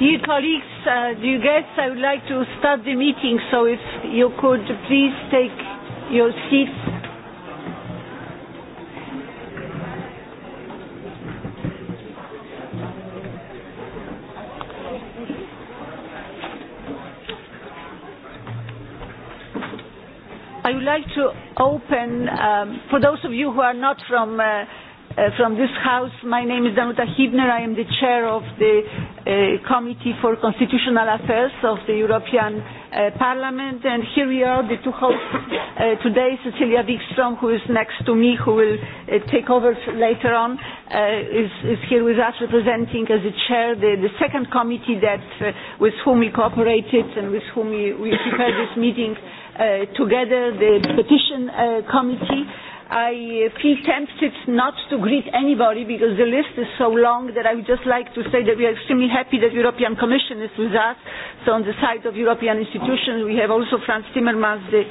Dear colleagues, uh, dear guests, I would like to start the meeting, so if you could please take your seats. I would like to open, um, for those of you who are not from uh, uh, from this house, my name is Danuta Hibner. I am the chair of the Committee for Constitutional Affairs of the European uh, Parliament. And here we are, the two hosts uh, today, Cecilia Wikström, who is next to me, who will uh, take over later on, uh, is, is here with us representing as a chair the, the second committee that, uh, with whom we cooperated and with whom we, we prepared this meeting uh, together, the Petition uh, Committee. I feel tempted not to greet anybody because the list is so long that I would just like to say that we are extremely happy that European Commission is with us. So on the side of European institutions, we have also Franz Timmermans, the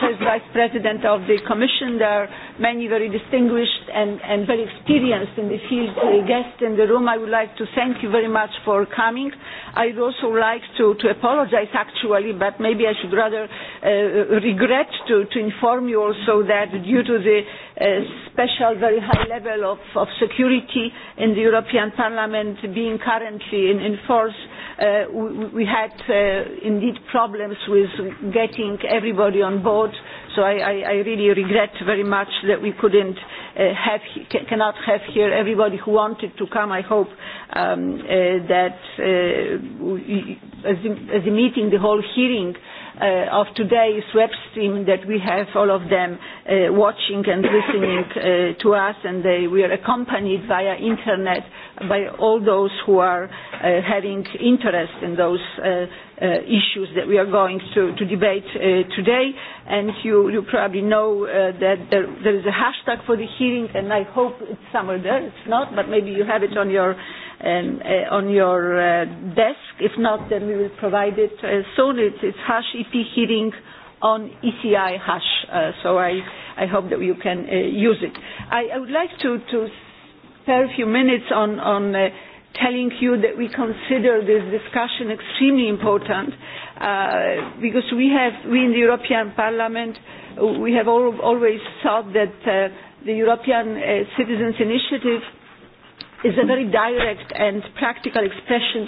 first vice president of the Commission. There are many very distinguished and, and very experienced in the field uh, guests in the room. I would like to thank you very much for coming. I would also like to, to apologize, actually, but maybe I should rather uh, regret to, to inform you also that due to the special, very high level of, of security in the European Parliament being currently in, in force, uh, we, we had uh, indeed problems with getting everybody on board. So I, I, I really regret very much that we couldn't uh, have, he, cannot have here everybody who wanted to come. I hope um, uh, that uh, we, as, the, as the meeting, the whole hearing, uh, uh, of today's web stream that we have all of them uh, watching and listening uh, to us and they, we are accompanied via internet by all those who are uh, having interest in those uh, uh, issues that we are going to, to debate uh, today. And you, you probably know uh, that there, there is a hashtag for the hearing, and I hope it's somewhere there. It's not, but maybe you have it on your, um, uh, on your uh, desk. If not, then we will provide it uh, soon. It's, it's hash EP hearing on ECI hash. Uh, so I, I hope that you can uh, use it. I, I would like to, to spare a few minutes on, on uh, telling you that we consider this discussion extremely important uh, because we have, we in the European Parliament, we have all, always thought that uh, the European uh, Citizens Initiative is a very direct and practical expression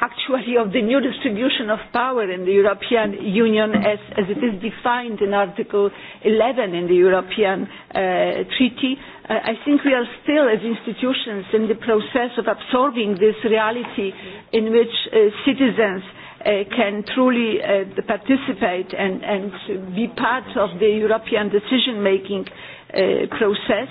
actually of the new distribution of power in the European Union as, as it is defined in Article 11 in the European uh, Treaty. Uh, I think we are still, as institutions, in the process of absorbing this reality in which uh, citizens uh, can truly uh, participate and, and be part of the European decision-making uh, process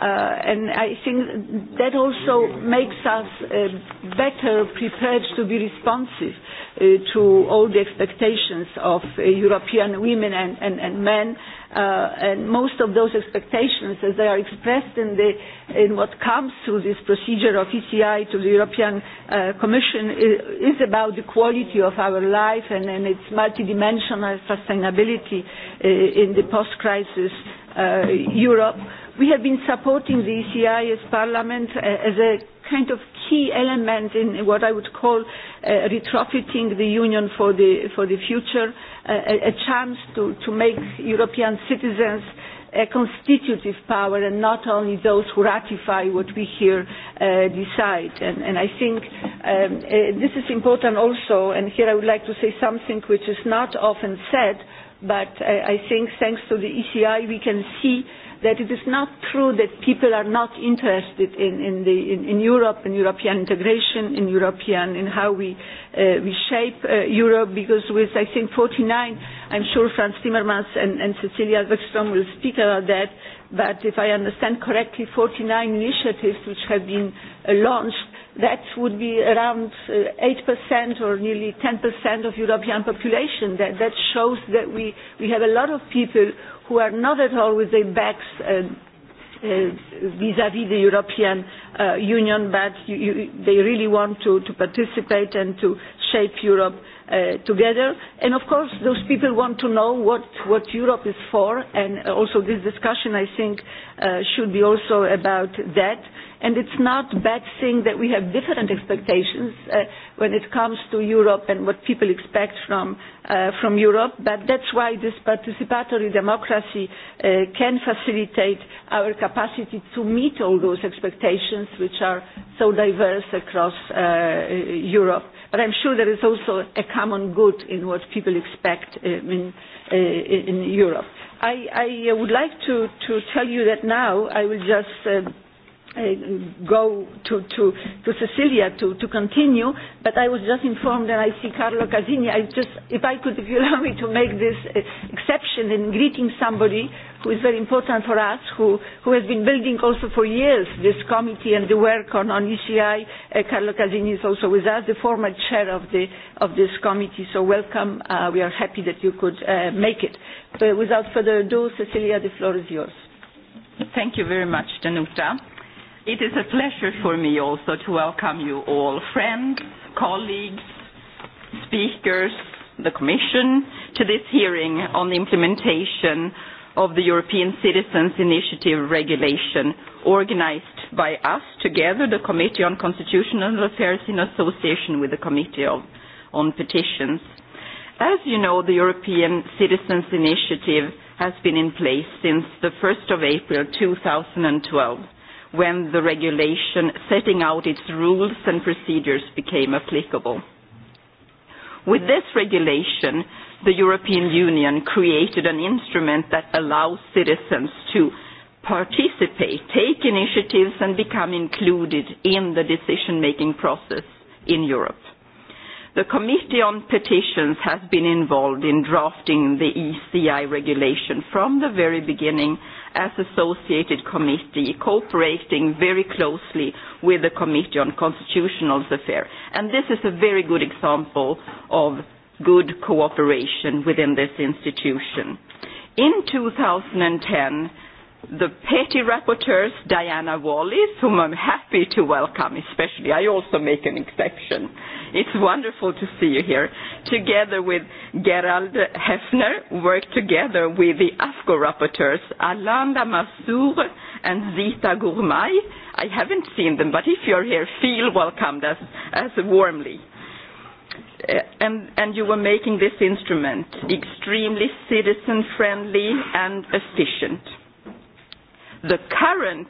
uh, and I think that also makes us uh, better prepared to be responsive uh, to all the expectations of uh, European women and, and, and men. Uh, and most of those expectations, as they are expressed in, the, in what comes through this procedure of ECI to the European uh, Commission, is about the quality of our life and, and its multidimensional sustainability uh, in the post-crisis uh, Europe we have been supporting the ECI as Parliament uh, as a kind of key element in what I would call uh, retrofitting the Union for the, for the future, uh, a, a chance to, to make European citizens a constitutive power and not only those who ratify what we here uh, decide. And, and I think um, uh, this is important also, and here I would like to say something which is not often said, but uh, I think thanks to the ECI we can see uh, that it is not true that people are not interested in, in, the, in, in Europe, in European integration, in European, in how we, uh, we shape uh, Europe, because with, I think, 49, I'm sure Franz Timmermans and, and Cecilia Wikström will speak about that, but if I understand correctly, 49 initiatives which have been uh, launched, that would be around uh, 8% or nearly 10% of European population. That, that shows that we, we have a lot of people who are not at all with their backs vis-à-vis uh, uh, -vis the European uh, Union, but you, you, they really want to, to participate and to shape Europe uh, together. And of course, those people want to know what, what Europe is for, and also this discussion, I think, uh, should be also about that. And it's not bad thing that we have different expectations uh, when it comes to Europe and what people expect from, uh, from Europe, but that's why this participatory democracy uh, can facilitate our capacity to meet all those expectations which are so diverse across uh, Europe. But I'm sure there is also a common good in what people expect um, in, uh, in Europe. I, I would like to, to tell you that now I will just uh, uh, go to, to, to Sicilia to, to continue, but I was just informed that I see Carlo Casini. I just, if I could, if you allow me to make this uh, exception in greeting somebody who is very important for us, who, who has been building also for years this committee and the work on, on ECI. Uh, Carlo Casini is also with us, the former chair of, the, of this committee, so welcome. Uh, we are happy that you could uh, make it. But without further ado, Cecilia, the floor is yours. Thank you very much, Danuta. It is a pleasure for me also to welcome you all, friends, colleagues, speakers, the Commission, to this hearing on the implementation of the European Citizens' Initiative Regulation, organized by us together, the Committee on Constitutional Affairs, in association with the Committee of, on Petitions. As you know, the European Citizens' Initiative has been in place since the 1st of April 2012 when the regulation setting out its rules and procedures became applicable. With this regulation, the European Union created an instrument that allows citizens to participate, take initiatives, and become included in the decision making process in Europe. The Committee on Petitions has been involved in drafting the ECI regulation from the very beginning as associated committee, cooperating very closely with the Committee on Constitutional Affairs. And this is a very good example of good cooperation within this institution. In 2010, the petty rapporteurs, Diana Wallis, whom I'm happy to welcome especially. I also make an exception. It's wonderful to see you here. Together with Gerald Hefner, work together with the AFCO rapporteurs, Alain Lamassoure and Zita Gourmay. I haven't seen them, but if you're here, feel welcomed as, as warmly. Uh, and, and you were making this instrument extremely citizen-friendly and efficient the current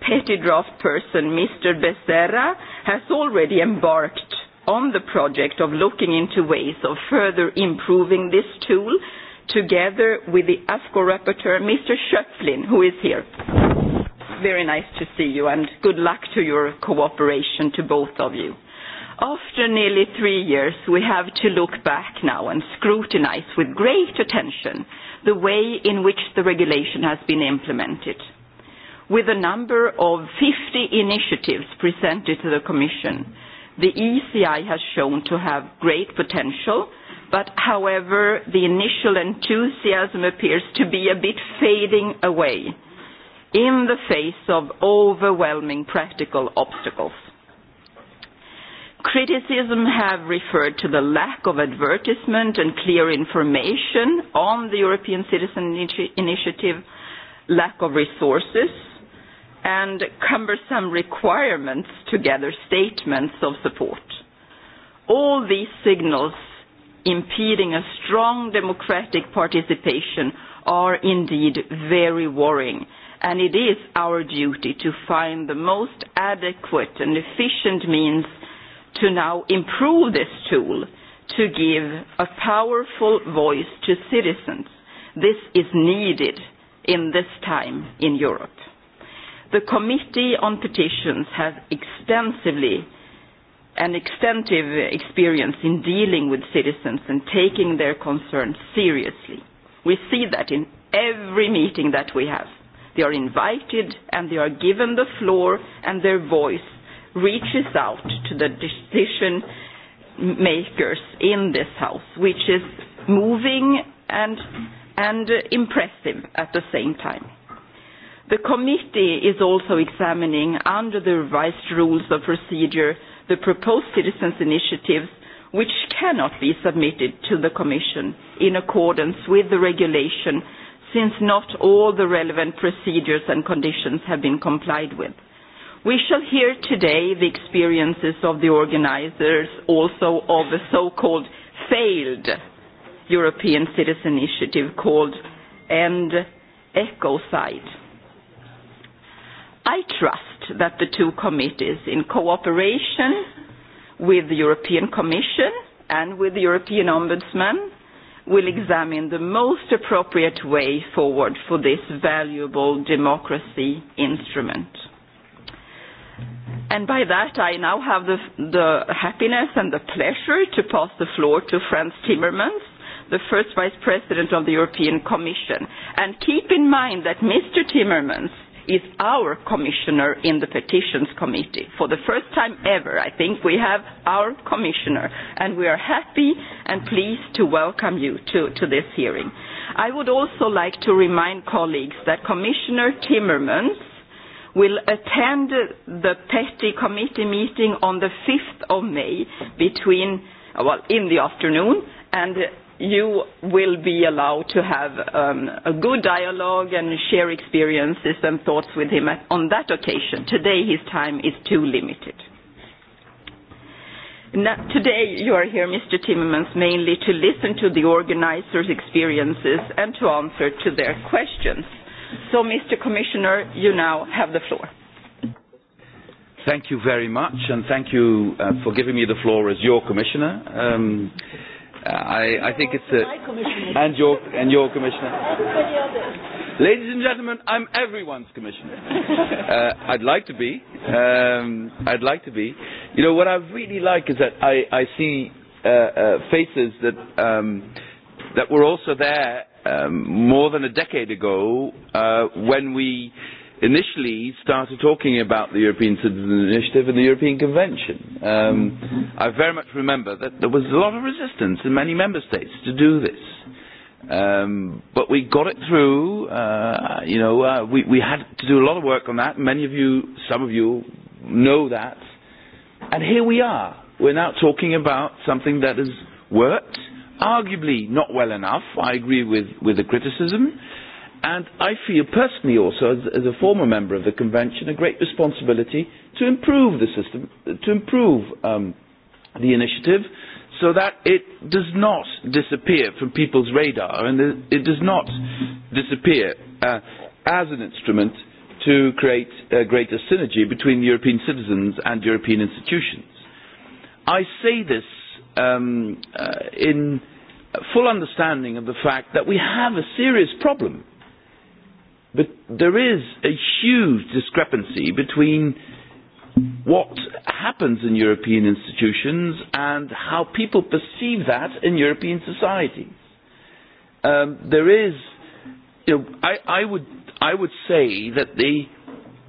petty draft person, Mr. Becerra, has already embarked on the project of looking into ways of further improving this tool together with the AFCO rapporteur, Mr. Schöpflin, who is here. Very nice to see you and good luck to your cooperation to both of you. After nearly three years, we have to look back now and scrutinize with great attention the way in which the regulation has been implemented with a number of 50 initiatives presented to the Commission. The ECI has shown to have great potential, but however, the initial enthusiasm appears to be a bit fading away in the face of overwhelming practical obstacles. Criticism have referred to the lack of advertisement and clear information on the European Citizen Initiative, lack of resources, and cumbersome requirements to gather statements of support. All these signals impeding a strong democratic participation are indeed very worrying, and it is our duty to find the most adequate and efficient means to now improve this tool to give a powerful voice to citizens. This is needed in this time in Europe. The Committee on Petitions has extensively an extensive experience in dealing with citizens and taking their concerns seriously. We see that in every meeting that we have. They are invited and they are given the floor and their voice reaches out to the decision makers in this house, which is moving and, and impressive at the same time. The committee is also examining, under the revised rules of procedure, the proposed citizens' initiatives, which cannot be submitted to the commission in accordance with the regulation, since not all the relevant procedures and conditions have been complied with. We shall hear today the experiences of the organizers, also of the so-called failed European citizen initiative called End Ecocide. I trust that the two committees, in cooperation with the European Commission and with the European Ombudsman, will examine the most appropriate way forward for this valuable democracy instrument. And by that, I now have the, the happiness and the pleasure to pass the floor to Franz Timmermans, the first Vice President of the European Commission. And keep in mind that Mr. Timmermans is our commissioner in the petitions committee. For the first time ever, I think, we have our commissioner, and we are happy and pleased to welcome you to, to this hearing. I would also like to remind colleagues that Commissioner Timmermans will attend the PETI committee meeting on the 5th of May between, well, in the afternoon and you will be allowed to have um, a good dialogue and share experiences and thoughts with him at, on that occasion. Today, his time is too limited. Now, today, you are here, Mr. Timmermans, mainly to listen to the organizers' experiences and to answer to their questions. So, Mr. Commissioner, you now have the floor. Thank you very much, and thank you uh, for giving me the floor as your commissioner. Um, Uh, I, I think it's a, uh, and your and your commissioner. Ladies and gentlemen, I'm everyone's commissioner. Uh, I'd like to be. Um, I'd like to be. You know what I really like is that I, I see uh, uh, faces that um, that were also there um, more than a decade ago uh, when we initially started talking about the European Citizens Initiative and the European Convention. Um, I very much remember that there was a lot of resistance in many member states to do this. Um, but we got it through. Uh, you know, uh, we, we had to do a lot of work on that. Many of you, some of you, know that. And here we are. We're now talking about something that has worked, arguably not well enough. I agree with, with the criticism. Uh, and I feel personally also, as, as a former member of the convention, a great responsibility to improve the system, to improve um, the initiative, so that it does not disappear from people's radar and it does not disappear uh, as an instrument to create a greater synergy between European citizens and European institutions. I say this um, uh, in full understanding of the fact that we have a serious problem But there is a huge discrepancy between what happens in European institutions and how people perceive that in European societies. Um, there is, you know, I, I, would, I would say that the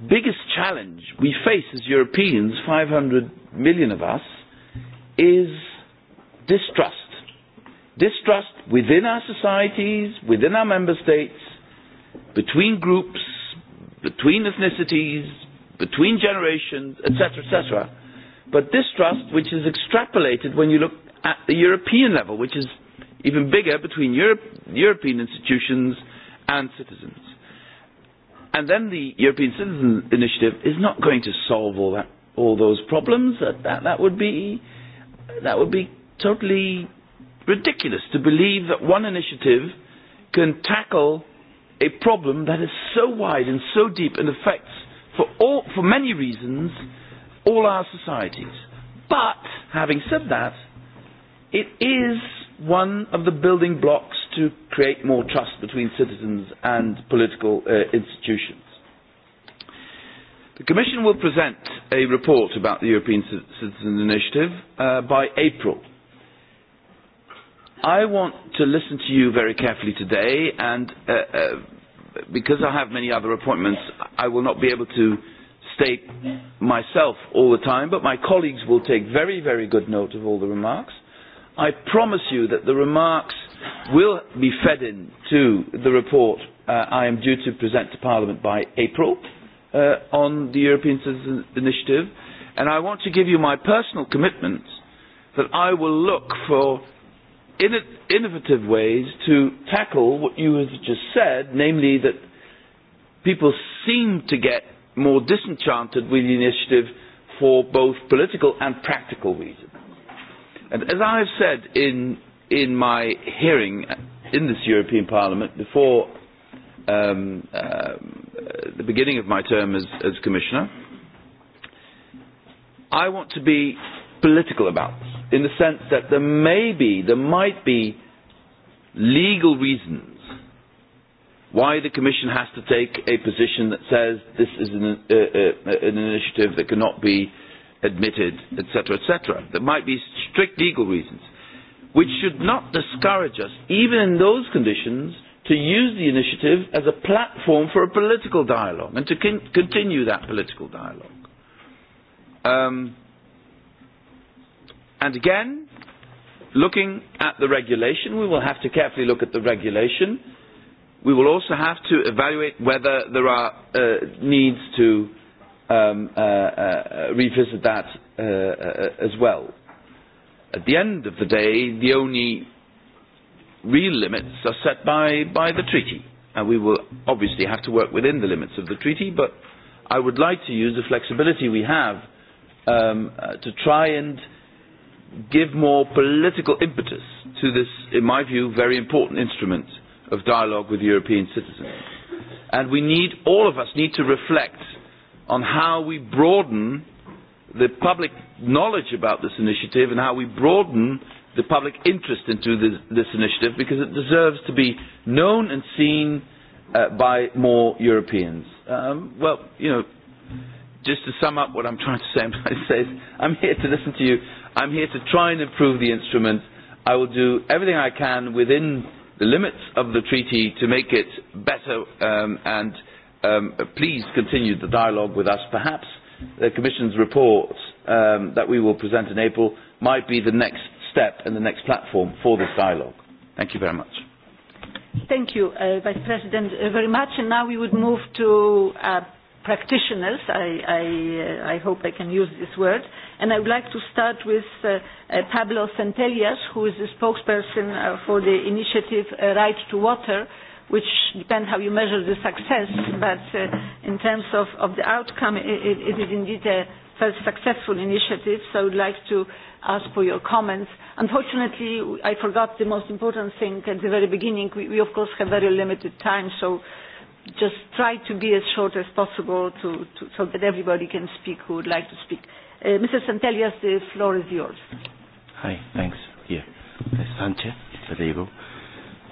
biggest challenge we face as Europeans, 500 million of us, is distrust. Distrust within our societies, within our member states, between groups, between ethnicities, between generations, etc., etc. But distrust, which is extrapolated when you look at the European level, which is even bigger between Europe, European institutions and citizens. And then the European Citizen Initiative is not going to solve all, that, all those problems. That, that, that, would be, that would be totally ridiculous to believe that one initiative can tackle a problem that is so wide and so deep and affects, for, all, for many reasons, all our societies. But, having said that, it is one of the building blocks to create more trust between citizens and political uh, institutions. The Commission will present a report about the European Citizens Initiative uh, by April. I want to listen to you very carefully today and uh, uh, because I have many other appointments, I will not be able to state myself all the time, but my colleagues will take very, very good note of all the remarks. I promise you that the remarks will be fed in to the report uh, I am due to present to Parliament by April uh, on the European Citizens Initiative. And I want to give you my personal commitment that I will look for innovative ways to tackle what you have just said, namely that people seem to get more disenchanted with the initiative for both political and practical reasons. And as I have said in, in my hearing in this European Parliament before um, um, uh, the beginning of my term as, as Commissioner, I want to be political about this in the sense that there may be, there might be legal reasons why the Commission has to take a position that says this is an, uh, uh, an initiative that cannot be admitted, etc., etc. There might be strict legal reasons, which should not discourage us, even in those conditions, to use the initiative as a platform for a political dialogue and to con- continue that political dialogue. Um, And again, looking at the regulation, we will have to carefully look at the regulation. We will also have to evaluate whether there are uh, needs to um, uh, uh, revisit that uh, uh, as well. At the end of the day, the only real limits are set by, by the treaty. And we will obviously have to work within the limits of the treaty, but I would like to use the flexibility we have um, uh, to try and uh, give more political impetus to this, in my view, very important instrument of dialogue with European citizens. And we need, all of us need to reflect on how we broaden the public knowledge about this initiative and how we broaden the public interest into this, this initiative because it deserves to be known and seen uh, by more Europeans. Um, well, you know, just to sum up what I'm trying to say, I'm here to listen to you. I'm here to try and improve the instrument. I will do everything I can within the limits of the treaty to make it better um, and um, please continue the dialogue with us. Perhaps the Commission's report um, that we will present in April might be the next step and the next platform for this dialogue. Thank you very much. Thank you, uh, Vice President, uh, very much. And now we would move to. Uh practitioners, I, I, uh, I hope I can use this word. And I would like to start with uh, uh, Pablo Centellas, who is the spokesperson uh, for the initiative uh, Right to Water, which depends how you measure the success, but uh, in terms of, of the outcome, it, it is indeed a first successful initiative, so I would like to ask for your comments. Unfortunately, I forgot the most important thing at the very beginning. We, we of course, have very limited time, so uh, just try to be as short as possible to, to, so that everybody can speak who would like to speak. Uh, Mr. Santelias, the floor is yours. Hi, thanks. Yeah. Sanchez, there you go.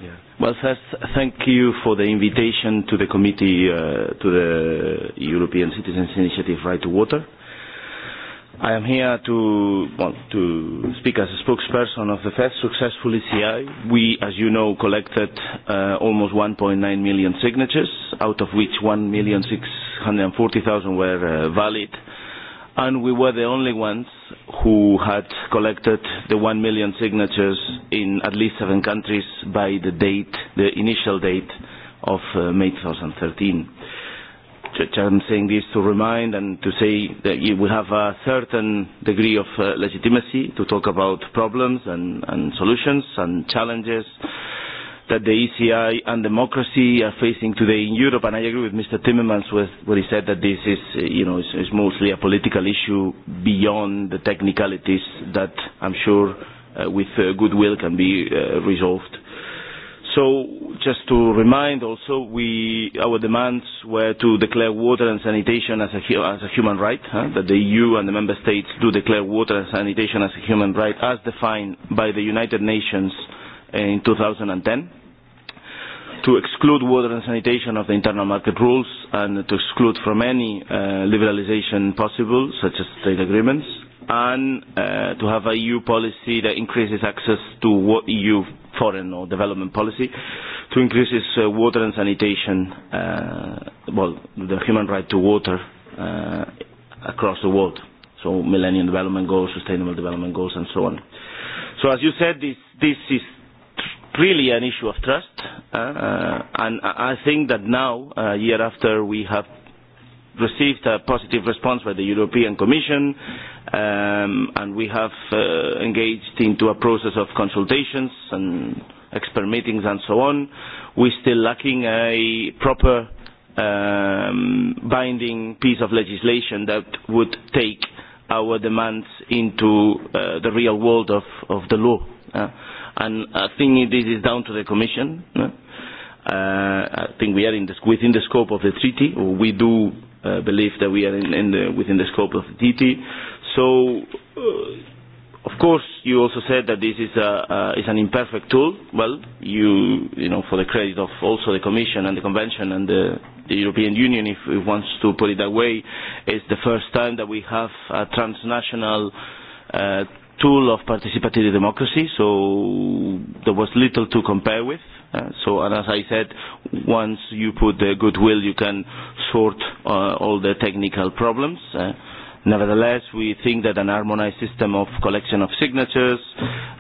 Yeah. Well, first, thank you for the invitation to the committee uh, to the European Citizens Initiative Right to Water. Uh, I am here to well, to speak as a spokesperson of the first successful ECI. We, as you know, collected uh, almost 1.9 million signatures, out of which 1,640,000 were uh, valid. And we were the only ones who had collected the 1 million signatures in at least seven countries by the date, the initial date of uh, May 2013 challenging this to remind and to say that you will have a certain degree of uh, legitimacy to talk about problems and, and solutions and challenges that the ECI and democracy are facing today in Europe. And I agree with Mr. Timmermans with what he said, that this is uh, you know, it's, it's mostly a political issue beyond the technicalities that I'm sure uh, with uh, goodwill can be uh, resolved. So just to remind also, we, our demands were to declare water and sanitation as a, as a human right, huh? that the EU and the Member States do declare water and sanitation as a human right as defined by the United Nations in 2010, to exclude water and sanitation of the internal market rules and to exclude from any uh, liberalization possible, such as trade agreements, and uh, to have a EU policy that increases access to EU foreign or development policy to increase its uh, water and sanitation, uh, well, the human right to water uh, across the world. So Millennium Development Goals, Sustainable Development Goals, and so on. So as you said, this, this is really an issue of trust. Uh, and I think that now, a uh, year after we have received a positive response by the European Commission, um, and we have uh, engaged into a process of consultations and expert meetings and so on. We're still lacking a proper um, binding piece of legislation that would take our demands into uh, the real world of, of the law. Uh, and I think this is down to the Commission. Uh, uh I think we are in the, within the scope of the treaty. We do uh, believe that we are in, in the, within the scope of the TT. So, uh, of course, you also said that this is, a, uh, is an imperfect tool. Well, you, you know, for the credit of also the Commission and the Convention and the, the European Union, if it wants to put it that way, it's the first time that we have a transnational uh, tool of participatory democracy, so there was little to compare with. Uh, so, and as I said, once you put the goodwill, you can sort uh, all the technical problems. Uh, nevertheless, we think that an harmonized system of collection of signatures,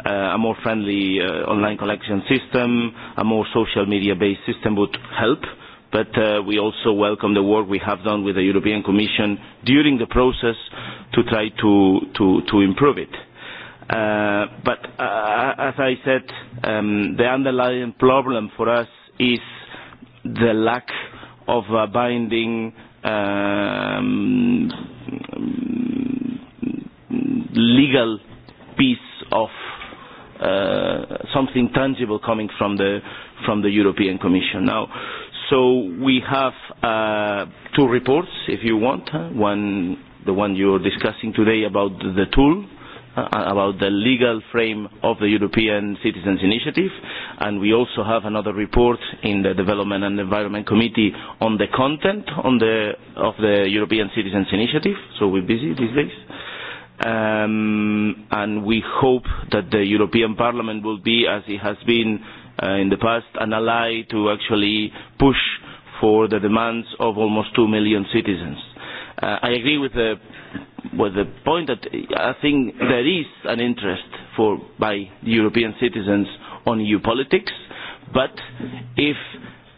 uh, a more friendly uh, online collection system, a more social media based system would help. But uh, we also welcome the work we have done with the European Commission during the process to try to, to, to improve it. Uh, uh, uh, as I said, um, the underlying problem for us is the lack of a binding um, legal piece of something tangible coming from the European Commission now. We have two reports, if you want. One, the one you're discussing today about the tool, uh, about the legal frame of the European Citizens Initiative, and we also have another report in the Development and Environment Committee on the content on the, of the European Citizens Initiative, so we're busy these days. Um, and we hope that the European Parliament will be, as it has been uh, in the past, an ally to actually push for the demands of almost 2 million citizens. Uh, I agree with the well, the point that I think there is an interest for by European citizens on EU politics, but if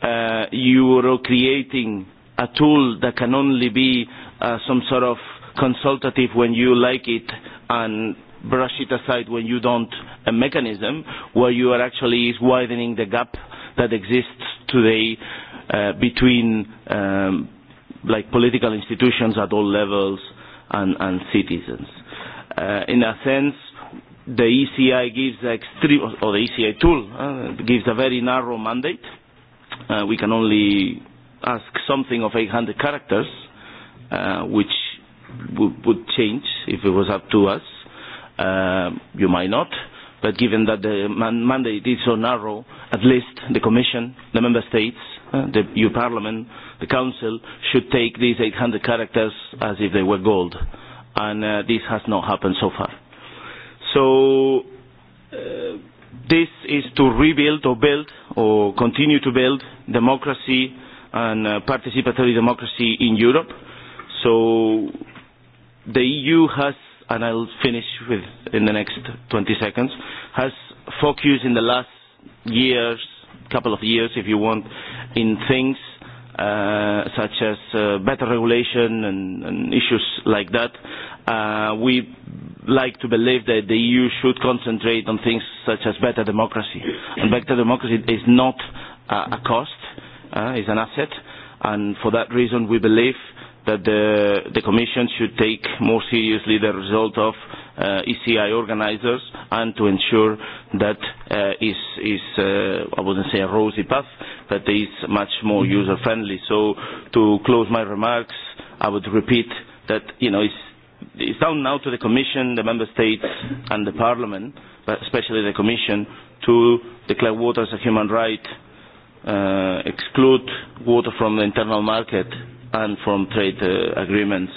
uh, you are creating a tool that can only be uh, some sort of consultative when you like it and brush it aside when you don't, a mechanism where you are actually is widening the gap that exists today uh, between um, like political institutions at all levels and, and citizens. Uh, in a sense, the ECI gives extreme, or the ECI tool uh, gives a very narrow mandate. Uh, we can only ask something of 800 characters, uh, which w- would change if it was up to us. Uh, you might not, but given that the man- mandate is so narrow, at least the Commission, the Member States, Uh, the, your parliament, the council, should take these 800 characters as if they were gold. And uh, this has not happened so far. So uh, this is to rebuild or build or continue to build democracy and uh, participatory democracy in Europe. So the EU has, and I'll finish with in the next 20 seconds, has focused in the last years couple of years if you want in things uh, such as uh, better regulation and, and issues like that. Uh, we like to believe that the EU should concentrate on things such as better democracy. And better democracy is not uh, a cost, uh, it's an asset. And for that reason, we believe that the, the Commission should take more seriously the result of uh, ECI organizers and to ensure that uh, is, is uh, I wouldn't say a rosy path, but is much more mm-hmm. user friendly. So to close my remarks, I would repeat that you know it's, it's down now to the Commission, the Member States, and the Parliament, but especially the Commission, to declare water as a human right, uh, exclude water from the internal market and from trade uh, agreements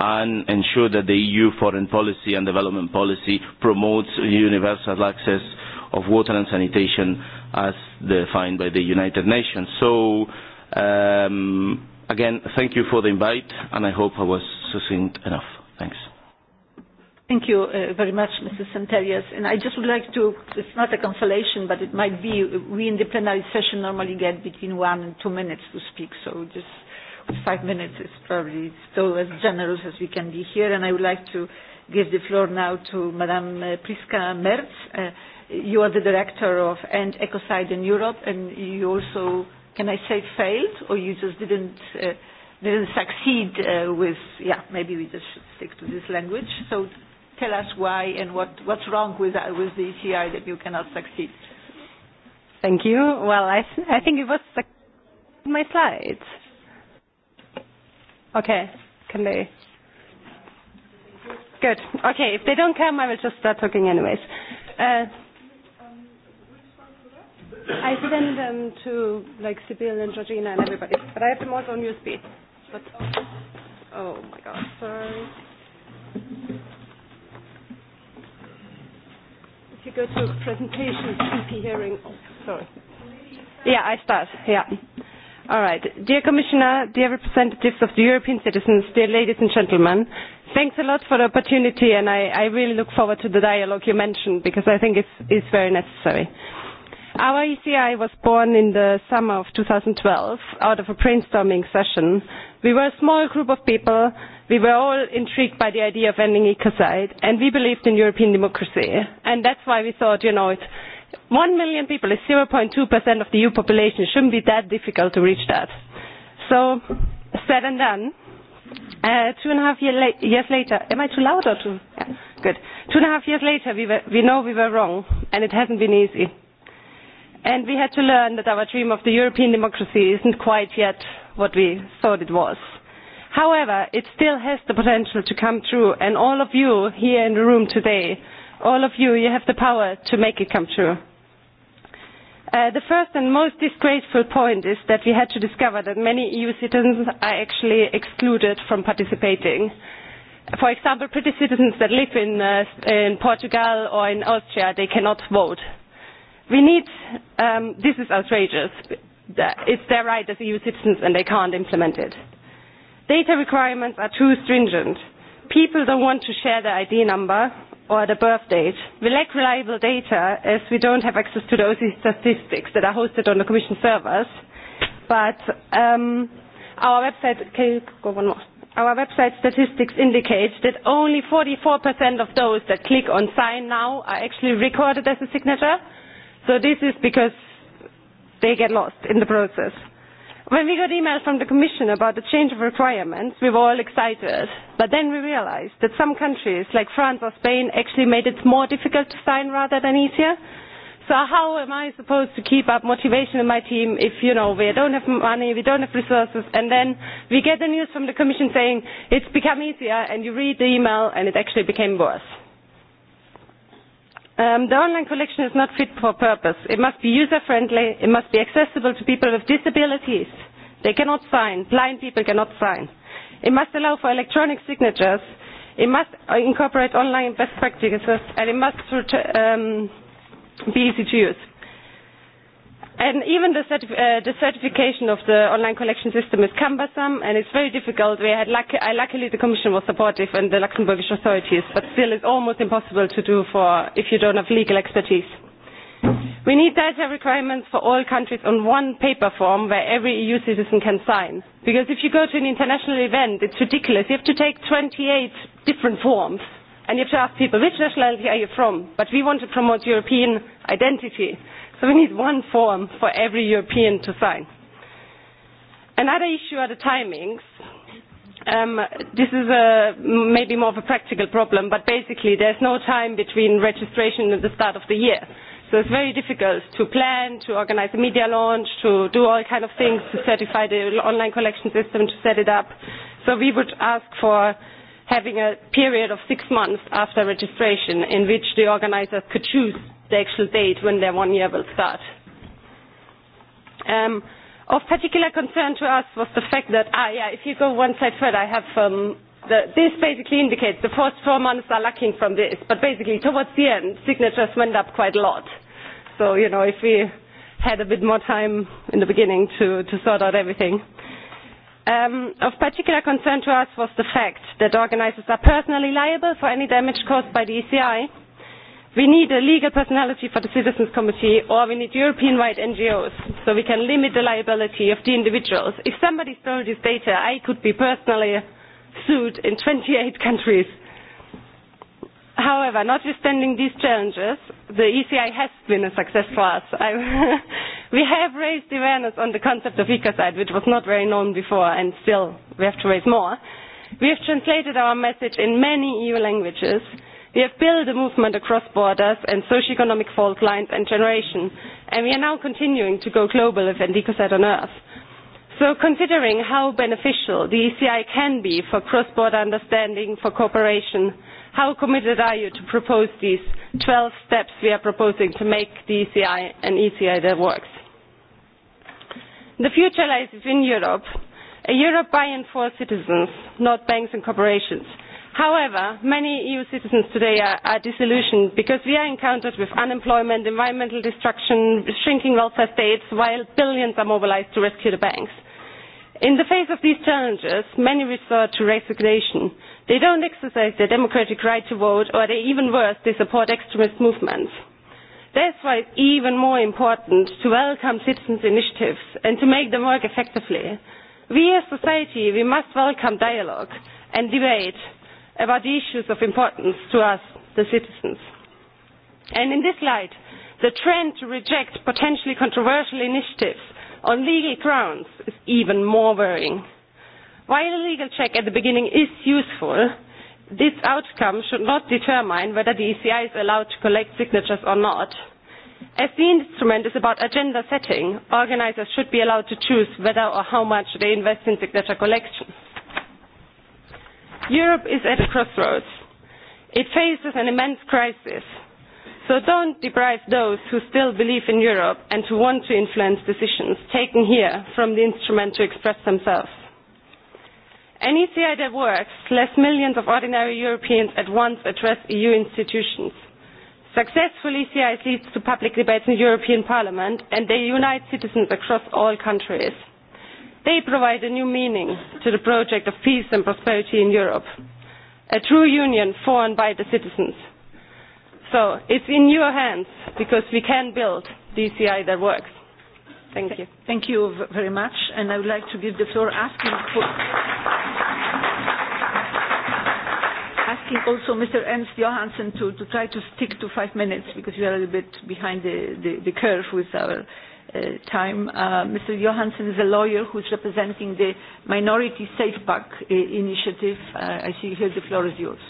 and ensure that the EU foreign policy and development policy promotes universal access of water and sanitation as defined by the United Nations. So, um, again, thank you for the invite, and I hope I was succinct enough. Thanks. Thank you uh, very much, Mr. Santelias. And I just would like to, it's not a consolation, but it might be we in the plenary session normally get between one and two minutes to speak. So just five minutes is probably still as generous as we can be here, and I would like to give the floor now to Madame uh, Priska Mertz. Uh, you are the director of End Ecocide in Europe, and you also, can I say, failed, or you just didn't, uh, didn't succeed uh, with, yeah, maybe we just should stick to this language. So tell us why and what, what's wrong with, uh, with the ECI that you cannot succeed. Thank you. Well, I, th- I think it was the, my slides. Okay, can they? Good. Okay, if they don't come, I will just start talking anyways. Uh, I send them to like Sibyl and Georgina and everybody, but I have them also on USB. But, oh my god, sorry. If you go to presentations, you'll be hearing. Oh, sorry. Yeah, I start. Yeah. All right. Dear Commissioner, dear representatives of the European citizens, dear ladies and gentlemen, thanks a lot for the opportunity and I, I really look forward to the dialogue you mentioned because I think it's, it's very necessary. Our ECI was born in the summer of 2012 out of a brainstorming session. We were a small group of people. We were all intrigued by the idea of ending ecocide and we believed in European democracy. And that's why we thought, you know, it's, 1 million people is 0.2% of the EU population. It shouldn't be that difficult to reach that. So, said and done. Uh, two and a half year la- years later, am I too loud or too? Yeah, good. Two and a half years later, we, were, we know we were wrong, and it hasn't been easy. And we had to learn that our dream of the European democracy isn't quite yet what we thought it was. However, it still has the potential to come true, and all of you here in the room today all of you, you have the power to make it come true. Uh, the first and most disgraceful point is that we had to discover that many EU citizens are actually excluded from participating. For example, British citizens that live in, uh, in Portugal or in Austria, they cannot vote. We need, um, this is outrageous, it's their right as EU citizens and they can't implement it. Data requirements are too stringent. People don't want to share their ID number or the birth date. We lack reliable data as we don't have access to those statistics that are hosted on the Commission servers. But um, our website, can you go one more? Our website statistics indicate that only 44% of those that click on sign now are actually recorded as a signature. So this is because they get lost in the process. When we heard email from the Commission about the change of requirements, we were all excited. But then we realized that some countries, like France or Spain, actually made it more difficult to sign rather than easier. So how am I supposed to keep up motivation in my team if, you know, we don't have money, we don't have resources, and then we get the news from the Commission saying it's become easier, and you read the email, and it actually became worse. Um, the online collection is not fit for purpose. It must be user friendly. It must be accessible to people with disabilities. They cannot sign. Blind people cannot sign. It must allow for electronic signatures. It must uh, incorporate online best practices. And it must um, be easy to use. And even the, certif uh, the certification of the online collection system is cumbersome, and it's very difficult. We had luck uh, luckily the Commission was supportive and the Luxembourgish authorities, but still it's almost impossible to do for if you don't have legal expertise. We need data requirements for all countries on one paper form where every EU citizen can sign. Because if you go to an international event, it's ridiculous. You have to take 28 different forms, and you have to ask people, which nationality are you from? But we want to promote European identity. So we need one form for every European to sign. Another issue are the timings. Um, this is a, maybe more of a practical problem, but basically there's no time between registration and the start of the year. So it's very difficult to plan, to organize a media launch, to do all kind of things, to certify the online collection system, to set it up. So we would ask for having a period of six months after registration in which the organizers could choose the actual date when their one year will start. Um, of particular concern to us was the fact that, ah, yeah, if you go one side further, I have um, the, this basically indicates the first four months are lacking from this, but basically towards the end, signatures went up quite a lot. So, you know, if we had a bit more time in the beginning to, to sort out everything. Um, of particular concern to us was the fact that organizers are personally liable for any damage caused by the ECI we need a legal personality for the citizens' committee or we need european wide ngos so we can limit the liability of the individuals. if somebody stole this data, i could be personally sued in 28 countries. however, notwithstanding these challenges, the eci has been a success for us. we have raised awareness on the concept of ecocide, which was not very known before, and still we have to raise more. we have translated our message in many eu languages. We have built a movement across borders and socioeconomic fault lines and generation, and we are now continuing to go global with Enrico said on Earth. So considering how beneficial the ECI can be for cross-border understanding, for cooperation, how committed are you to propose these 12 steps we are proposing to make the ECI an ECI that works? The future lies within Europe, a Europe by and for citizens, not banks and corporations. However, many EU citizens today are, are disillusioned because we are encountered with unemployment, environmental destruction, shrinking welfare states, while billions are mobilized to rescue the banks. In the face of these challenges, many resort to resignation. They don't exercise their democratic right to vote, or they even worse, they support extremist movements. That's why it's even more important to welcome citizens' initiatives and to make them work effectively. We as society, we must welcome dialogue and debate about the issues of importance to us, the citizens. And in this light, the trend to reject potentially controversial initiatives on legal grounds is even more worrying. While a legal check at the beginning is useful, this outcome should not determine whether the ECI is allowed to collect signatures or not. As the instrument is about agenda setting, organizers should be allowed to choose whether or how much they invest in signature collections europe is at a crossroads. it faces an immense crisis. so don't deprive those who still believe in europe and who want to influence decisions taken here from the instrument to express themselves. any e ci that works lets millions of ordinary europeans at once address eu institutions. successful ecis leads to public debates in the european parliament and they unite citizens across all countries they provide a new meaning to the project of peace and prosperity in Europe, a true union formed by the citizens. So it's in your hands because we can build DCI that works. Thank you. Thank you very much. And I would like to give the floor asking, for asking also Mr. Ernst Johansen to, to try to stick to five minutes because you are a little bit behind the, the, the curve with our. Uh, time. Uh, Mr. Johansson is a lawyer who is representing the Minority Safe Pack I- uh, initiative. Uh, I see here the floor is yours.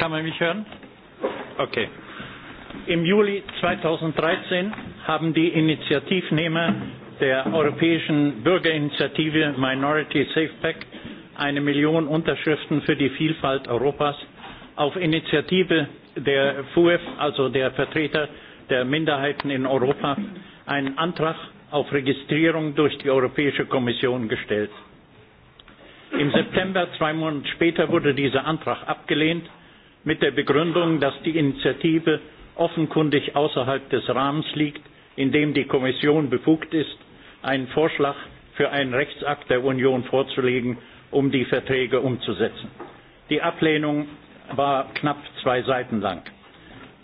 Kann man mich hören? Okay. Im Juli 2013 haben die Initiativnehmer der Europäischen Bürgerinitiative Minority Safe Pack eine Million Unterschriften für die Vielfalt Europas auf Initiative der FUEF, also der Vertreter der Minderheiten in Europa, einen Antrag auf Registrierung durch die Europäische Kommission gestellt. Im September, zwei Monate später, wurde dieser Antrag abgelehnt mit der Begründung, dass die Initiative offenkundig außerhalb des Rahmens liegt, in dem die Kommission befugt ist, einen Vorschlag für einen Rechtsakt der Union vorzulegen um die Verträge umzusetzen. Die Ablehnung war knapp zwei Seiten lang.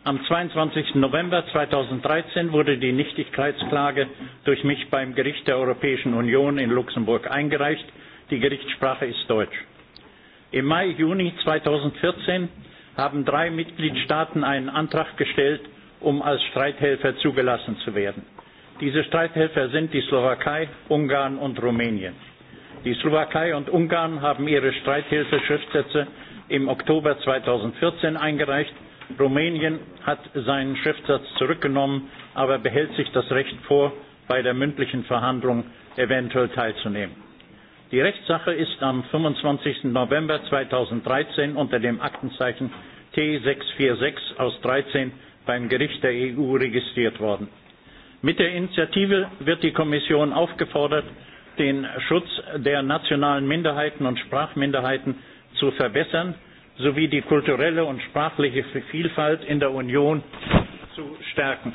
Am 22. November 2013 wurde die Nichtigkeitsklage durch mich beim Gericht der Europäischen Union in Luxemburg eingereicht. Die Gerichtssprache ist deutsch. Im Mai, Juni 2014 haben drei Mitgliedstaaten einen Antrag gestellt, um als Streithelfer zugelassen zu werden. Diese Streithelfer sind die Slowakei, Ungarn und Rumänien. Die Slowakei und Ungarn haben ihre Streithilfe-Schriftsätze im Oktober 2014 eingereicht. Rumänien hat seinen Schriftsatz zurückgenommen, aber behält sich das Recht vor, bei der mündlichen Verhandlung eventuell teilzunehmen. Die Rechtssache ist am 25. November 2013 unter dem Aktenzeichen T646 aus 13 beim Gericht der EU registriert worden. Mit der Initiative wird die Kommission aufgefordert, den Schutz der nationalen Minderheiten und Sprachminderheiten zu verbessern sowie die kulturelle und sprachliche Vielfalt in der Union zu stärken,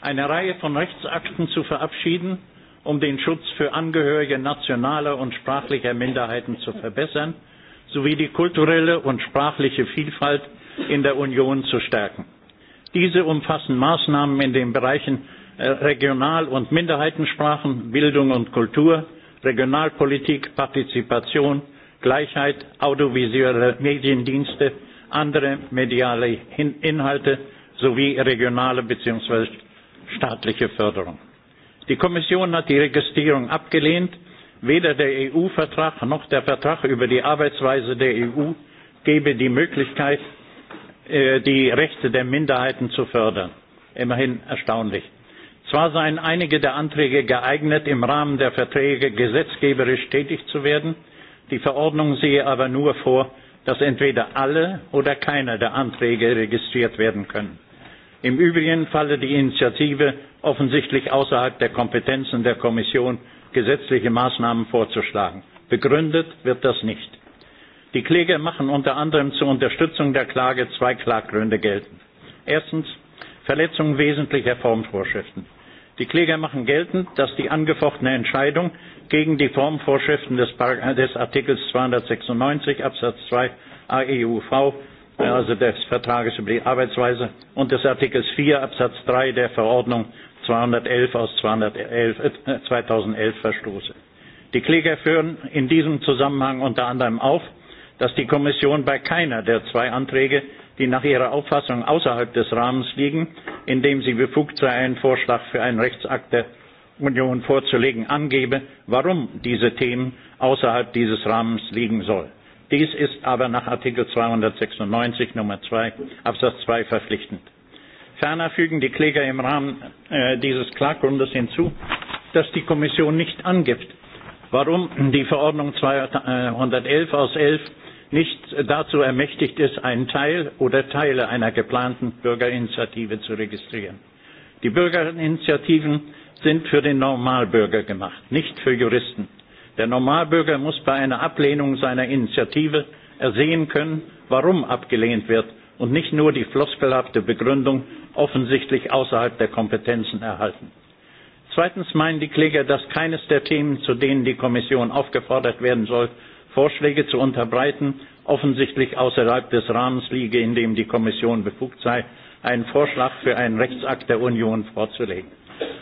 eine Reihe von Rechtsakten zu verabschieden, um den Schutz für Angehörige nationaler und sprachlicher Minderheiten zu verbessern sowie die kulturelle und sprachliche Vielfalt in der Union zu stärken. Diese umfassen Maßnahmen in den Bereichen Regional- und Minderheitensprachen, Bildung und Kultur, Regionalpolitik, Partizipation, Gleichheit, audiovisuelle Mediendienste, andere mediale Inhalte sowie regionale bzw. staatliche Förderung. Die Kommission hat die Registrierung abgelehnt. Weder der EU-Vertrag noch der Vertrag über die Arbeitsweise der EU gebe die Möglichkeit, äh, die Rechte der Minderheiten zu fördern. Immerhin erstaunlich. Zwar seien einige der Anträge geeignet, im Rahmen der Verträge gesetzgeberisch tätig zu werden, die Verordnung sehe aber nur vor, dass entweder alle oder keiner der Anträge registriert werden können. Im Übrigen falle die Initiative offensichtlich außerhalb der Kompetenzen der Kommission, gesetzliche Maßnahmen vorzuschlagen. Begründet wird das nicht. Die Kläger machen unter anderem zur Unterstützung der Klage zwei Klaggründe geltend. Erstens Verletzung wesentlicher Formvorschriften. Die Kläger machen geltend, dass die angefochtene Entscheidung gegen die Formvorschriften des, äh, des Artikels 296 Absatz 2 AEUV, äh, also des Vertrages über die Arbeitsweise, und des Artikels 4 Absatz 3 der Verordnung 211 aus 211, äh, 2011 verstoße. Die Kläger führen in diesem Zusammenhang unter anderem auf, dass die Kommission bei keiner der zwei Anträge die nach ihrer Auffassung außerhalb des Rahmens liegen, in dem sie befugt sei, einen Vorschlag für einen Rechtsakt der Union vorzulegen, angebe, warum diese Themen außerhalb dieses Rahmens liegen sollen. Dies ist aber nach Artikel 296 Nummer 2 Absatz 2 verpflichtend. Ferner fügen die Kläger im Rahmen äh, dieses Klaggrundes hinzu, dass die Kommission nicht angibt, warum die Verordnung 211 aus 11 nicht dazu ermächtigt ist, einen Teil oder Teile einer geplanten Bürgerinitiative zu registrieren. Die Bürgerinitiativen sind für den Normalbürger gemacht, nicht für Juristen. Der Normalbürger muss bei einer Ablehnung seiner Initiative ersehen können, warum abgelehnt wird und nicht nur die floskelhafte Begründung offensichtlich außerhalb der Kompetenzen erhalten. Zweitens meinen die Kläger, dass keines der Themen, zu denen die Kommission aufgefordert werden soll, Vorschläge zu unterbreiten, offensichtlich außerhalb des Rahmens liege, in dem die Kommission befugt sei, einen Vorschlag für einen Rechtsakt der Union vorzulegen,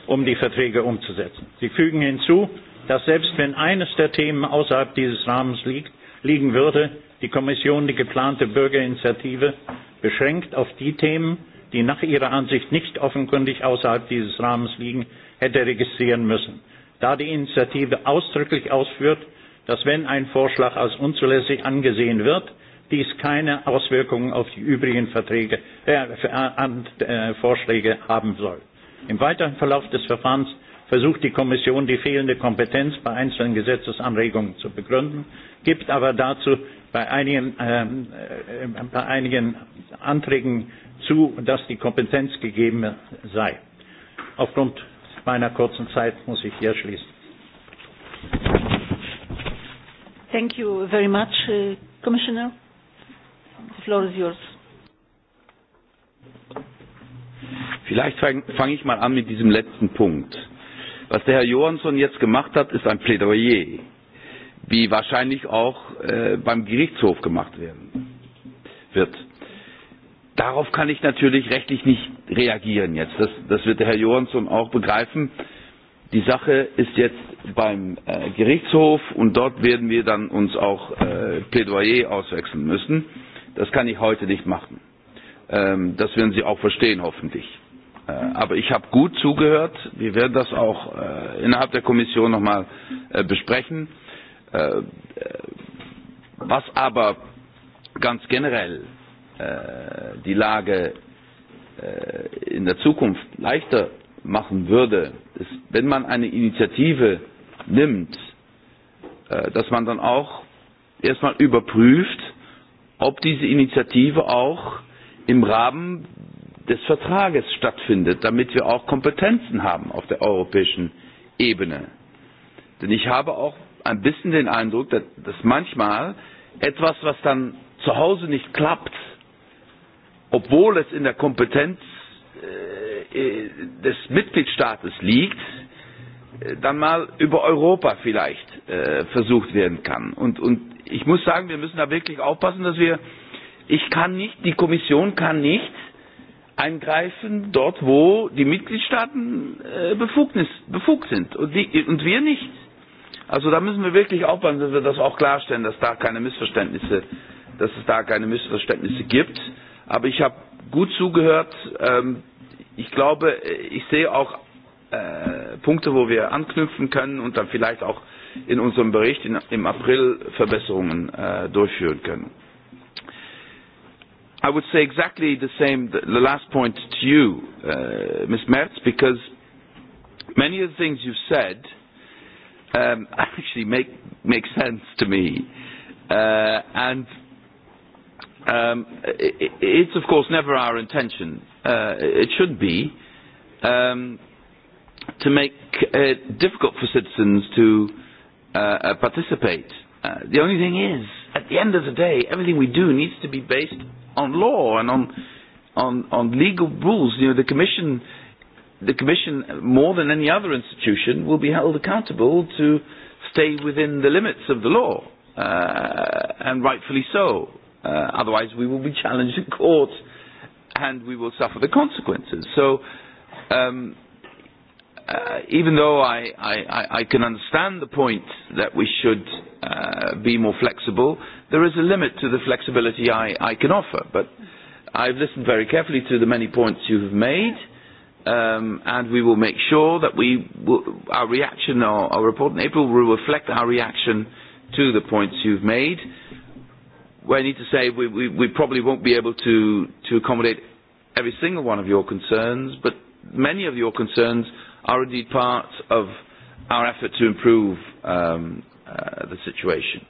um die Verträge umzusetzen. Sie fügen hinzu, dass selbst wenn eines der Themen außerhalb dieses Rahmens liegt, liegen würde, die Kommission die geplante Bürgerinitiative beschränkt auf die Themen, die nach ihrer Ansicht nicht offenkundig außerhalb dieses Rahmens liegen, hätte registrieren müssen. Da die Initiative ausdrücklich ausführt, dass wenn ein Vorschlag als unzulässig angesehen wird, dies keine Auswirkungen auf die übrigen Verträge, äh, äh, äh, Vorschläge haben soll. Im weiteren Verlauf des Verfahrens versucht die Kommission, die fehlende Kompetenz bei einzelnen Gesetzesanregungen zu begründen, gibt aber dazu bei einigen, äh, äh, bei einigen Anträgen zu, dass die Kompetenz gegeben sei. Aufgrund meiner kurzen Zeit muss ich hier schließen. Thank you. Thank you very much. Uh, Commissioner, the floor is yours. Vielleicht fange fang ich mal an mit diesem letzten Punkt. Was der Herr Johansson jetzt gemacht hat, ist ein Plädoyer, wie wahrscheinlich auch äh, beim Gerichtshof gemacht werden wird. Darauf kann ich natürlich rechtlich nicht reagieren jetzt. Das, das wird der Herr Johansson auch begreifen. Äh, Die Sache ist jetzt beim äh, Gerichtshof und dort werden wir dann uns auch äh, Plädoyer auswechseln müssen. Das kann ich heute nicht machen. Ähm, das werden Sie auch verstehen, hoffentlich. Äh, aber ich habe gut zugehört. Wir werden das auch äh, innerhalb der Kommission nochmal äh, besprechen. Äh, äh, was aber ganz generell äh, die Lage äh, in der Zukunft leichter machen würde, dass, wenn man eine Initiative nimmt, äh, dass man dann auch erstmal überprüft, ob diese Initiative auch im Rahmen des Vertrages stattfindet, damit wir auch Kompetenzen haben auf der europäischen Ebene. Denn ich habe auch ein bisschen den Eindruck, dass, dass manchmal etwas, was dann zu Hause nicht klappt, obwohl es in der Kompetenz äh, Äh, des Mitgliedstaates liegt, äh, dann mal über Europa vielleicht äh, versucht werden kann. Und, und ich muss sagen, wir müssen da wirklich aufpassen, dass wir, ich kann nicht, die Kommission kann nicht eingreifen dort, wo die Mitgliedstaaten äh, Befugnis, befugt sind und, die, und wir nicht. Also da müssen wir wirklich aufpassen, dass wir das auch klarstellen, dass, da keine Missverständnisse, dass es da keine Missverständnisse gibt. Aber ich habe gut zugehört. Ähm, ich glaube, ich sehe auch äh, Punkte, wo wir anknüpfen können und dann vielleicht auch in unserem Bericht in, im April Verbesserungen äh, durchführen können. I would say exactly the same, the last point to you, uh, Ms. Merz, because many of the things you've said um, actually make, make sense to me. Uh, and Um, it, it's, of course, never our intention, uh, it should be, um, to make it difficult for citizens to uh, uh, participate. Uh, the only thing is, at the end of the day, everything we do needs to be based on law and on, on, on legal rules. You know, the commission, the commission, more than any other institution, will be held accountable to stay within the limits of the law, uh, and rightfully so uh, otherwise we will be challenged in court and we will suffer the consequences. So, um, uh, even though I, I, I can understand the point that we should uh, be more flexible, there is a limit to the flexibility I, I can offer. But I've listened very carefully to the many points you have made. Um, and we will make sure that we w- our reaction, our, our report in April will reflect our reaction to the points you've made where I need to say we, we, we probably won't be able to, to accommodate every single one of your concerns, but many of your concerns are indeed part of our effort to improve um, uh, the situation.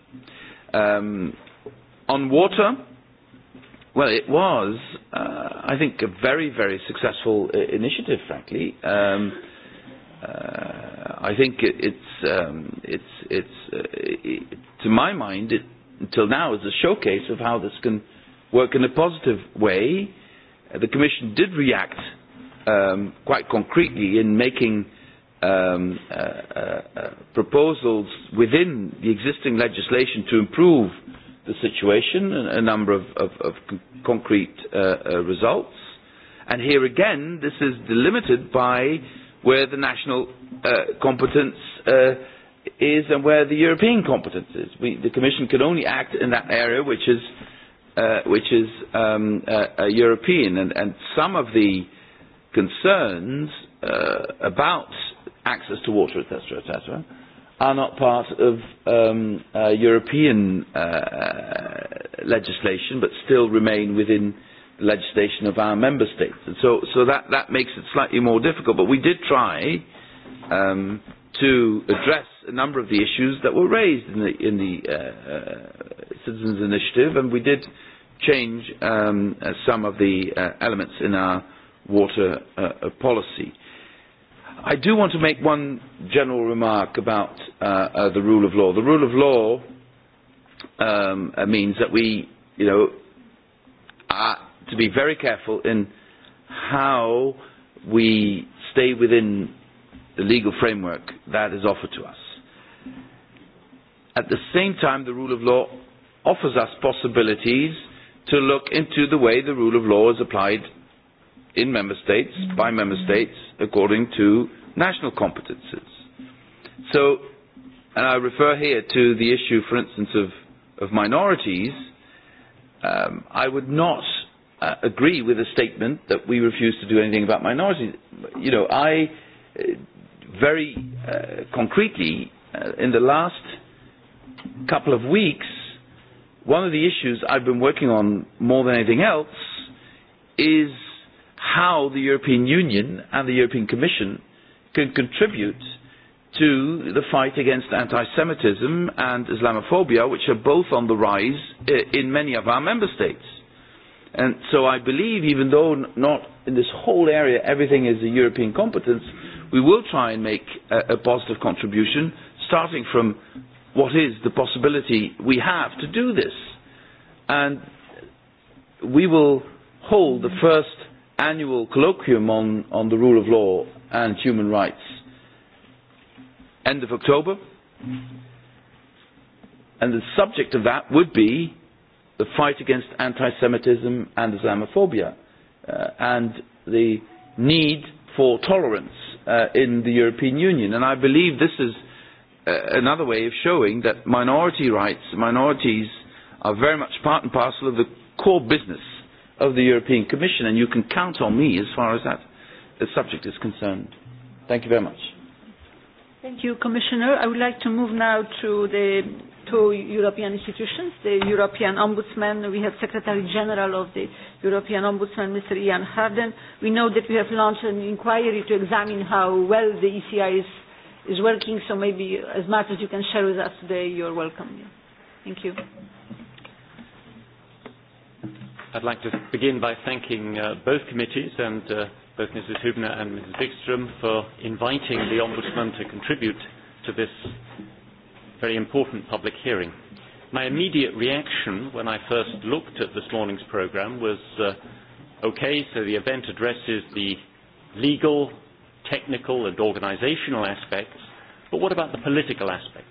Um, on water, well, it was, uh, I think, a very, very successful uh, initiative, frankly. Um, uh, I think it, it's, um, it's, it's uh, it, to my mind, it, until now as a showcase of how this can work in a positive way. Uh, the Commission did react um, quite concretely in making um, uh, uh, uh, proposals within the existing legislation to improve the situation, a, a number of, of, of c- concrete uh, uh, results. And here again, this is delimited by where the national uh, competence. Uh, is and where the European competence is. We, the Commission can only act in that area which is, uh, which is um, uh, uh, European. And, and some of the concerns uh, about access to water, etc., etc., are not part of um, uh, European uh, uh, legislation, but still remain within the legislation of our member states. And so, so that, that makes it slightly more difficult. But we did try um, to address a number of the issues that were raised in the, in the uh, uh, citizens' initiative, and we did change um, uh, some of the uh, elements in our water uh, uh, policy. I do want to make one general remark about uh, uh, the rule of law. The rule of law um, uh, means that we, you know, are to be very careful in how we stay within the legal framework that is offered to us at the same time, the rule of law offers us possibilities to look into the way the rule of law is applied in member states, by member states, according to national competences. So, and I refer here to the issue, for instance, of, of minorities, um, I would not uh, agree with the statement that we refuse to do anything about minorities. You know, I, uh, very uh, concretely, uh, in the last couple of weeks, one of the issues I've been working on more than anything else is how the European Union and the European Commission can contribute to the fight against anti Semitism and Islamophobia, which are both on the rise eh, in many of our member states. And so I believe, even though not in this whole area everything is a European competence, we will try and make a, a positive contribution, starting from what is the possibility we have to do this. And we will hold the first annual colloquium on, on the rule of law and human rights end of October. And the subject of that would be the fight against anti Semitism and Islamophobia uh, and the need for tolerance uh, in the European Union. And I believe this is. Uh, another way of showing that minority rights, minorities, are very much part and parcel of the core business of the European Commission, and you can count on me as far as that the subject is concerned. Thank you very much. Thank you, Commissioner. I would like to move now to the two European institutions, the European Ombudsman. We have Secretary General of the European Ombudsman, Mr. Ian Harden. We know that we have launched an inquiry to examine how well the ECI is is working, so maybe as much as you can share with us today, you're welcome. Thank you. I'd like to begin by thanking uh, both committees and uh, both Mrs. Hübner and Mrs. Wikström for inviting the Ombudsman to contribute to this very important public hearing. My immediate reaction when I first looked at this morning's program was, uh, okay, so the event addresses the legal technical and organizational aspects, but what about the political aspect?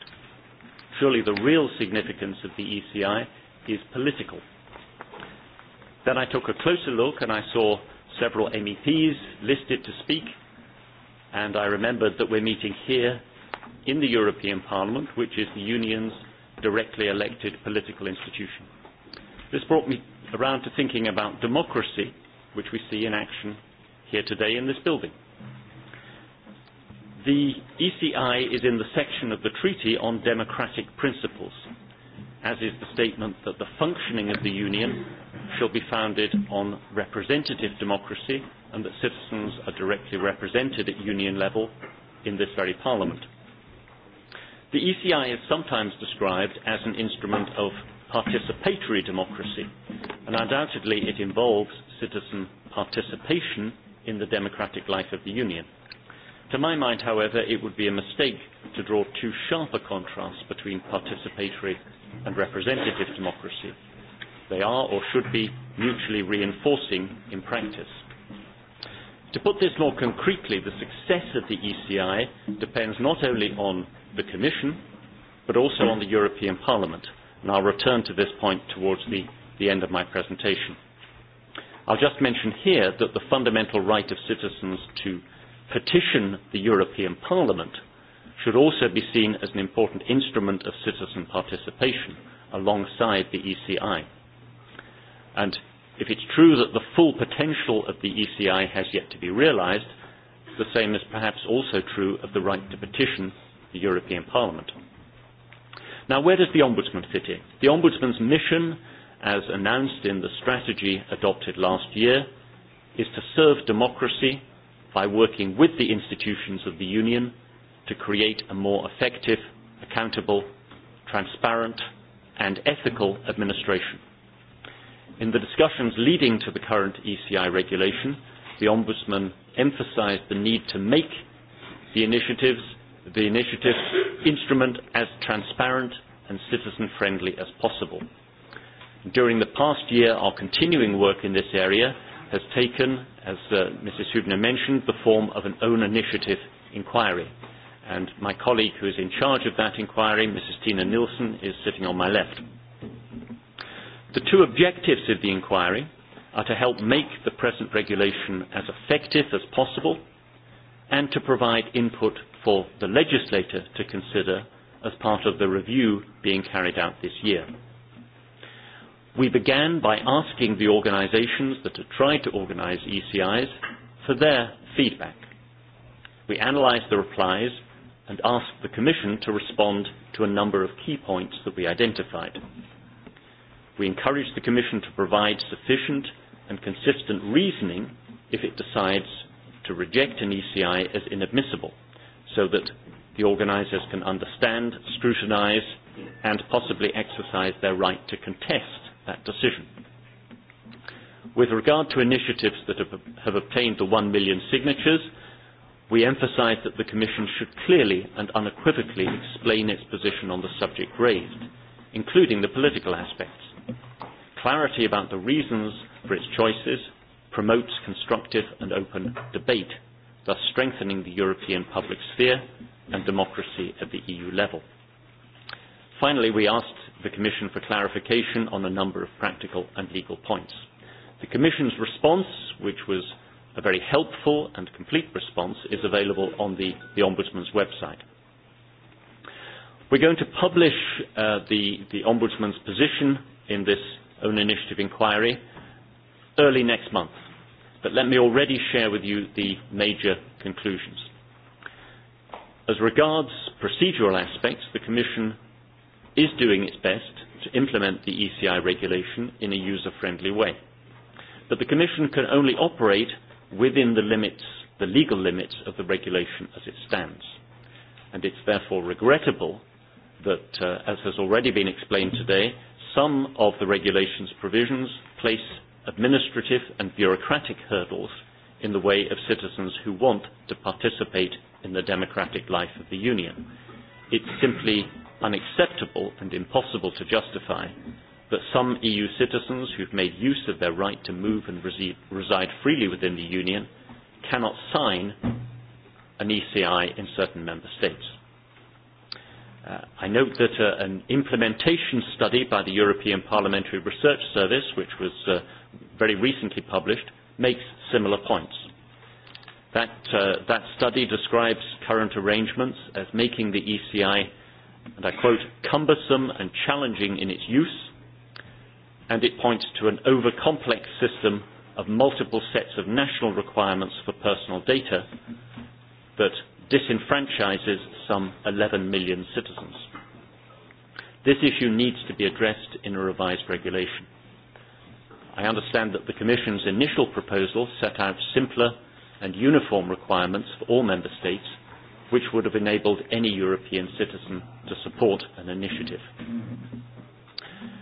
Surely the real significance of the ECI is political. Then I took a closer look and I saw several MEPs listed to speak, and I remembered that we're meeting here in the European Parliament, which is the Union's directly elected political institution. This brought me around to thinking about democracy, which we see in action here today in this building the ECI is in the section of the treaty on democratic principles, as is the statement that the functioning of the Union shall be founded on representative democracy and that citizens are directly represented at Union level in this very Parliament. The ECI is sometimes described as an instrument of participatory democracy, and undoubtedly it involves citizen participation in the democratic life of the Union. To my mind, however, it would be a mistake to draw too sharp a contrast between participatory and representative democracy. They are or should be mutually reinforcing in practice. To put this more concretely, the success of the ECI depends not only on the Commission, but also on the European Parliament. And I'll return to this point towards the, the end of my presentation. I'll just mention here that the fundamental right of citizens to petition the European Parliament should also be seen as an important instrument of citizen participation alongside the ECI. And if it's true that the full potential of the ECI has yet to be realised, the same is perhaps also true of the right to petition the European Parliament. Now, where does the Ombudsman fit in? The Ombudsman's mission, as announced in the strategy adopted last year, is to serve democracy by working with the institutions of the Union to create a more effective, accountable, transparent and ethical administration. In the discussions leading to the current ECI regulation, the Ombudsman emphasized the need to make the initiatives the initiative instrument as transparent and citizen friendly as possible. During the past year, our continuing work in this area has taken, as uh, Mrs. Hubner mentioned, the form of an own initiative inquiry. And my colleague who is in charge of that inquiry, Mrs. Tina Nielsen, is sitting on my left. The two objectives of the inquiry are to help make the present regulation as effective as possible and to provide input for the legislator to consider as part of the review being carried out this year we began by asking the organizations that had tried to organize ECIs for their feedback. We analyzed the replies and asked the Commission to respond to a number of key points that we identified. We encouraged the Commission to provide sufficient and consistent reasoning if it decides to reject an ECI as inadmissible, so that the organizers can understand, scrutinize, and possibly exercise their right to contest that decision. With regard to initiatives that have, have obtained the 1 million signatures, we emphasise that the Commission should clearly and unequivocally explain its position on the subject raised, including the political aspects. Clarity about the reasons for its choices promotes constructive and open debate, thus strengthening the European public sphere and democracy at the EU level. Finally, we asked the Commission for clarification on a number of practical and legal points. The Commission's response, which was a very helpful and complete response, is available on the, the Ombudsman's website. We're going to publish uh, the, the Ombudsman's position in this own initiative inquiry early next month. But let me already share with you the major conclusions. As regards procedural aspects, the Commission is doing its best to implement the ECI regulation in a user-friendly way. But the Commission can only operate within the limits, the legal limits of the regulation as it stands. And it's therefore regrettable that, uh, as has already been explained today, some of the regulation's provisions place administrative and bureaucratic hurdles in the way of citizens who want to participate in the democratic life of the Union it's simply unacceptable and impossible to justify that some EU citizens who've made use of their right to move and reside freely within the Union cannot sign an ECI in certain member states. Uh, I note that uh, an implementation study by the European Parliamentary Research Service, which was uh, very recently published, makes similar points. That, uh, that study describes current arrangements as making the ECI, and I quote, cumbersome and challenging in its use, and it points to an overcomplex system of multiple sets of national requirements for personal data that disenfranchises some 11 million citizens. This issue needs to be addressed in a revised regulation. I understand that the Commission's initial proposal set out simpler and uniform requirements for all member states, which would have enabled any European citizen to support an initiative.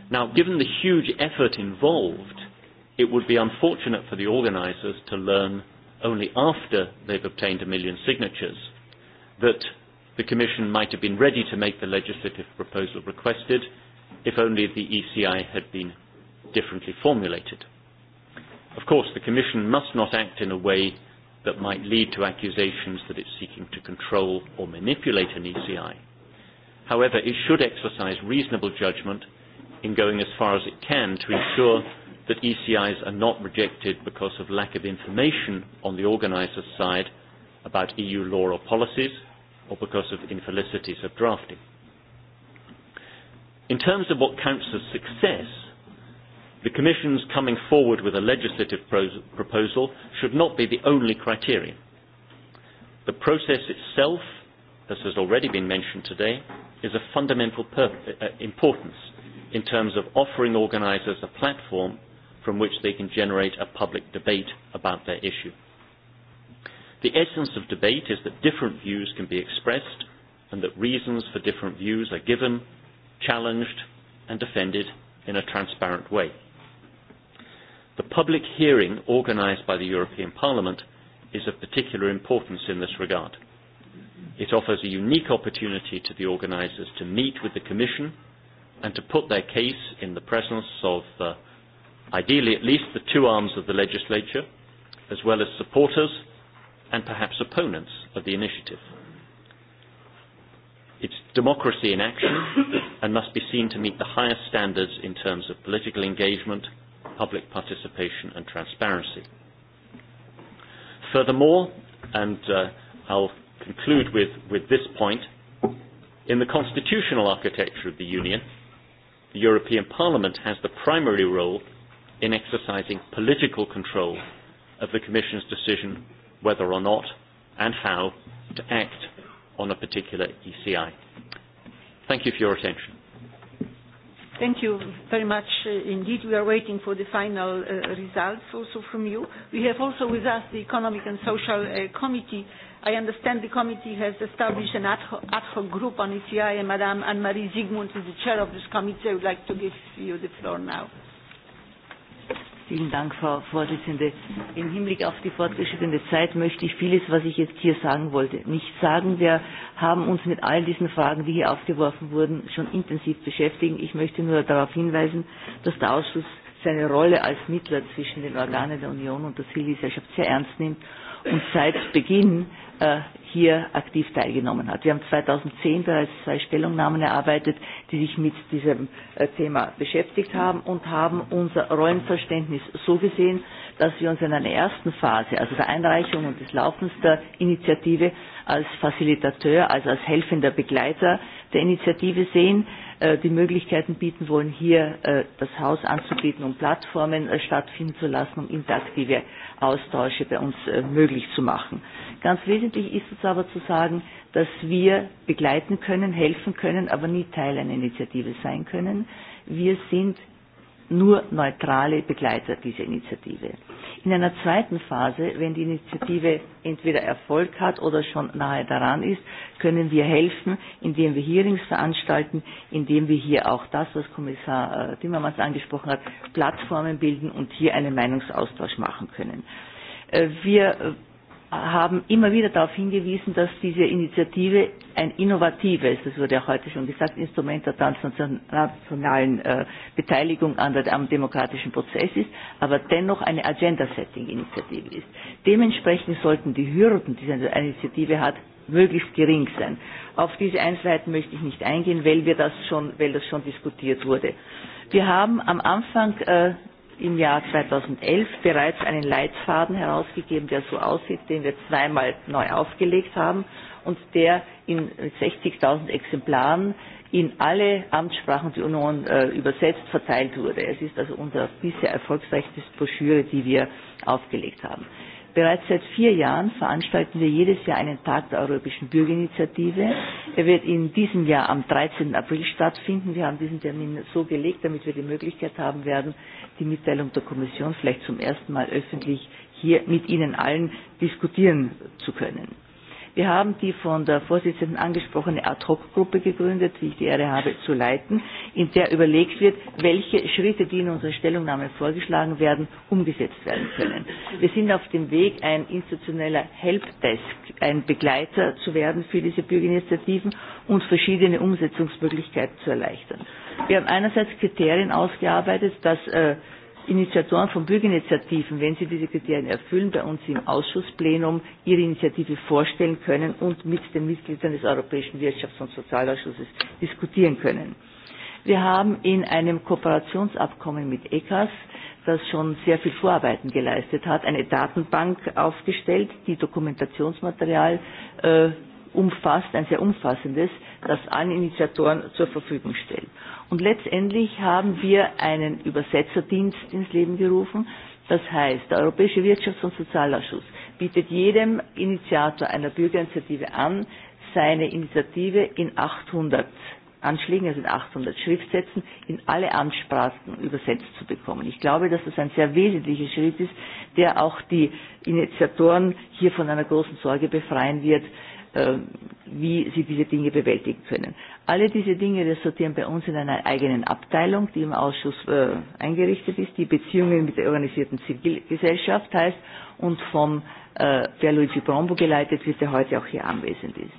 Now, given the huge effort involved, it would be unfortunate for the organizers to learn only after they've obtained a million signatures that the Commission might have been ready to make the legislative proposal requested if only the ECI had been differently formulated. Of course, the Commission must not act in a way that might lead to accusations that it's seeking to control or manipulate an ECI. However, it should exercise reasonable judgment in going as far as it can to ensure that ECIs are not rejected because of lack of information on the organizer's side about EU law or policies or because of infelicities of drafting. In terms of what counts as success, The Commission's coming forward with a legislative pro proposal should not be the only criterion. The process itself, as has already been mentioned today, is of fundamental uh, importance in terms of offering organisers a platform from which they can generate a public debate about their issue. The essence of debate is that different views can be expressed and that reasons for different views are given, challenged and defended in a transparent way. The public hearing organised by the European Parliament is of particular importance in this regard. It offers a unique opportunity to the organisers to meet with the Commission and to put their case in the presence of, uh, ideally at least, the two arms of the legislature, as well as supporters and perhaps opponents of the initiative. It's democracy in action and must be seen to meet the highest standards in terms of political engagement public participation and transparency. Furthermore, and uh, I'll conclude with, with this point, in the constitutional architecture of the Union, the European Parliament has the primary role in exercising political control of the Commission's decision whether or not and how to act on a particular ECI. Thank you for your attention. Thank you very much uh, indeed. We are waiting for the final uh, results also from you. We have also with us the Economic and Social uh, Committee. I understand the committee has established an ad hoc, ad hoc group on ECI and Madame Anne-Marie Zygmunt is the chair of this committee. I would like to give you the floor now. Thank you. Vielen Dank, Frau Vorsitzende. Im Hinblick auf die fortgeschrittene Zeit möchte ich vieles, was ich jetzt hier sagen wollte, nicht sagen. Wir haben uns mit all diesen Fragen, die hier aufgeworfen wurden, schon intensiv beschäftigt. Ich möchte nur darauf hinweisen, dass der Ausschuss seine Rolle als Mittler zwischen den Organen der Union und der Zivilgesellschaft sehr ernst nimmt und seit Beginn äh, hier aktiv teilgenommen hat. Wir haben 2010 bereits zwei Stellungnahmen erarbeitet, die sich mit diesem äh, Thema beschäftigt haben und haben unser Rollenverständnis so gesehen, dass wir uns in einer ersten Phase, also der Einreichung und des Laufens der Initiative, als Facilitateur, also als helfender Begleiter der Initiative sehen. Äh, die Möglichkeiten bieten wollen, hier äh, das Haus anzubieten, um Plattformen äh, stattfinden zu lassen, um interaktive Austausche bei uns möglich zu machen. Ganz wesentlich ist es aber zu sagen, dass wir begleiten können, helfen können, aber nie Teil einer Initiative sein können. Wir sind nur neutrale Begleiter dieser Initiative. In einer zweiten Phase, wenn die Initiative entweder Erfolg hat oder schon nahe daran ist, können wir helfen, indem wir Hearings veranstalten, indem wir hier auch das, was Kommissar äh, Timmermans angesprochen hat, Plattformen bilden und hier einen Meinungsaustausch machen können. Äh, wir haben immer wieder darauf hingewiesen, dass diese Initiative ein innovatives, das wurde ja heute schon gesagt, Instrument der transnationalen äh, Beteiligung an der, am demokratischen Prozess ist, aber dennoch eine Agenda-Setting-Initiative ist. Dementsprechend sollten die Hürden, die eine Initiative hat, möglichst gering sein. Auf diese Einzelheiten möchte ich nicht eingehen, weil, wir das, schon, weil das schon diskutiert wurde. Wir haben am Anfang äh, im Jahr 2011 bereits einen Leitfaden herausgegeben, der so aussieht, den wir zweimal neu aufgelegt haben und der in 60.000 Exemplaren in alle Amtssprachen der Union äh, übersetzt verteilt wurde. Es ist also unsere bisher erfolgreichste Broschüre, die wir aufgelegt haben. Bereits seit vier Jahren veranstalten wir jedes Jahr einen Tag der Europäischen Bürgerinitiative. Er wird in diesem Jahr am 13. April stattfinden. Wir haben diesen Termin so gelegt, damit wir die Möglichkeit haben werden, die Mitteilung der Kommission vielleicht zum ersten Mal öffentlich hier mit Ihnen allen diskutieren zu können. Wir haben die von der Vorsitzenden angesprochene Ad-Hoc-Gruppe gegründet, die ich die Ehre habe zu leiten, in der überlegt wird, welche Schritte, die in unserer Stellungnahme vorgeschlagen werden, umgesetzt werden können. Wir sind auf dem Weg, ein institutioneller Helpdesk, ein Begleiter zu werden für diese Bürgerinitiativen und verschiedene Umsetzungsmöglichkeiten zu erleichtern. Wir haben einerseits Kriterien ausgearbeitet, dass äh, Initiatoren von Bürgerinitiativen, wenn sie diese Kriterien erfüllen, bei uns im Ausschussplenum ihre Initiative vorstellen können und mit den Mitgliedern des Europäischen Wirtschafts- und Sozialausschusses diskutieren können. Wir haben in einem Kooperationsabkommen mit ECAS, das schon sehr viel Vorarbeiten geleistet hat, eine Datenbank aufgestellt, die Dokumentationsmaterial äh, umfasst, ein sehr umfassendes, das allen Initiatoren zur Verfügung stellt. Und letztendlich haben wir einen Übersetzerdienst ins Leben gerufen. Das heißt, der Europäische Wirtschafts- und Sozialausschuss bietet jedem Initiator einer Bürgerinitiative an, seine Initiative in 800 Anschlägen, also in 800 Schriftsätzen, in alle Amtssprachen übersetzt zu bekommen. Ich glaube, dass das ein sehr wesentlicher Schritt ist, der auch die Initiatoren hier von einer großen Sorge befreien wird, äh, äh, wie sie diese Dinge bewältigen können. Alle diese Dinge, das sortieren bei uns in einer eigenen Abteilung, die im Ausschuss äh, eingerichtet ist, die Beziehungen mit der organisierten Zivilgesellschaft heißt und vom äh, der Luigi Brombo geleitet wird, der heute auch hier anwesend ist.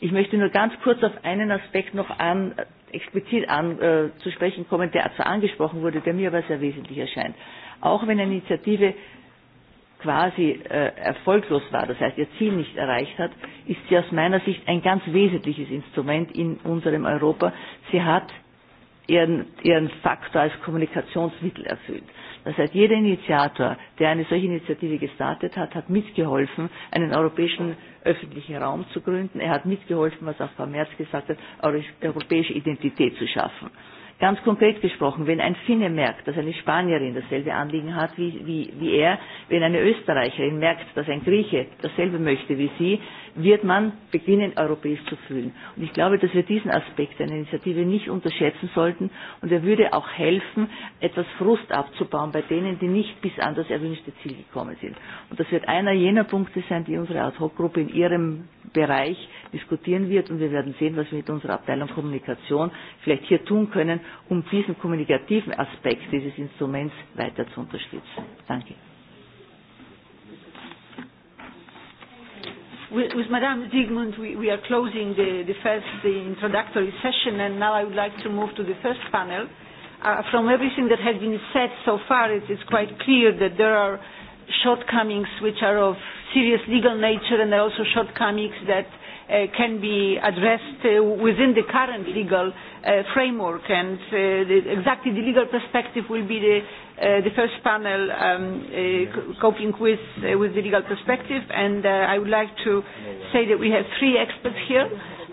Ich möchte nur ganz kurz auf einen Aspekt noch an, explizit an, äh, zu sprechen kommen, der zwar angesprochen wurde, der mir aber sehr wesentlich erscheint. Auch wenn eine Initiative quasi äh, erfolglos war, das heißt ihr Ziel nicht erreicht hat, ist sie aus meiner Sicht ein ganz wesentliches Instrument in unserem Europa. Sie hat ihren, ihren Faktor als Kommunikationsmittel erfüllt. Das heißt, jeder Initiator, der eine solche Initiative gestartet hat, hat mitgeholfen, einen europäischen öffentlichen Raum zu gründen. Er hat mitgeholfen, was auch Frau Merz gesagt hat, europäische Identität zu schaffen. Ganz konkret gesprochen, wenn ein Finne merkt, dass eine Spanierin dasselbe Anliegen hat wie, wie, wie er, wenn eine Österreicherin merkt, dass ein Grieche dasselbe möchte wie sie, wird man beginnen, europäisch zu fühlen. Und ich glaube, dass wir diesen Aspekt einer Initiative nicht unterschätzen sollten. Und er würde auch helfen, etwas Frust abzubauen bei denen, die nicht bis an das erwünschte Ziel gekommen sind. Und das wird einer jener Punkte sein, die unsere Ad-Hoc-Gruppe in ihrem Bereich diskutieren wird und wir werden sehen, was wir mit unserer Abteilung Kommunikation vielleicht hier tun können, um diesen kommunikativen Aspekt dieses Instruments weiter zu unterstützen. Danke. With Madame Zygmunt, we, we are closing the, the first the introductory session, and now I would like to move to the first panel. Uh, from everything that has been said so far, it is quite clear that there are shortcomings which are of serious legal nature and there are also shortcomings that uh, can be addressed uh, within the current legal uh, framework and uh, the, exactly the legal perspective will be the, uh, the first panel um, uh, coping with, uh, with the legal perspective and uh, I would like to say that we have three experts here.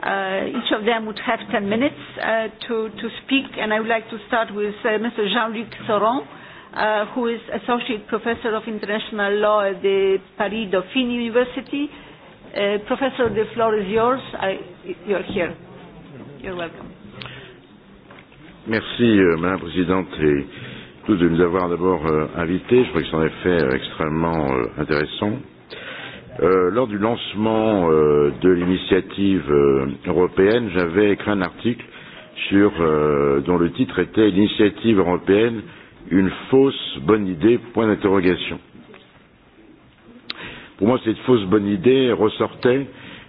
Uh, each of them would have 10 minutes uh, to, to speak and I would like to start with uh, Mr. Jean-Luc Soron. Uh, uh, who is Associate Professor of International Law at the Paris Dauphine University. Uh, professor, the floor is yours. I, you're here. You're welcome. Merci, euh, Madame la Présidente, et tous de nous avoir d'abord euh, invités. Je crois que c'est en effet euh, extrêmement euh, intéressant. Euh, lors du lancement euh, de l'initiative euh, européenne, j'avais écrit un article sur, euh, dont le titre était L'initiative européenne une fausse bonne idée point d'interrogation. Pour moi, cette fausse bonne idée ressortait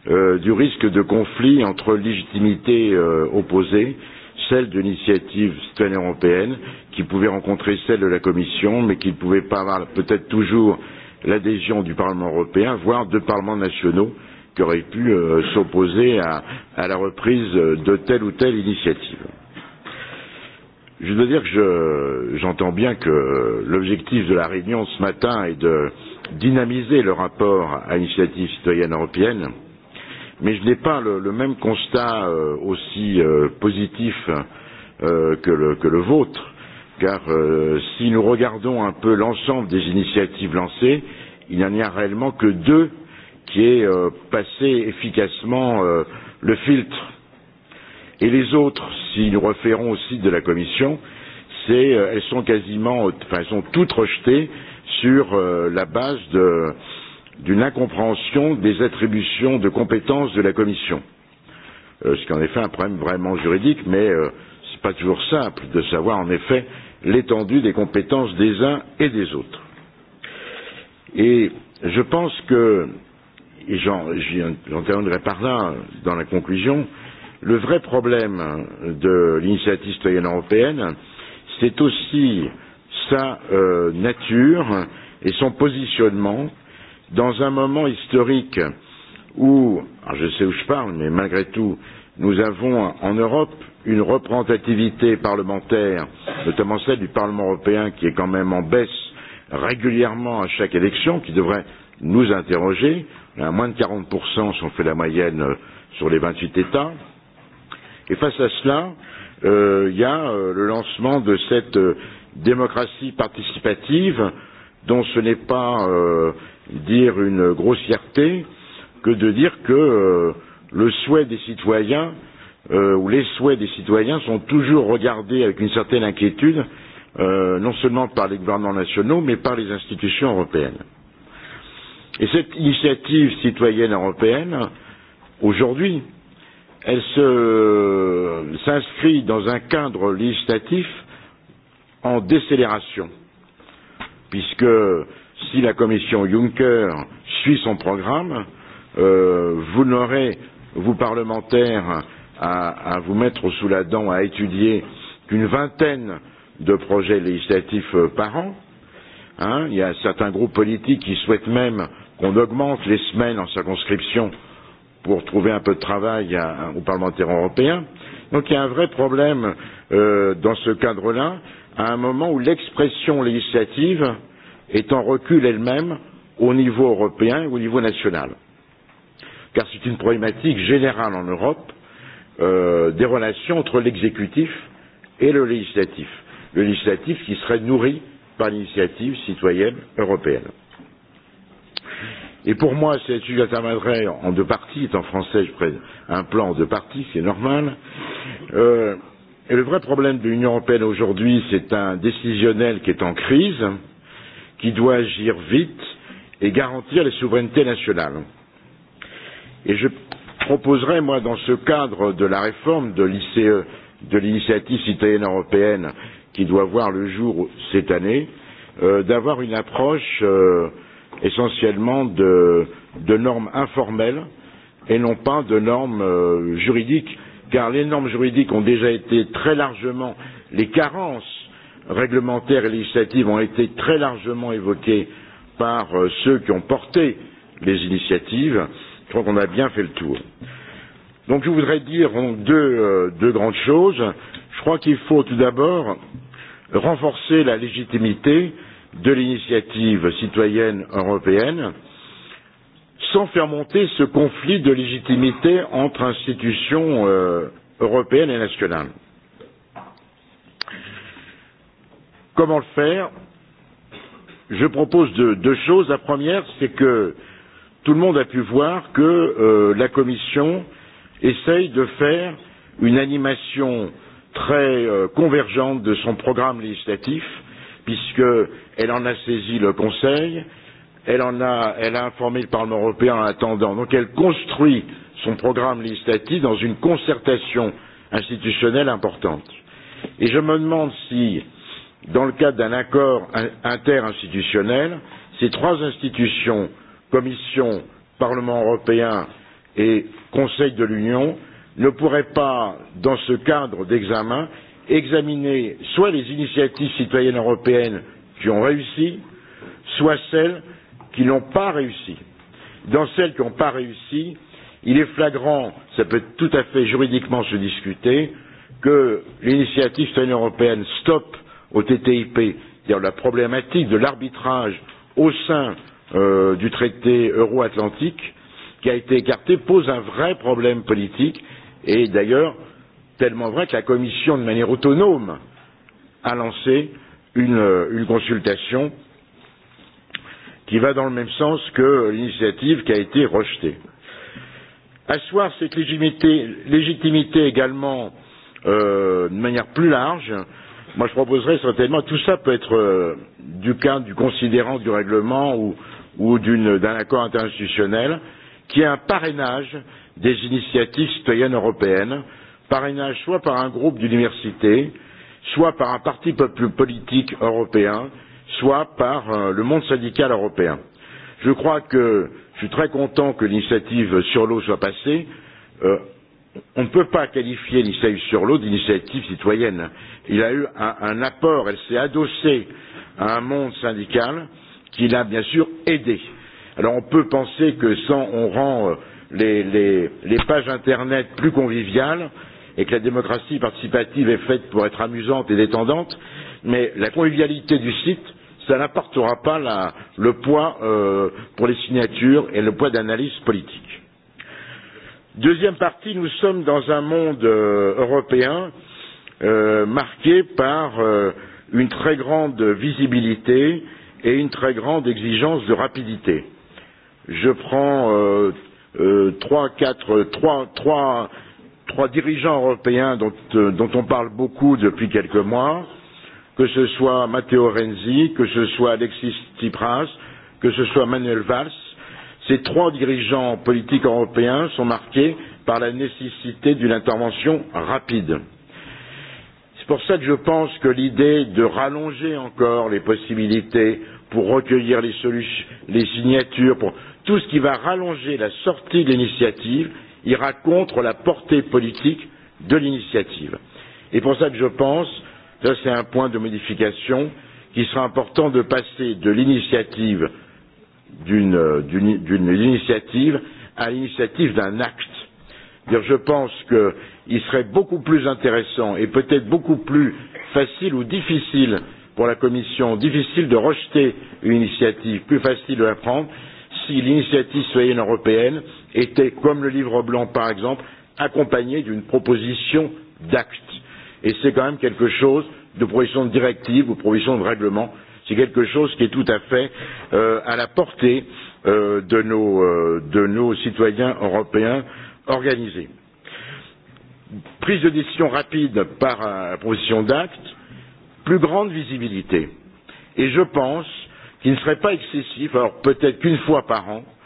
euh, du risque de conflit entre légitimité euh, opposée, celle de l'initiative citoyenne européenne, qui pouvait rencontrer celle de la Commission, mais qui ne pouvait pas avoir peut-être toujours l'adhésion du Parlement européen, voire de parlements nationaux qui auraient pu euh, s'opposer à, à la reprise de telle ou telle initiative je dois dire que je, j'entends bien que l'objectif de la réunion ce matin est de dynamiser le rapport à l'initiative citoyenne européenne, mais je n'ai pas le, le même constat euh, aussi euh, positif euh, que, le, que le vôtre, car euh, si nous regardons un peu l'ensemble des initiatives lancées, il n'y en a réellement que deux qui aient euh, passé efficacement euh, le filtre Et les autres, si nous référons au site de la Commission, c'est, euh, elles sont quasiment, enfin, elles sont toutes rejetées sur euh, la base de, d'une incompréhension des attributions de compétences de la Commission. Euh, ce qui en effet un problème vraiment juridique, mais euh, ce n'est pas toujours simple de savoir en effet l'étendue des compétences des uns et des autres. Et je pense que, et j'en, j'en terminerai par là dans la conclusion, euh, le vrai problème de l'initiative citoyenne européenne, c'est aussi sa euh, nature et son positionnement dans un moment historique où, je sais où je parle, mais malgré tout, nous avons en Europe une représentativité parlementaire, notamment celle du Parlement européen, qui est quand même en baisse régulièrement à chaque élection, qui devrait nous interroger. À moins de 40 si on fait la moyenne euh, sur les 28 États. Et face à cela, il euh, y a euh, le lancement de cette euh, démocratie participative dont ce n'est pas euh, dire une grossièreté que de dire que euh, le souhait des citoyens euh, ou les souhaits des citoyens sont toujours regardés avec une certaine inquiétude euh, non seulement par les gouvernements nationaux mais par les institutions européennes. Et cette initiative citoyenne européenne, aujourd'hui, euh, elle euh, s'inscrit dans un cadre législatif en décélération, puisque si la commission Juncker suit son programme, euh, vous n'aurez, vous parlementaires, à, à vous mettre sous la dent à étudier qu'une vingtaine de projets législatifs euh, par an. Hein, il y a certains groupes politiques qui souhaitent même qu'on augmente les semaines en circonscription euh, pour trouver un peu de travail à, aux parlementaires européens. Donc il y a un vrai problème euh, dans ce cadre-là, à un moment où l'expression législative est en recul elle-même au niveau européen ou au niveau national. Car c'est une problématique générale en Europe euh, des relations entre l'exécutif et le législatif. Le législatif qui serait nourri par l'initiative citoyenne européenne. Et pour moi, cette étude intermédiaire en deux parties, est en français, je prends un plan en deux parties, c'est normal. Euh, et le vrai problème de l'Union européenne aujourd'hui, c'est un décisionnel qui est en crise, qui doit agir vite et garantir les souverainetés nationales. Et je proposerai, moi, dans ce cadre de la réforme de l'ICE, de l'initiative citoyenne européenne, qui doit voir le jour cette année, euh, d'avoir une approche euh, essentiellement de, de normes informelles et non pas de normes euh, juridiques, car les normes juridiques ont déjà été très largement les carences réglementaires et législatives ont été très largement évoquées par euh, ceux qui ont porté les initiatives. Je crois qu'on a bien fait le tour. Donc je voudrais dire donc, deux, euh, deux grandes choses. Je crois qu'il faut tout d'abord renforcer la légitimité euh, de l'initiative citoyenne européenne sans faire monter ce conflit de légitimité entre institutions euh, européennes et nationales. Comment le faire Je propose deux, deux choses. La première, c'est que tout le monde a pu voir que euh, la Commission essaye de faire une animation très euh, convergente de son programme législatif, puisque elle en a saisi le Conseil, elle en a, elle a informé le Parlement européen en attendant. Donc elle construit son programme législatif dans une concertation institutionnelle importante. Et je me demande si, dans le cadre d'un accord interinstitutionnel, ces trois institutions, Commission, Parlement européen et Conseil de l'Union, ne pourraient pas, dans ce cadre d'examen, examiner soit les initiatives citoyennes européennes qui ont réussi, soit celles qui n'ont pas réussi. Dans celles qui n'ont pas réussi, il est flagrant, ça peut tout à fait juridiquement se discuter, que l'initiative citoyenne européenne Stop au TTIP, c'est-à-dire la problématique de l'arbitrage au sein euh, du traité euro-atlantique, qui a été écarté, pose un vrai problème politique, et d'ailleurs, tellement vrai que la Commission, de manière autonome, a lancé euh, une, une consultation qui va dans le même sens que l'initiative qui a été rejetée. Asseoir cette légitimité, légitimité également euh, de manière plus large, moi je proposerais certainement tout ça peut être euh, du cas du considérant du règlement ou, ou d'un accord interinstitutionnel, qui est un parrainage des initiatives citoyennes européennes, parrainage soit par un groupe d'universités, euh, soit par un parti politique européen, soit par euh, le monde syndical européen. Je crois que je suis très content que l'initiative sur l'eau soit passée. Euh, on ne peut pas qualifier l'initiative sur l'eau d'initiative citoyenne. Il a eu un, un apport, elle s'est adossée à un monde syndical qui l'a bien sûr aidé. Alors on peut penser que sans on rend euh, les, les, les pages internet plus conviviales, et que la démocratie participative est faite pour être amusante et détendante, mais la convivialité du site, ça n'apportera pas la, le poids euh, pour les signatures et le poids d'analyse politique. Deuxième partie, nous sommes dans un monde euh, européen euh, marqué par euh, une très grande visibilité et une très grande exigence de rapidité. Je prends euh, euh, trois, quatre, trois, trois, trois dirigeants européens dont, euh, dont on parle beaucoup depuis quelques mois, que ce soit Matteo Renzi, que ce soit Alexis Tsipras, que ce soit Manuel Valls, ces trois dirigeants politiques européens sont marqués par la nécessité d'une intervention rapide. C'est pour ça que je pense que l'idée de rallonger encore les possibilités pour recueillir les, solutions, les signatures, pour tout ce qui va rallonger la sortie de l'initiative, ira contre la portée politique de l'initiative. C'est pour ça que je pense que c'est un point de modification qu'il sera important de passer de l'initiative d'une euh, initiative à l'initiative d'un acte. Je pense qu'il serait beaucoup plus intéressant et peut-être beaucoup plus facile ou difficile pour la Commission, difficile de rejeter une initiative, plus facile de la prendre, si l'initiative citoyenne européenne était, comme le livre blanc par exemple, accompagné d'une proposition d'acte. Et c'est quand même quelque chose de proposition de directive ou proposition de règlement, c'est quelque chose qui est tout à fait euh, à la portée euh, de, nos, euh, de nos citoyens européens organisés. Prise de décision rapide par la proposition d'acte, plus grande visibilité. Et je pense qu'il ne serait pas excessif, alors peut-être qu'une fois par an, euh,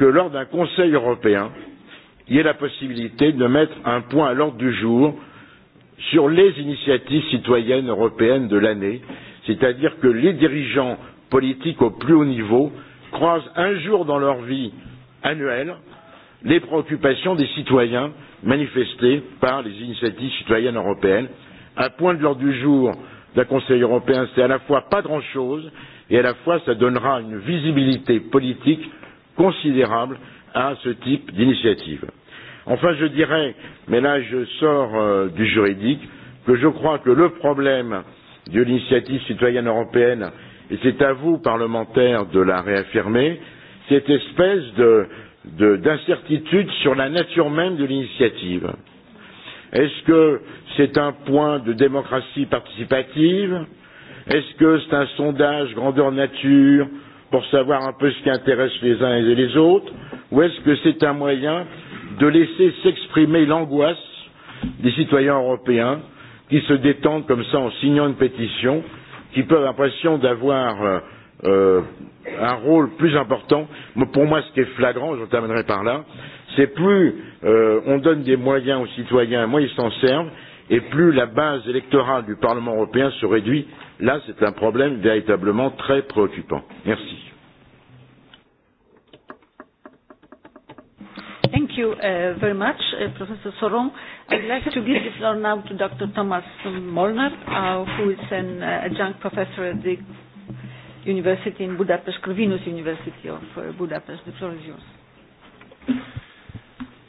que lors d'un Conseil européen, il y ait la possibilité de mettre un point à l'ordre du jour sur les initiatives citoyennes européennes de l'année, c'est-à-dire que les dirigeants politiques au plus haut niveau croisent un jour dans leur vie annuelle les préoccupations des citoyens manifestées par les initiatives citoyennes européennes. Un point de l'ordre du jour d'un Conseil européen, c'est à la fois pas grand-chose et à la fois ça donnera une visibilité politique considérable à ce type d'initiative. Enfin, je dirais mais là je sors euh, du juridique que je crois que le problème de l'initiative citoyenne européenne et c'est à vous, parlementaires, de la réaffirmer cette espèce d'incertitude de, de, sur la nature même de l'initiative. Est ce que c'est un point de démocratie participative? Est ce que c'est un sondage grandeur nature euh, pour savoir un peu ce qui intéresse les uns et les autres, ou est-ce que c'est un moyen de laisser s'exprimer l'angoisse des citoyens européens qui se détendent comme ça en signant une pétition, qui peuvent l'impression d'avoir euh, euh, un rôle plus important. Pour moi, ce qui est flagrant, je terminerai par là, c'est plus euh, on donne des moyens aux citoyens, moins ils s'en servent, et plus la base électorale du Parlement européen se réduit Là, c'est un problème véritablement très préoccupant. Merci. Thank you uh, very much, uh, Professor Soron. I'd like to give the floor now to Dr. Thomas Molnar, uh, who is an uh, adjunct professor at the University in Budapest, Corvinus University of uh, Budapest. The floor is yours.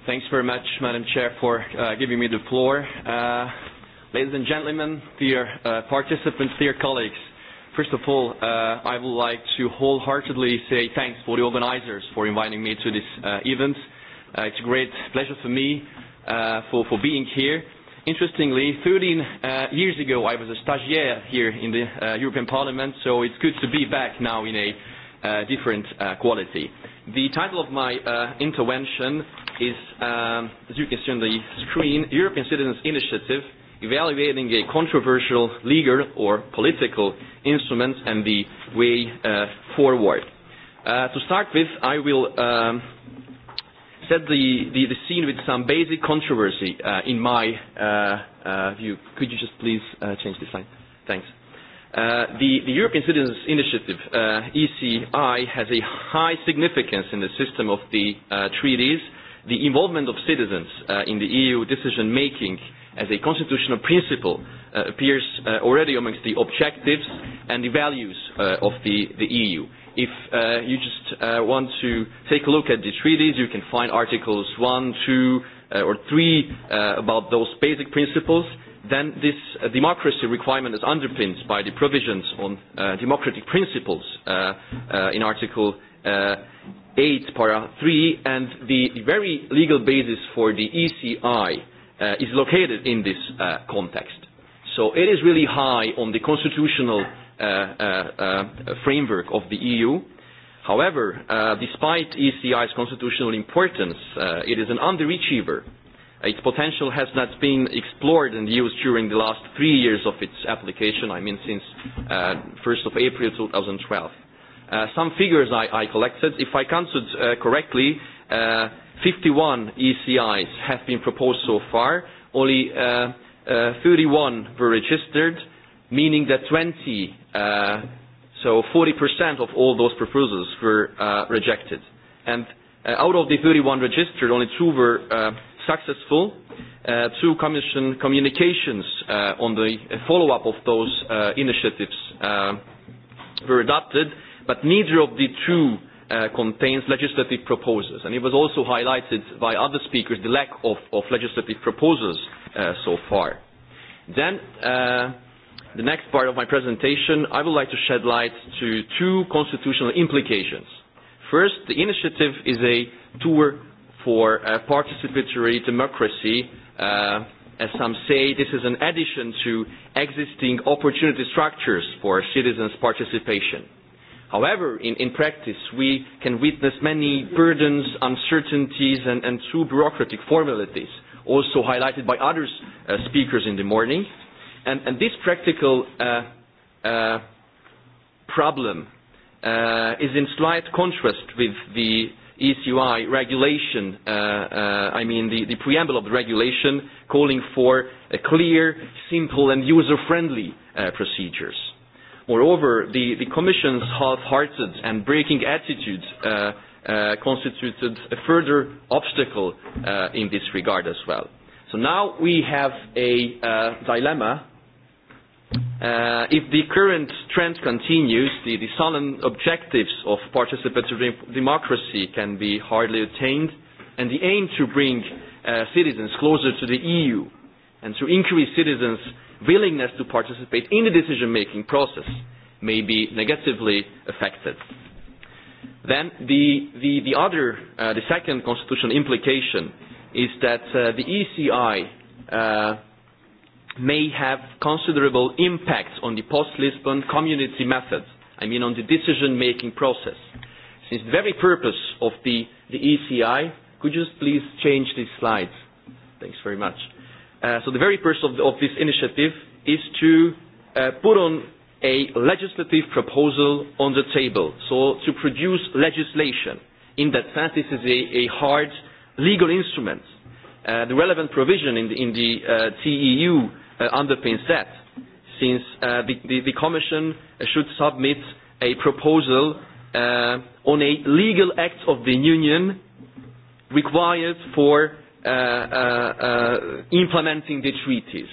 Thanks very much, Madam Chair, for uh, giving me the floor. Uh, Ladies and gentlemen, dear uh, participants, dear colleagues. First of all, uh, I would like to wholeheartedly say thanks for the organizers for inviting me to this uh, event. It's a great pleasure for me for being here. Interestingly, 13 years ago, I was a stagiaire here in the European Parliament, so it's good to be back now in a different quality. The title of my intervention is, um, as you can see on the screen, European Citizens' Initiative: evaluating a controversial legal or political instrument and the way uh, forward. Uh, to start with, I will um, set the, the, the scene with some basic controversy uh, in my uh, uh, view. Could you just please uh, change the slide? Thanks. Uh, the, the European Citizens Initiative, uh, ECI, has a high significance in the system of the uh, treaties. The involvement of citizens uh, in the EU decision making uh, as a constitutional principle uh, appears uh, already amongst the objectives and the values uh, of the, the EU. If uh, you just uh, want to take a look at the treaties, you can find articles 1, 2, uh, or 3 uh, about those basic principles. Then this uh, democracy requirement is underpinned by the provisions on uh, democratic principles uh, uh, in Article uh, 8, Para 3, and the, the very legal basis for the ECI uh, is located in this uh, context. So it is really high on the constitutional uh, uh, uh, framework of the EU. However, uh, despite ECI's constitutional importance, uh, it is an underachiever. Its potential has not been explored and used during the last three years of its application, I mean since uh, 1st of April 2012. Uh, some figures I, I collected, if I counted uh, correctly, uh, 51 ECIs have been proposed so far. Only uh, uh, 31 were registered, meaning that 20, uh, so 40% of all those proposals were uh, rejected. And uh, out of the 31 registered, only two were uh, successful. Uh, two Commission communications uh, on the follow up of those uh, initiatives uh, were adopted, but neither of the two uh, uh, contains legislative proposals. And it was also highlighted by other speakers the lack of, of legislative proposals uh, so far. Then, uh, the next part of my presentation, I would like to shed light to two constitutional implications. First, the initiative is a tour for uh, participatory democracy. Uh, as some say, this is an addition to existing opportunity structures for citizens' participation. Uh, However, in, in practice, we can witness many burdens, uncertainties, and, and too bureaucratic formalities, also highlighted by other uh, speakers in the morning. And, and this practical uh, uh, problem uh, is in slight contrast with the ECUI regulation, uh, uh, I mean the, the preamble of the regulation calling for a clear, simple, and user-friendly uh, procedures. Moreover, the, the Commission's half hearted and breaking attitude uh, uh, constituted a further obstacle uh, in this regard as well. So now we have a uh, dilemma. Uh, if the current trend continues, the, the solemn objectives of participatory democracy can be hardly attained, and the aim to bring uh, citizens closer to the EU and to increase citizens' willingness to participate in the decision making process may be negatively affected. Then, the, the, the other, uh, the second constitutional implication is that uh, the ECI uh, may have considerable impacts on the post Lisbon community method, I mean, on the decision making process. Since the very purpose of the, the ECI, could you just please change these slides? Thanks very much. Uh, Uh, so the very first of, the, of this initiative is to uh, put on a legislative proposal on the table, so to produce legislation. In that sense, this is a, a hard legal instrument. Uh, the relevant provision in the, in the uh, TEU uh, underpins that, since uh, the, the, the Commission should submit a proposal uh, on a legal act of the Union required for Uh, uh, uh, implementing the treaties.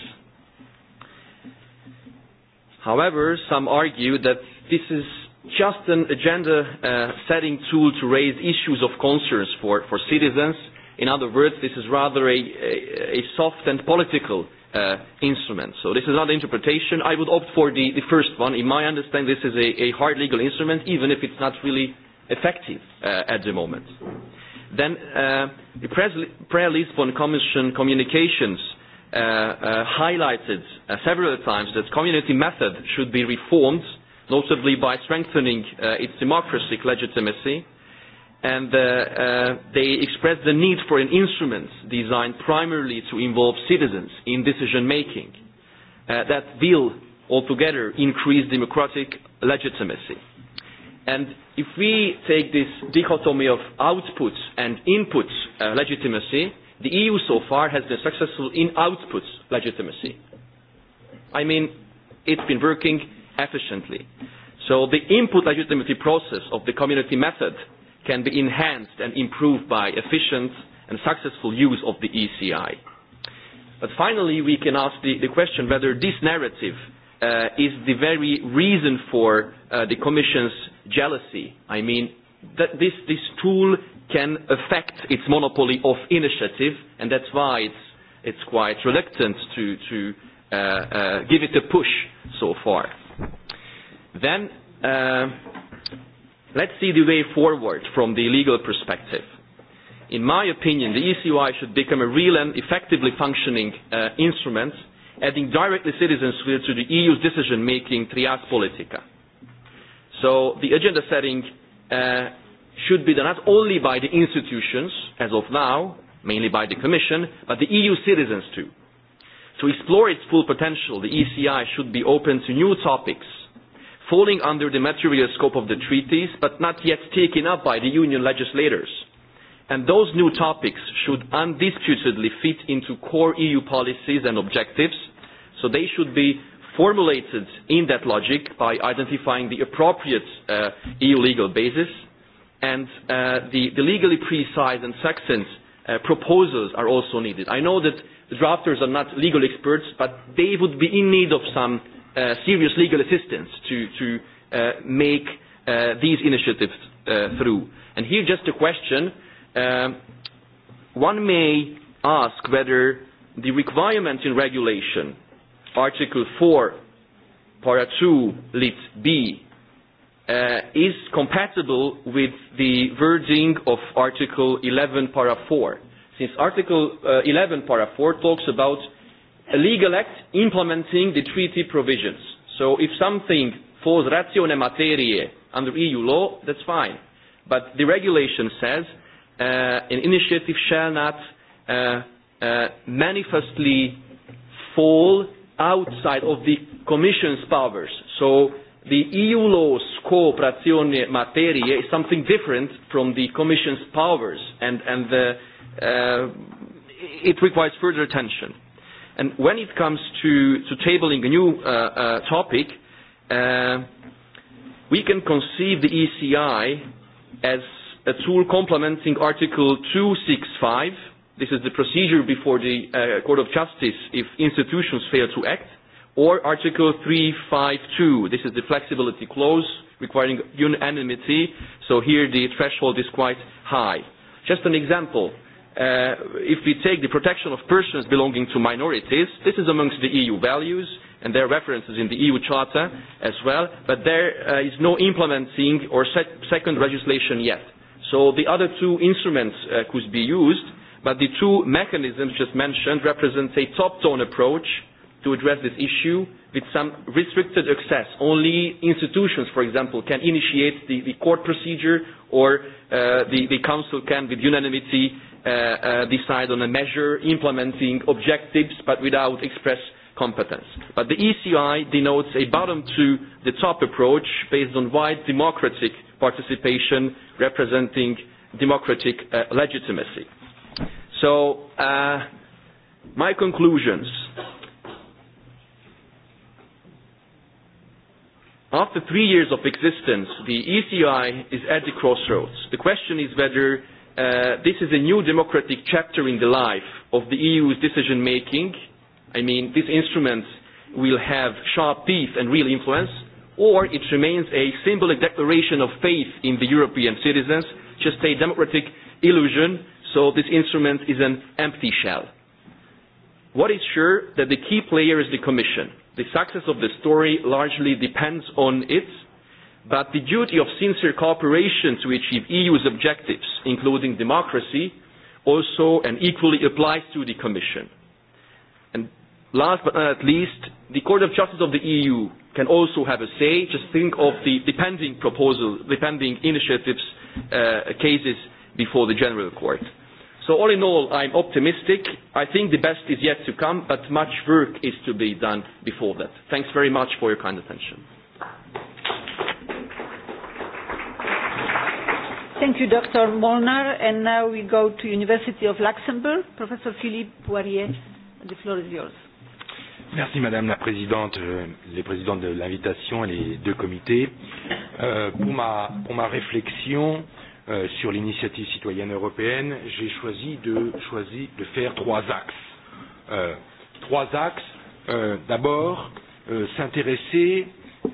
However, some argue that this is just an agenda uh, setting tool to raise issues of concerns for, for citizens. In other words, this is rather a, a, a soft and political uh, instrument. So, this is not interpretation. I would opt for the, the first one. In my understanding, this is a, a hard legal instrument, even if it's not really effective uh, at the moment. Uh, Then uh, the Prayer Lisbon Commission communications uh, uh, highlighted uh, several times that community method should be reformed, notably by strengthening uh, its democratic legitimacy. And uh, uh, they expressed the need for an instrument designed primarily to involve citizens in decision making uh, that will altogether increase democratic legitimacy. And if we take this dichotomy of outputs and inputs uh, legitimacy, the EU so far has been successful in outputs legitimacy. I mean, it's been working efficiently. So the input legitimacy process of the community method can be enhanced and improved by efficient and successful use of the ECI. But finally, we can ask the, the question whether this narrative uh, is the very reason for uh, the Commission's jealousy. I mean, th- this, this tool can affect its monopoly of initiative, and that's why it's, it's quite reluctant to, to uh, uh, give it a push so far. Then, uh, let's see the way forward from the legal perspective. In my opinion, the ECY should become a real and effectively functioning uh, instrument uh, adding directly citizens to the EU's e decision-making trias politica. So the agenda setting uh, should be done not only by the institutions, as of now, mainly by the Commission, but the EU citizens too. To explore its full potential, the ECI should be open to new topics falling under the material scope of the treaties, but not yet taken up by the Union legislators – and those new topics should undisputedly fit into core EU policies and objectives, so they should be formulated in that logic by identifying the appropriate uh, EU legal basis, and uh, the, the legally precise and succinct uh, proposals are also needed. I know that the drafters are not legal experts, but they would be in need of some uh, serious legal assistance to, to uh, make uh, these initiatives uh, through. And here, just a question uh, one may ask whether the requirements in regulation, Article 4, Para 2, Lit B, uh, is compatible with the wording of Article 11, Para 4. Since Article uh, 11, Para 4 talks about a legal act implementing the treaty provisions. So if something falls ratione materie under EU law, that's fine. But the regulation says uh, an initiative shall not uh, uh, manifestly fall outside of the Commission's powers. So the EU law's cooperazione materie is something different from the Commission's powers, and, and the, uh, it requires further attention. And when it comes to, to tabling a new uh, uh, topic, uh, we can conceive the ECI as a tool complementing Article 265. This is the procedure before the uh, Court of Justice if institutions fail to act. Or Article 352. This is the flexibility clause requiring unanimity. So here the threshold is quite high. Just an example. Uh, if we take the protection of persons belonging to minorities, this is amongst the EU values and their references in the EU Charter as well, but there uh, is no implementing or set second legislation yet. So the other two instruments uh, could be used, but the two mechanisms just mentioned represent a top-down approach to address this issue with some restricted access. Only institutions, for example, can initiate the court procedure, or uh, the council can, with unanimity, uh, decide on a measure implementing objectives but without express competence. But the ECI denotes a bottom-to-the-top approach based on wide democratic participation representing democratic uh, legitimacy. So, uh, my conclusions. After three years of existence, the ECI is at the crossroads. The question is whether uh, this is a new democratic chapter in the life of the EU's decision making. I mean, this instrument will have sharp teeth and real influence, or it remains a symbolic declaration of faith in the European citizens, just a democratic illusion, so this instrument is an empty shell. What is sure that the key player is the Commission. The success of the story largely depends on it, but the duty of sincere cooperation to achieve EU's objectives, including democracy, also and equally applies to the Commission. Last but not least, the Court of Justice of the EU can also have a say. Just think of the pending proposal, the pending initiatives, uh, cases before the General Court. So all in all, I'm optimistic. I think the best is yet to come, but much work is to be done before that. Thanks very much for your kind attention. Thank you, Dr. Molnar. And now we go to University of Luxembourg. Professor Philippe Poirier, the floor is yours. Merci Madame la Présidente, euh, les présidents de l'invitation et les deux comités. Euh, pour, ma, pour ma réflexion euh, sur l'initiative citoyenne européenne, j'ai choisi de, choisi de faire trois axes. Euh, trois axes. Euh, D'abord, euh, s'intéresser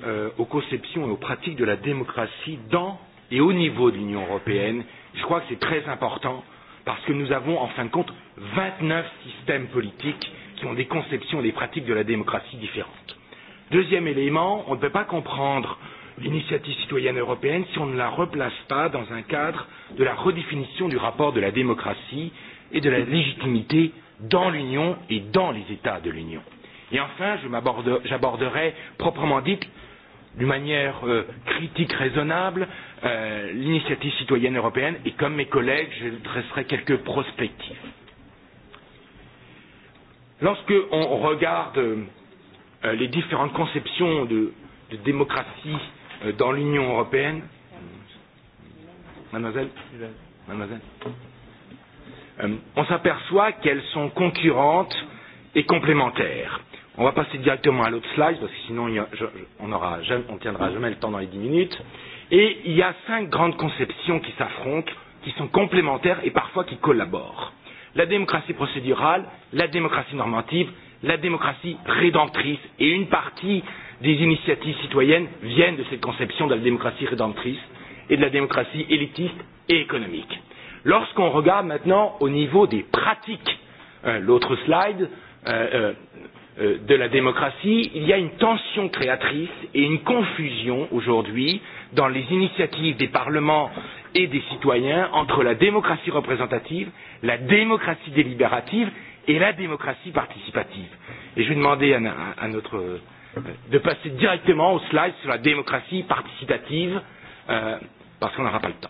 euh, aux conceptions et aux pratiques de la démocratie dans et au niveau de l'Union européenne. Je crois que c'est très important parce que nous avons en fin de compte 29 systèmes politiques qui ont des conceptions et des pratiques de la démocratie différentes. Deuxième élément, on ne peut pas comprendre l'initiative citoyenne européenne si on ne la replace pas dans un cadre de la redéfinition du rapport de la démocratie et de la légitimité dans l'Union et dans les États de l'Union. Et enfin, j'aborderai proprement dit, d'une manière euh, critique raisonnable, euh, l'initiative citoyenne européenne et, comme mes collègues, je dresserai quelques prospectives. Lorsque on regarde euh, les différentes conceptions de, de démocratie euh, dans l'Union européenne, mademoiselle, mademoiselle, euh, on s'aperçoit qu'elles sont concurrentes et complémentaires. On va passer directement à l'autre slide parce que sinon on, aura, on tiendra jamais le temps dans les dix minutes. Et il y a cinq grandes conceptions qui s'affrontent, qui sont complémentaires et parfois qui collaborent la démocratie procédurale, la démocratie normative, la démocratie rédemptrice. Et une partie des initiatives citoyennes viennent de cette conception de la démocratie rédemptrice et de la démocratie élitiste et économique. Lorsqu'on regarde maintenant au niveau des pratiques, euh, l'autre slide euh, euh, euh de la démocratie, il y a une tension créatrice et une confusion aujourd'hui euh, dans les initiatives des parlements et des citoyens entre la démocratie représentative, la démocratie délibérative et la démocratie participative. Et je vais demander à, à, à notre euh, de passer directement au slide sur la démocratie participative euh, parce qu'on n'aura pas le temps.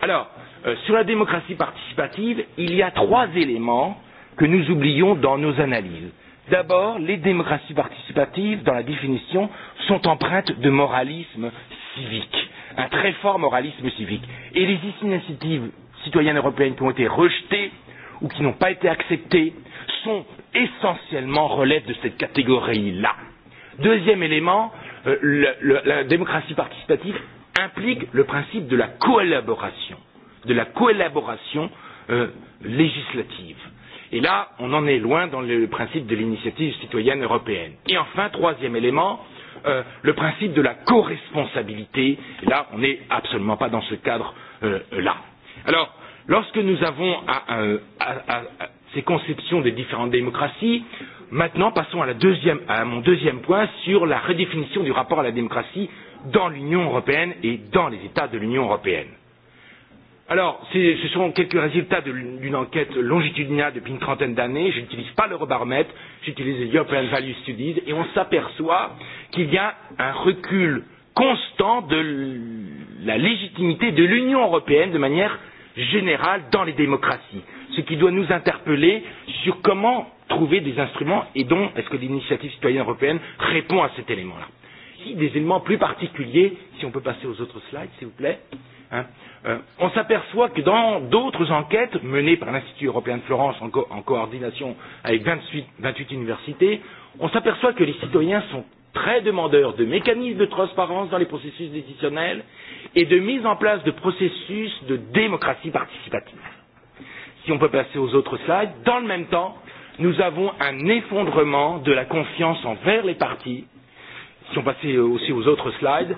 Alors, euh, sur la démocratie participative, il y a trois éléments que nous oublions dans nos analyses. D'abord, les démocraties participatives, dans la définition, sont empreintes de moralisme civique, un très fort moralisme civique. Et les initiatives citoyennes européennes qui ont été rejetées ou qui n'ont pas été acceptées sont essentiellement relèvent de cette catégorie-là. Deuxième élément, euh, le, le, la démocratie participative implique le principe de la collaboration, de la collaboration euh, législative. Et là, on en est loin dans le principe de l'initiative citoyenne européenne. Et enfin, troisième élément, euh, euh, le principe de la co-responsabilité. Là, on n'est absolument pas dans ce cadre-là. Euh, Alors, lorsque nous avons à, à, à, à ces conceptions des différentes démocraties, maintenant passons à, la deuxième, à mon deuxième point sur la redéfinition du rapport à la démocratie dans l'Union européenne et dans les États de l'Union européenne. Alors, ce sont quelques résultats d'une enquête longitudinale depuis une trentaine d'années. Je n'utilise pas l'eurobaromètre, j'utilise les European Value Studies, et on s'aperçoit qu'il y a un recul constant de la légitimité de l'Union européenne de manière générale dans les démocraties. Ce qui doit nous interpeller sur comment trouver des instruments et dont est-ce que l'initiative citoyenne européenne répond à cet élément-là aussi des éléments plus particuliers, si on peut passer aux autres slides, s'il vous plaît. Hein, euh, on s'aperçoit que dans d'autres enquêtes menées par l'Institut européen de Florence en, co en coordination avec 28, 28 universités, on s'aperçoit que les citoyens sont très demandeurs de mécanismes de transparence dans les processus décisionnels et de mise en place de processus de démocratie participative. Si on peut passer aux autres slides, dans le même temps, nous avons un effondrement de la confiance envers les partis si on passait aussi aux autres slides,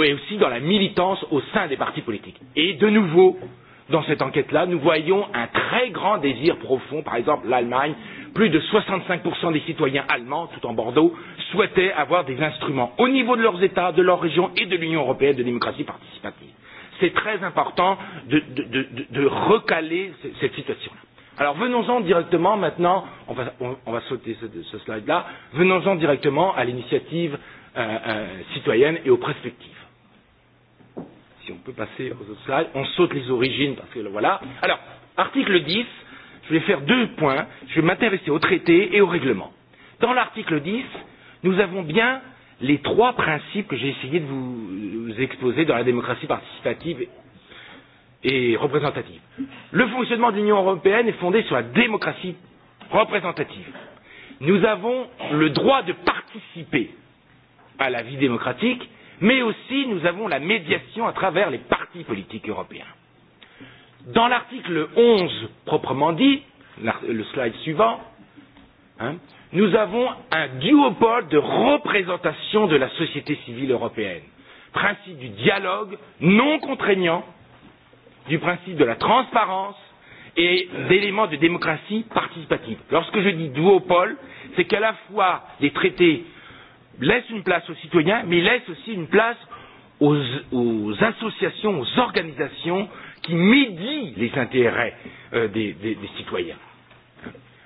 et aussi dans la militance au sein des partis politiques. Et de nouveau, dans cette enquête-là, nous voyons un très grand désir profond, par exemple l'Allemagne, plus de 65% des citoyens allemands, tout en Bordeaux, souhaitaient avoir des instruments au niveau de leurs États, de leur région et de l'Union européenne de démocratie participative. C'est très important de, de, de, de recaler cette situation-là. Alors venons-en directement maintenant, on va, on, on va sauter ce, ce slide-là, venons-en directement à l'initiative Euh, euh, citoyennes et aux perspectives. Si on peut passer aux autres slides, on saute les origines parce que voilà. Alors, article 10, je vais faire deux points, je vais m'intéresser au traité et au règlement. Dans l'article 10, nous avons bien les trois principes que j'ai essayé de vous, vous exposer dans la démocratie participative et représentative. Le fonctionnement de l'Union européenne est fondé sur la démocratie représentative. Nous avons le droit de participer à la vie démocratique, mais aussi nous avons la médiation à travers les partis politiques européens. Dans l'article 11 proprement dit, le slide suivant, hein, nous avons un duopole de représentation de la société civile européenne. Principe du dialogue non contraignant, du principe de la transparence et d'éléments de démocratie participative. Lorsque je dis duopole, c'est qu'à la fois les traités laisse une place aux citoyens, mais il laisse aussi une place aux, aux associations, aux organisations qui médient les intérêts euh, des, des, des citoyens.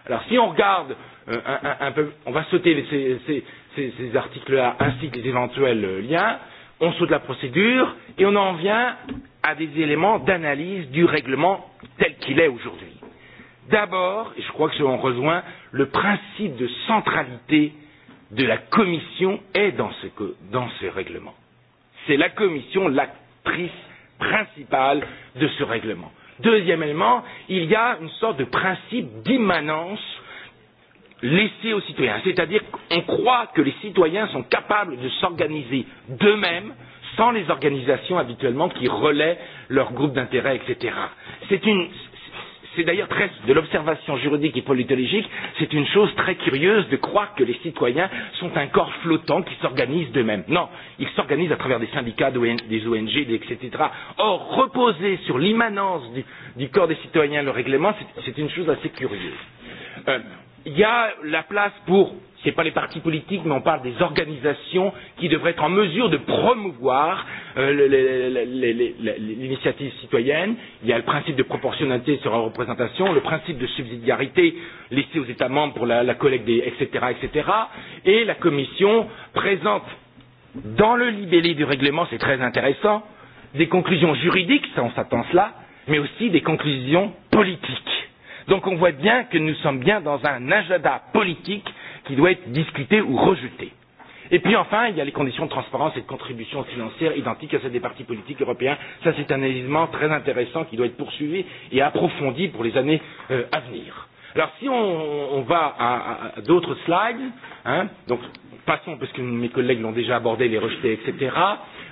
Alors si on regarde euh, un, un peu, on va sauter ces, ces, ces, ces articles-là ainsi que les éventuels euh, liens, on saute la procédure et on en vient à des éléments d'analyse du règlement tel qu'il est aujourd'hui. D'abord, et je crois que cela rejoint le principe de centralité euh, de la Commission est dans ce, dans ce règlement. C'est la Commission l'actrice principale de ce règlement. Deuxième élément, il y a une sorte de principe d'immanence laissé aux citoyens, c'est-à-dire qu'on croit que les citoyens sont capables de s'organiser d'eux-mêmes sans les organisations habituellement qui relaient leurs groupes d'intérêt, etc. C'est une c'est d'ailleurs très de l'observation juridique et politologique, c'est une chose très curieuse de croire que les citoyens sont un corps flottant qui s'organise d'eux-mêmes. Non, ils s'organisent à travers des syndicats, des ONG, etc. Or, reposer sur l'immanence du, du corps des citoyens le règlement, c'est une chose assez curieuse. Euh, il y a la place pour ce n'est pas les partis politiques, mais on parle des organisations qui devraient être en mesure de promouvoir euh, l'initiative citoyenne. Il y a le principe de proportionnalité sur la représentation, le principe de subsidiarité laissé aux États membres pour la, la collecte des etc., etc. Et la Commission présente dans le libellé du règlement, c'est très intéressant, des conclusions juridiques, ça on s'attend cela, mais aussi des conclusions politiques. Donc on voit bien que nous sommes bien dans un agenda politique qui doit être discuté ou rejeté. Et puis enfin, il y a les conditions de transparence et de contribution financière identiques à celles des partis politiques européens. Ça, c'est un élément très intéressant qui doit être poursuivi et approfondi pour les années euh, à venir. Alors, si on, on va à, à d'autres slides, hein, donc passons, parce que mes collègues l'ont déjà abordé, les rejetés, etc.,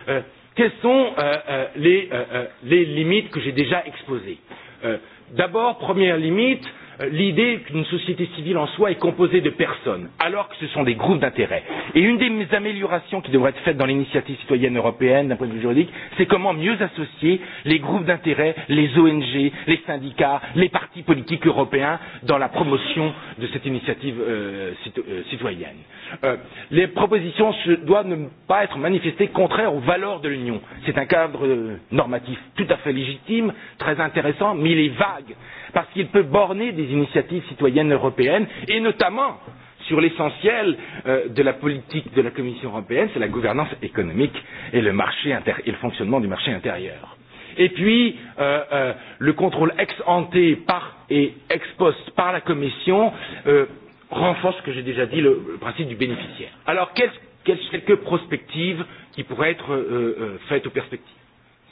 euh, quelles sont euh, euh, les, euh, euh, les limites que j'ai déjà exposées euh, D'abord, première limite, l'idée qu'une société civile en soi est composée de personnes, alors que ce sont des groupes d'intérêts. Et une des améliorations qui devrait être faite dans l'initiative citoyenne européenne d'un point de vue juridique, c'est comment mieux associer les groupes d'intérêts, les ONG, les syndicats, les partis politiques européens dans la promotion de cette initiative euh, cit euh, citoyenne. Euh, les propositions doivent ne pas être manifestées contraires aux valeurs de l'Union. C'est un cadre euh, normatif tout à fait légitime, très intéressant, mais il est vague parce qu'il peut borner des initiatives citoyennes européennes et notamment sur l'essentiel euh, de la politique de la Commission européenne, c'est la gouvernance économique et le, marché inter- et le fonctionnement du marché intérieur. Et puis, euh, euh, le contrôle ex ante par et ex post par la Commission euh, renforce ce que j'ai déjà dit, le, le principe du bénéficiaire. Alors, quelles, quelles quelques prospectives qui pourraient être euh, euh, faites aux perspectives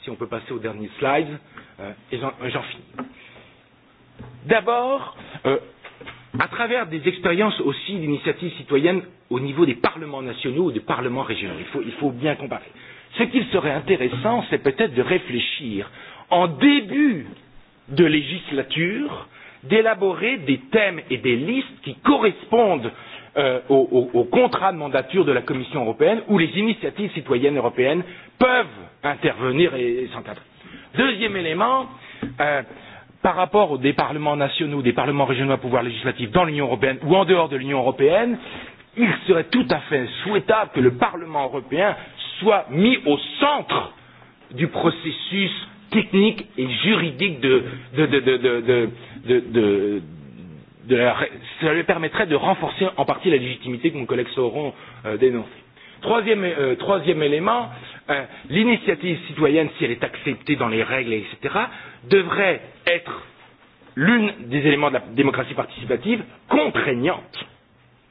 Si on peut passer au dernier slide, euh, et j'en, j'en finis. Euh, D'abord, euh, à travers des expériences aussi d'initiatives citoyennes au niveau des parlements nationaux ou des parlements régionaux. Il faut, il faut bien comparer. Ce qu'il serait intéressant, c'est peut-être de réfléchir en début de législature, d'élaborer des thèmes et des listes qui correspondent euh, au, au, au contrat de mandature de la Commission européenne où les initiatives citoyennes européennes peuvent intervenir et, et s'entendre. Deuxième élément, euh, par rapport aux des parlements nationaux, des parlements régionaux à pouvoir législatif dans l'Union européenne ou en dehors de l'Union européenne, il serait tout à fait souhaitable que le Parlement européen soit mis au centre du processus technique et juridique de, de, de, de, de, de, de, de, de de la, ça lui permettrait de renforcer en partie la légitimité que mon collègue Sauron euh, dénonce. Troisième, euh, troisième élément, euh, Euh, l'initiative citoyenne, si elle est acceptée dans les règles, etc., devrait être l'une des éléments de la démocratie participative contraignante.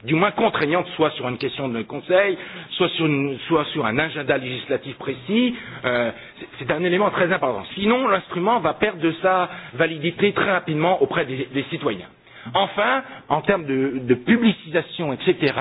Du moins contraignante, soit sur une question de conseil, soit sur, une, soit sur un agenda législatif précis. Euh, C'est un élément très important. Sinon, l'instrument va perdre de sa validité très rapidement auprès des, des citoyens. Enfin, en termes de, de publicisation, etc.,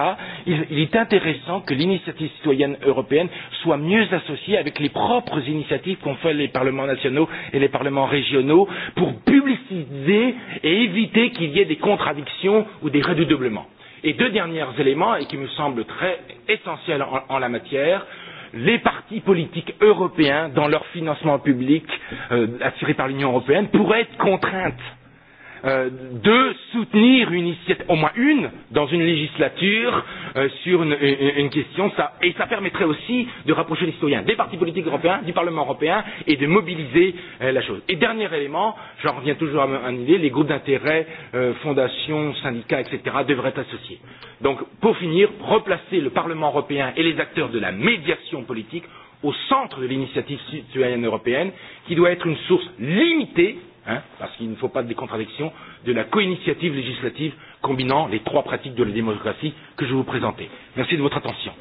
il, il est intéressant que l'initiative citoyenne européenne soit mieux associée avec les propres initiatives qu'ont fait les parlements nationaux et les parlements régionaux pour publiciser et éviter qu'il y ait des contradictions ou des redoublements. Et deux derniers éléments, et qui me semblent très essentiels en, en la matière, les partis politiques européens, dans leur financement public euh, assuré par l'Union européenne, pourraient être contraintes Euh, de soutenir au moins une dans une législature euh, sur une, une question et cela permettrait aussi de rapprocher les citoyens des partis politiques européens, du Parlement européen et de mobiliser euh, la chose. Et dernier élément, j'en reviens toujours à une idée, les groupes d'intérêt, fondations, syndicats, etc. devraient associer. Donc, pour finir, replacer le Parlement européen et les acteurs de la médiation politique au centre de l'initiative citoyenne européenne, qui doit être une source limitée hein, parce qu'il ne faut pas de contradictions, de la co-initiative législative combinant les trois pratiques de la démocratie que je vais vous présenter. Merci de votre attention.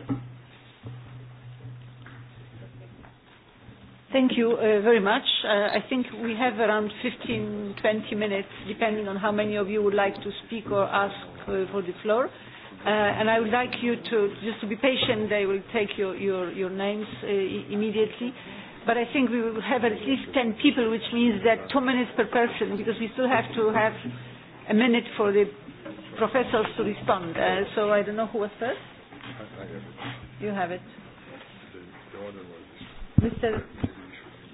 Thank you uh, very much. Uh, I think we have around 15, 20 minutes, depending on how many of you would like to speak or ask uh, for the floor. Uh, and I would like you to just to be patient. They will take your, your, your names uh, immediately. Uh, but I think we will have at least 10 people, which means that two minutes per person, because we still have to have a minute for the professors to respond. Uh, so I don't know who was first. You have it. Mr.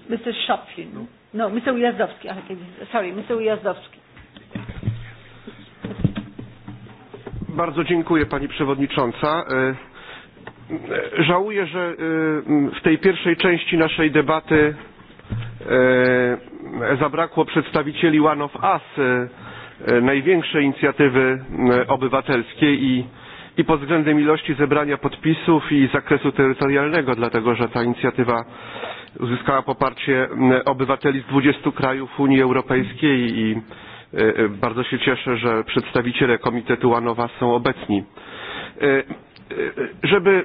Mr. Shopkin. No, no Mr. Ujazdowski. Ah, Sorry, Mr. Ujazdowski. Bardzo dziękuję Pani Przewodnicząca. Y- e, żałuję, że w tej pierwszej części naszej debaty zabrakło przedstawicieli One of Us, największej inicjatywy obywatelskiej i, i pod względem ilości zebrania podpisów i zakresu terytorialnego, dlatego że ta inicjatywa uzyskała poparcie obywateli z 20 krajów Unii Europejskiej i bardzo się cieszę, że przedstawiciele Komitetu One of Us są obecni żeby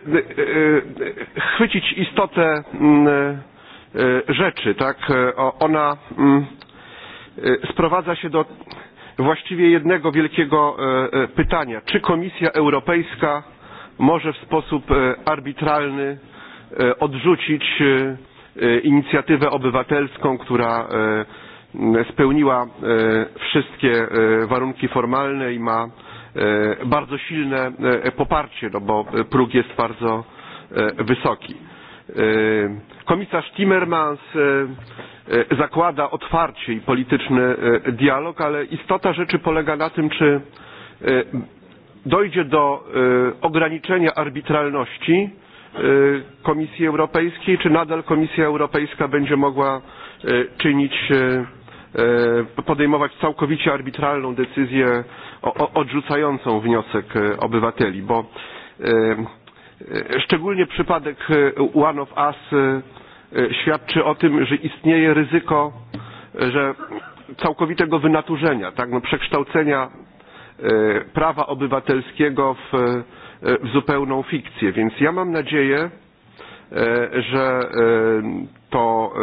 e, e, chwycić istotę mm, e, rzeczy, tak, ona mm, sprowadza się do właściwie jednego wielkiego pytania. Czy Komisja Europejska może w sposób arbitralny odrzucić inicjatywę obywatelską, która spełniła wszystkie warunki formalne i ma E, bardzo silne e, poparcie, no bo e, próg jest bardzo wysoki. Komisarz Timmermans zakłada otwarcie i polityczny dialog, ale istota rzeczy polega na tym, czy dojdzie do ograniczenia arbitralności Komisji Europejskiej, czy nadal Komisja Europejska będzie mogła czynić, podejmować całkowicie arbitralną decyzję odrzucającą wniosek e, obywateli, bo e, e, szczególnie przypadek One of Us świadczy o tym, że istnieje ryzyko że całkowitego wynaturzenia, tak, no przekształcenia prawa obywatelskiego w, w zupełną fikcję. Więc ja mam nadzieję, że to,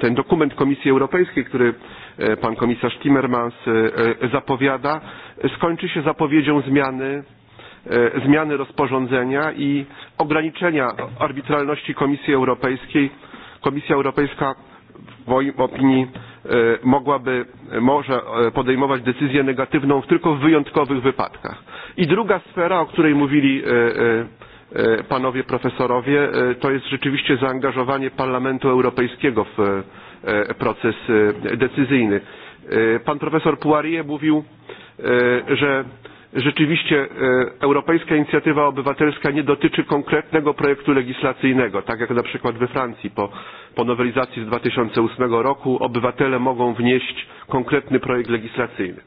ten dokument Komisji Europejskiej, który E, pan komisarz Timmermans e, e, zapowiada, skończy się zapowiedzią zmiany, zmiany rozporządzenia i ograniczenia arbitralności Komisji Europejskiej. Komisja Europejska w moim opinii mogłaby, może podejmować decyzję negatywną tylko w wyjątkowych wypadkach. I druga sfera, o której mówili panowie profesorowie, to jest rzeczywiście zaangażowanie Parlamentu Europejskiego w, E, proces e, decyzyjny. E, pan profesor Poirier mówił, że rzeczywiście Europejska Inicjatywa Obywatelska nie dotyczy konkretnego projektu legislacyjnego, tak jak na przykład we Francji po, po nowelizacji z 2008 roku obywatele mogą wnieść konkretny projekt legislacyjny.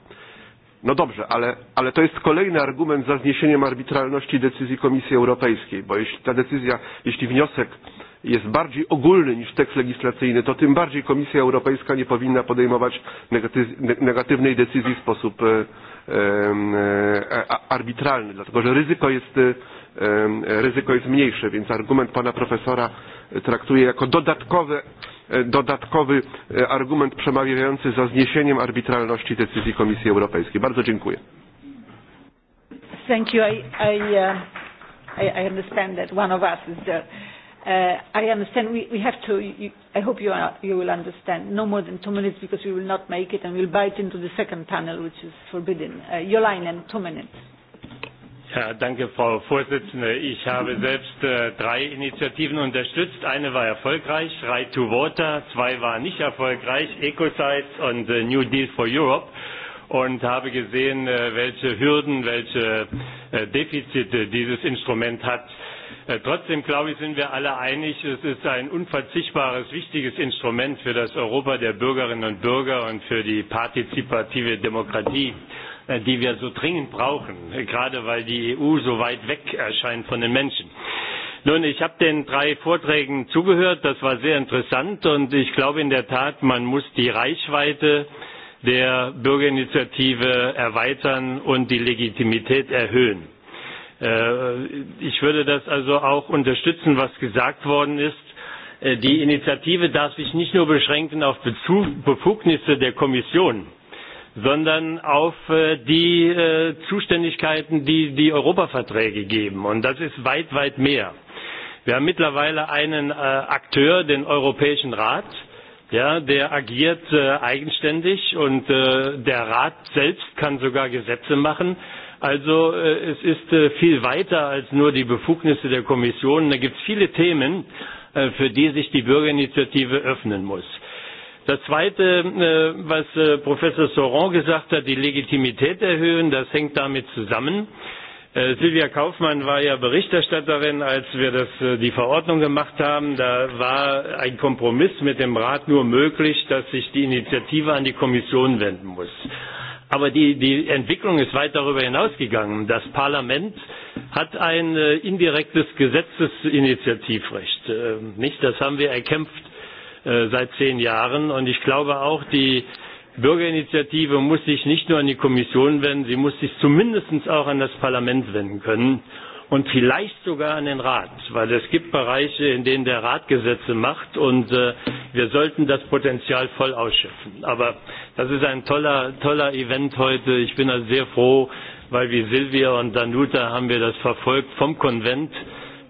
No dobrze, ale, ale to jest kolejny argument za zniesieniem arbitralności decyzji Komisji Europejskiej, bo jeśli ta decyzja, jeśli wniosek jest bardziej ogólny niż tekst legislacyjny, to tym bardziej Komisja Europejska nie powinna podejmować negatywnej decyzji w sposób e, e, arbitralny, dlatego że ryzyko jest, e, ryzyko jest mniejsze, więc argument pana profesora traktuję jako dodatkowy, dodatkowy argument przemawiający za zniesieniem arbitralności decyzji Komisji Europejskiej. Bardzo dziękuję. Thank you. I, I, uh, I, I understand that one of us is there. Uh, I understand we, we have to, you, I hope you, are, you will understand, no more than two minutes because we will not make it and we'll bite into the second tunnel, which is forbidden. Uh, your line in two minutes. Ja, danke, Frau Vorsitzende. Ich habe selbst äh, drei Initiativen unterstützt. Eine war erfolgreich, Right to Water. Zwei waren nicht erfolgreich, Ecosites und äh, New Deal for Europe. Und habe gesehen, äh, welche Hürden, welche äh, Defizite dieses Instrument hat. Äh, Äh, trotzdem, glaube ich, sind wir alle einig, es ist ein unverzichtbares, wichtiges Instrument für das Europa der Bürgerinnen und Bürger und für die partizipative Demokratie, äh, die wir so dringend brauchen, gerade weil die EU so weit weg erscheint von den Menschen. Nun, ich habe den drei Vorträgen zugehört, das war sehr interessant und ich glaube in der Tat, man muss die Reichweite der Bürgerinitiative erweitern und die Legitimität erhöhen. Äh, ich würde das also auch unterstützen, was gesagt worden ist. Äh, die Initiative darf sich nicht nur beschränken auf Befugnisse der Kommission, sondern auf äh, die Zuständigkeiten, die die Europaverträge geben. Und das ist weit, weit mehr. Wir haben mittlerweile einen Akteur, den Europäischen Rat, ja, der agiert äh, eigenständig und äh, der Rat selbst kann sogar Gesetze machen. Also äh, es ist äh, viel weiter als nur die Befugnisse der Kommission. Da gibt es viele Themen, äh, für die sich die Bürgerinitiative öffnen muss. Das Zweite, was Professor Soron gesagt hat, die Legitimität erhöhen, das hängt damit zusammen. Silvia Kaufmann war ja Berichterstatterin, als wir das, die Verordnung gemacht haben. Da war ein Kompromiss mit dem Rat nur möglich, dass sich die Initiative an die Kommission wenden muss. Aber die, die Entwicklung ist weit darüber hinausgegangen. Das Parlament hat ein äh, indirektes Gesetzesinitiativrecht. Äh, nicht? Das haben wir erkämpft äh, seit zehn Jahren. Und ich glaube auch, die Bürgerinitiative muss sich nicht nur an die Kommission wenden, sie muss sich zumindest auch an das Parlament wenden können und vielleicht sogar an den Rat, weil es gibt Bereiche, in denen der Rat Gesetze macht und äh, wir sollten das Potenzial voll ausschöpfen. Aber das ist ein toller, toller Event heute. Ich bin also sehr froh, weil wie Silvia und Danuta haben wir das verfolgt vom Konvent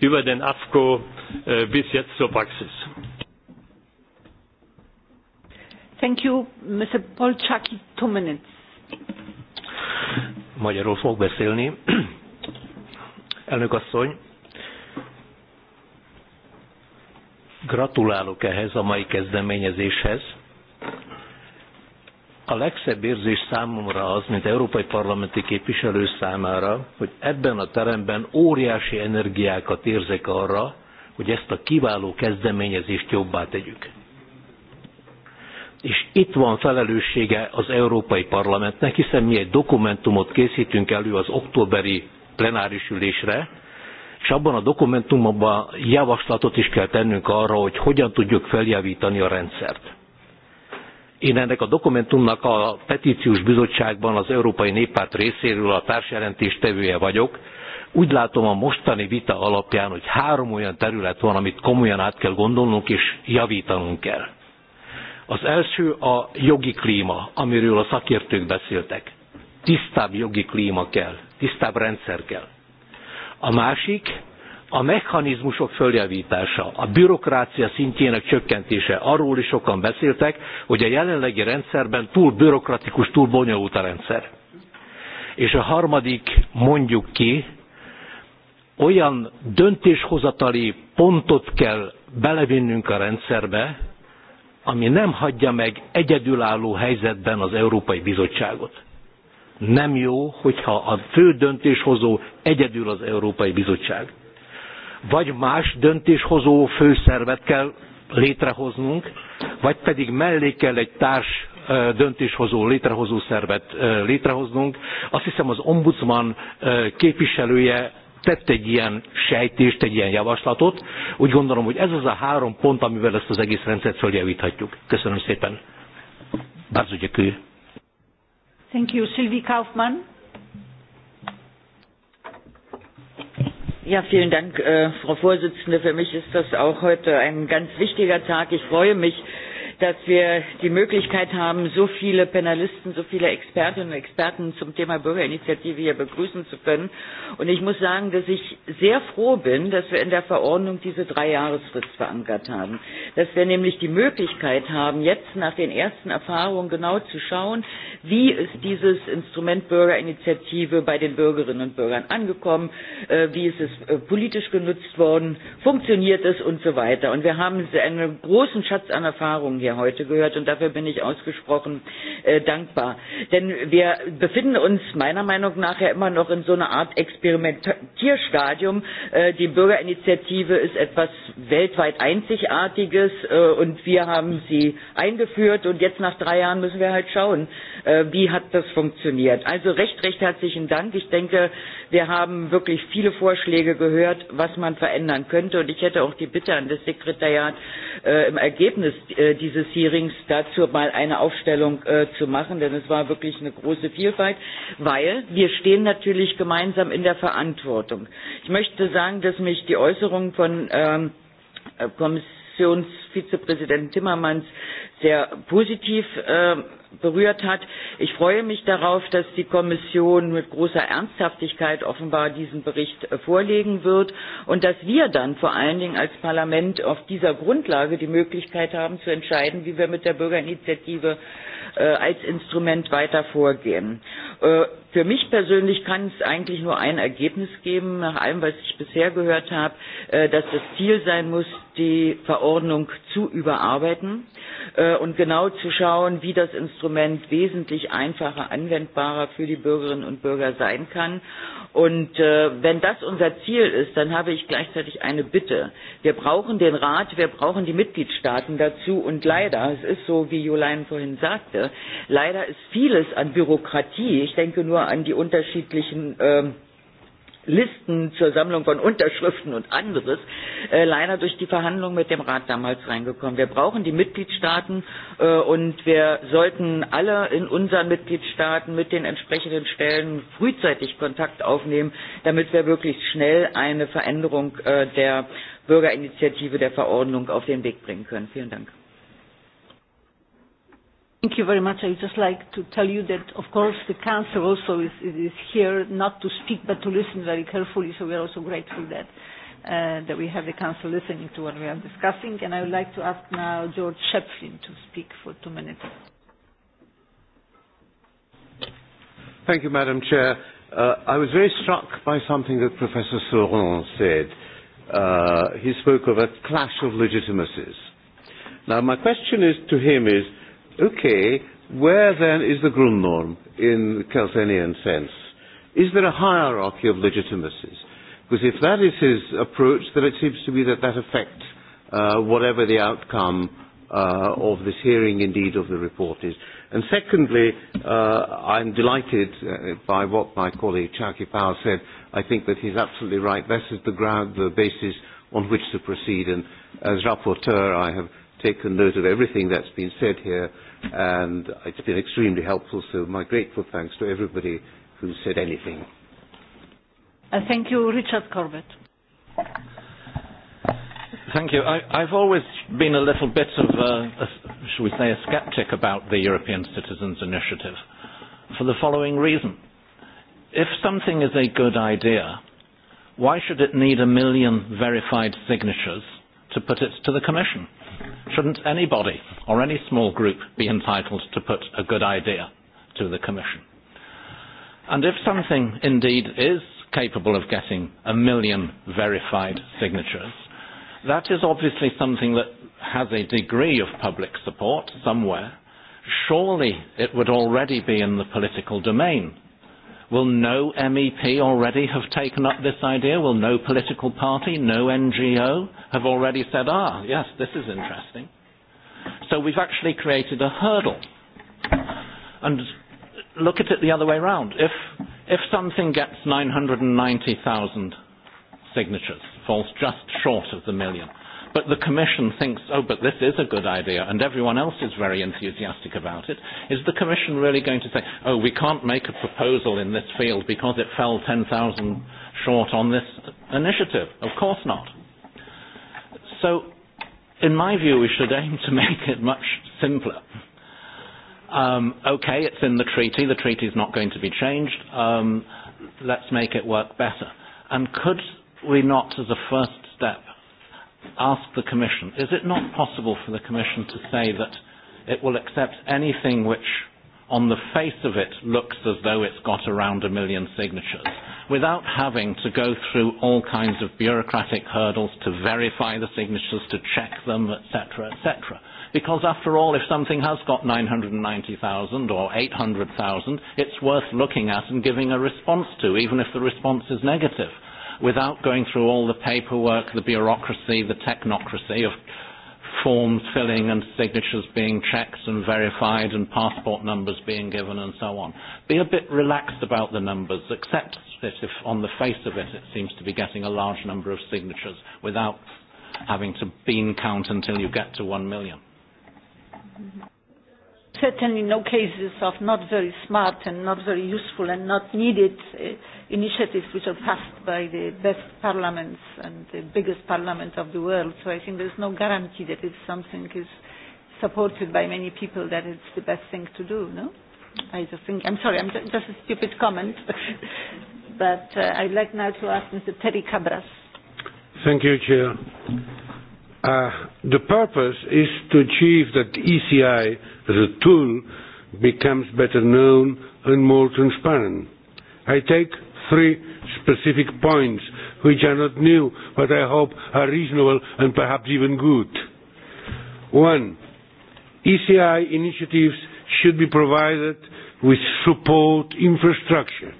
über den AFCO äh, bis jetzt zur Praxis. Thank you, Mr. Polczaki, two minutes. Elnök asszony, gratulálok ehhez a mai kezdeményezéshez. A legszebb érzés számomra az, mint európai parlamenti képviselő számára, hogy ebben a teremben óriási energiákat érzek arra, hogy ezt a kiváló kezdeményezést jobbá tegyük. És itt van felelőssége az Európai Parlamentnek, hiszen mi egy dokumentumot készítünk elő az októberi plenáris ülésre, és abban a dokumentumban javaslatot is kell tennünk arra, hogy hogyan tudjuk feljavítani a rendszert. Én ennek a dokumentumnak a petíciós bizottságban az Európai Néppárt részéről a társjelentés tevője vagyok. Úgy látom a mostani vita alapján, hogy három olyan terület van, amit komolyan át kell gondolnunk és javítanunk kell. Az első a jogi klíma, amiről a szakértők beszéltek. Tisztább jogi klíma kell tisztább rendszer kell. A másik a mechanizmusok följavítása, a bürokrácia szintjének csökkentése, arról is sokan beszéltek, hogy a jelenlegi rendszerben túl bürokratikus, túl bonyolult a rendszer. És a harmadik, mondjuk ki, olyan döntéshozatali pontot kell belevinnünk a rendszerbe, ami nem hagyja meg egyedülálló helyzetben az Európai Bizottságot nem jó, hogyha a fő döntéshozó egyedül az Európai Bizottság. Vagy más döntéshozó főszervet kell létrehoznunk, vagy pedig mellé kell egy társ döntéshozó, létrehozó szervet létrehoznunk. Azt hiszem az ombudsman képviselője tett egy ilyen sejtést, egy ilyen javaslatot. Úgy gondolom, hogy ez az a három pont, amivel ezt az egész rendszert följavíthatjuk. Köszönöm szépen. Bardzo dziękuję. Thank you. Sylvie Kaufmann. Ja, vielen Dank, äh, Frau Vorsitzende. Für mich ist das auch heute ein ganz wichtiger Tag. Ich freue mich, dass wir die Möglichkeit haben, so viele Panelisten, so viele Expertinnen und Experten zum Thema Bürgerinitiative hier begrüßen zu können. Und ich muss sagen, dass ich sehr froh bin, dass wir in der Verordnung diese Dreijahresfrist verankert haben. Dass wir nämlich die Möglichkeit haben, jetzt nach den ersten Erfahrungen genau zu schauen, wie ist dieses Instrument Bürgerinitiative bei den Bürgerinnen und Bürgern angekommen, äh, wie ist es äh, politisch genutzt worden, funktioniert es und so weiter. Und wir haben einen großen Schatz an Erfahrungen hier heute gehört und dafür bin ich ausgesprochen äh, dankbar. Denn wir befinden uns meiner Meinung nach ja immer noch in so einer Art Experimentierstadium. Äh, die Bürgerinitiative ist etwas weltweit Einzigartiges äh, und wir haben sie eingeführt und jetzt nach drei Jahren müssen wir halt schauen, äh, wie hat das funktioniert. Also recht, recht herzlichen Dank. Ich denke, wir haben wirklich viele Vorschläge gehört, was man verändern könnte und ich hätte auch die Bitte an das Sekretariat äh, im Ergebnis äh, dieser dieses Hearings dazu mal eine Aufstellung äh, zu machen, denn es war wirklich eine große Vielfalt, weil wir stehen natürlich gemeinsam in der Verantwortung. Ich möchte sagen, dass mich die Äußerungen von ähm, äh, Kommissar Kommissionsvizepräsident Timmermans sehr positiv äh, berührt hat. Ich freue mich darauf, dass die Kommission mit großer Ernsthaftigkeit offenbar diesen Bericht äh, vorlegen wird und dass wir dann vor allen Dingen als Parlament auf dieser Grundlage die Möglichkeit haben zu entscheiden, wie wir mit der Bürgerinitiative äh, als Instrument weiter vorgehen. Äh, Für mich persönlich kann es eigentlich nur ein Ergebnis geben, nach allem, was ich bisher gehört habe, äh, dass das Ziel sein muss, die Verordnung zu überarbeiten äh, und genau zu schauen, wie das Instrument wesentlich einfacher, anwendbarer für die Bürgerinnen und Bürger sein kann. Und äh, wenn das unser Ziel ist, dann habe ich gleichzeitig eine Bitte. Wir brauchen den Rat, wir brauchen die Mitgliedstaaten dazu. Und leider, es ist so, wie Julian vorhin sagte, leider ist vieles an Bürokratie, ich denke nur immer an die unterschiedlichen ähm, Listen zur Sammlung von Unterschriften und anderes, äh, leider durch die Verhandlungen mit dem Rat damals reingekommen. Wir brauchen die Mitgliedstaaten äh, und wir sollten alle in unseren Mitgliedstaaten mit den entsprechenden Stellen frühzeitig Kontakt aufnehmen, damit wir wirklich schnell eine Veränderung äh, der Bürgerinitiative der Verordnung auf den Weg bringen können. Vielen Dank. Thank you very much. I would just like to tell you that, of course, the council also is, is here not to speak but to listen very carefully, so we are also grateful that, uh, that we have the council listening to what we are discussing. And I would like to ask now George Shepflin to speak for two minutes. Thank you, Madam Chair. Uh, I was very struck by something that Professor Soron said. Uh, he spoke of a clash of legitimacies. Now, my question is to him is, okay, where then is the grundnorm in the Keltenian sense? Is there a hierarchy of legitimacies? Because if that is his approach, then it seems to me that that affects uh, whatever the outcome uh, of this hearing, indeed, of the report is. And secondly, uh, I'm delighted uh, by what my colleague Chucky Powell said. I think that he's absolutely right. This is the ground, the basis on which to proceed. And as rapporteur, I have taken note of everything that's been said here, and it's been extremely helpful. So, my grateful thanks to everybody who said anything. Uh, thank you, Richard Corbett. Thank you. I, I've always been a little bit of, a, a, shall we say, a skeptic about the European Citizens Initiative for the following reason. If something is a good idea, why should it need a million verified signatures to put it to the Commission? shouldn't anybody or any small group be entitled to put a good idea to the Commission? And if something indeed is capable of getting a million verified signatures, that is obviously something that has a degree of public support somewhere. Surely it would already be in the political domain Will no MEP already have taken up this idea? Will no political party, no NGO have already said, ah, yes, this is interesting? So we've actually created a hurdle. And look at it the other way around. If, if something gets 990,000 signatures, falls just short of the million, but the Commission thinks, oh, but this is a good idea, and everyone else is very enthusiastic about it, is the Commission really going to say, oh, we can't make a proposal in this field because it fell 10,000 short on this initiative? Of course not. So, in my view, we should aim to make it much simpler. Um, okay, it's in the treaty. The treaty is not going to be changed. Um, let's make it work better. And could we not, as a first step, ask the Commission, is it not possible for the Commission to say that it will accept anything which, on the face of it, looks as though it's got around a million signatures, without having to go through all kinds of bureaucratic hurdles to verify the signatures, to check them, etc., etc.? Because, after all, if something has got 990,000 or 800,000, it's worth looking at and giving a response to, even if the response is negative without going through all the paperwork, the bureaucracy, the technocracy of forms filling and signatures being checked and verified and passport numbers being given and so on. Be a bit relaxed about the numbers. Accept it if on the face of it it seems to be getting a large number of signatures without having to bean count until you get to one million. Mm-hmm certainly no cases of not very smart and not very useful and not needed uh, initiatives which are passed by the best parliaments and the biggest parliament of the world. So I think there's no guarantee that if something is supported by many people that it's the best thing to do, no? I just think, I'm sorry, I'm j- just a stupid comment. but uh, I'd like now to ask Mr. Terry Cabras. Thank you, Chair. Uh, the purpose is to achieve that ECI as a tool becomes better known and more transparent. I take three specific points which are not new but I hope are reasonable and perhaps even good. One, ECI initiatives should be provided with support infrastructure,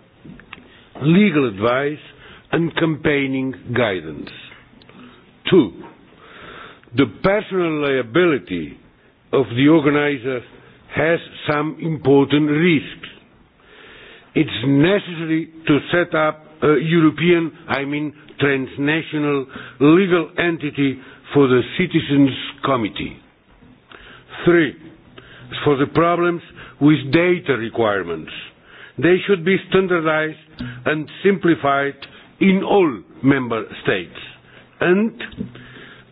legal advice and campaigning guidance. Two, the personal liability of the organizer has some important risks. It's necessary to set up a European, I mean transnational, legal entity for the Citizens' Committee. Three, for the problems with data requirements, they should be standardized and simplified in all member states. And,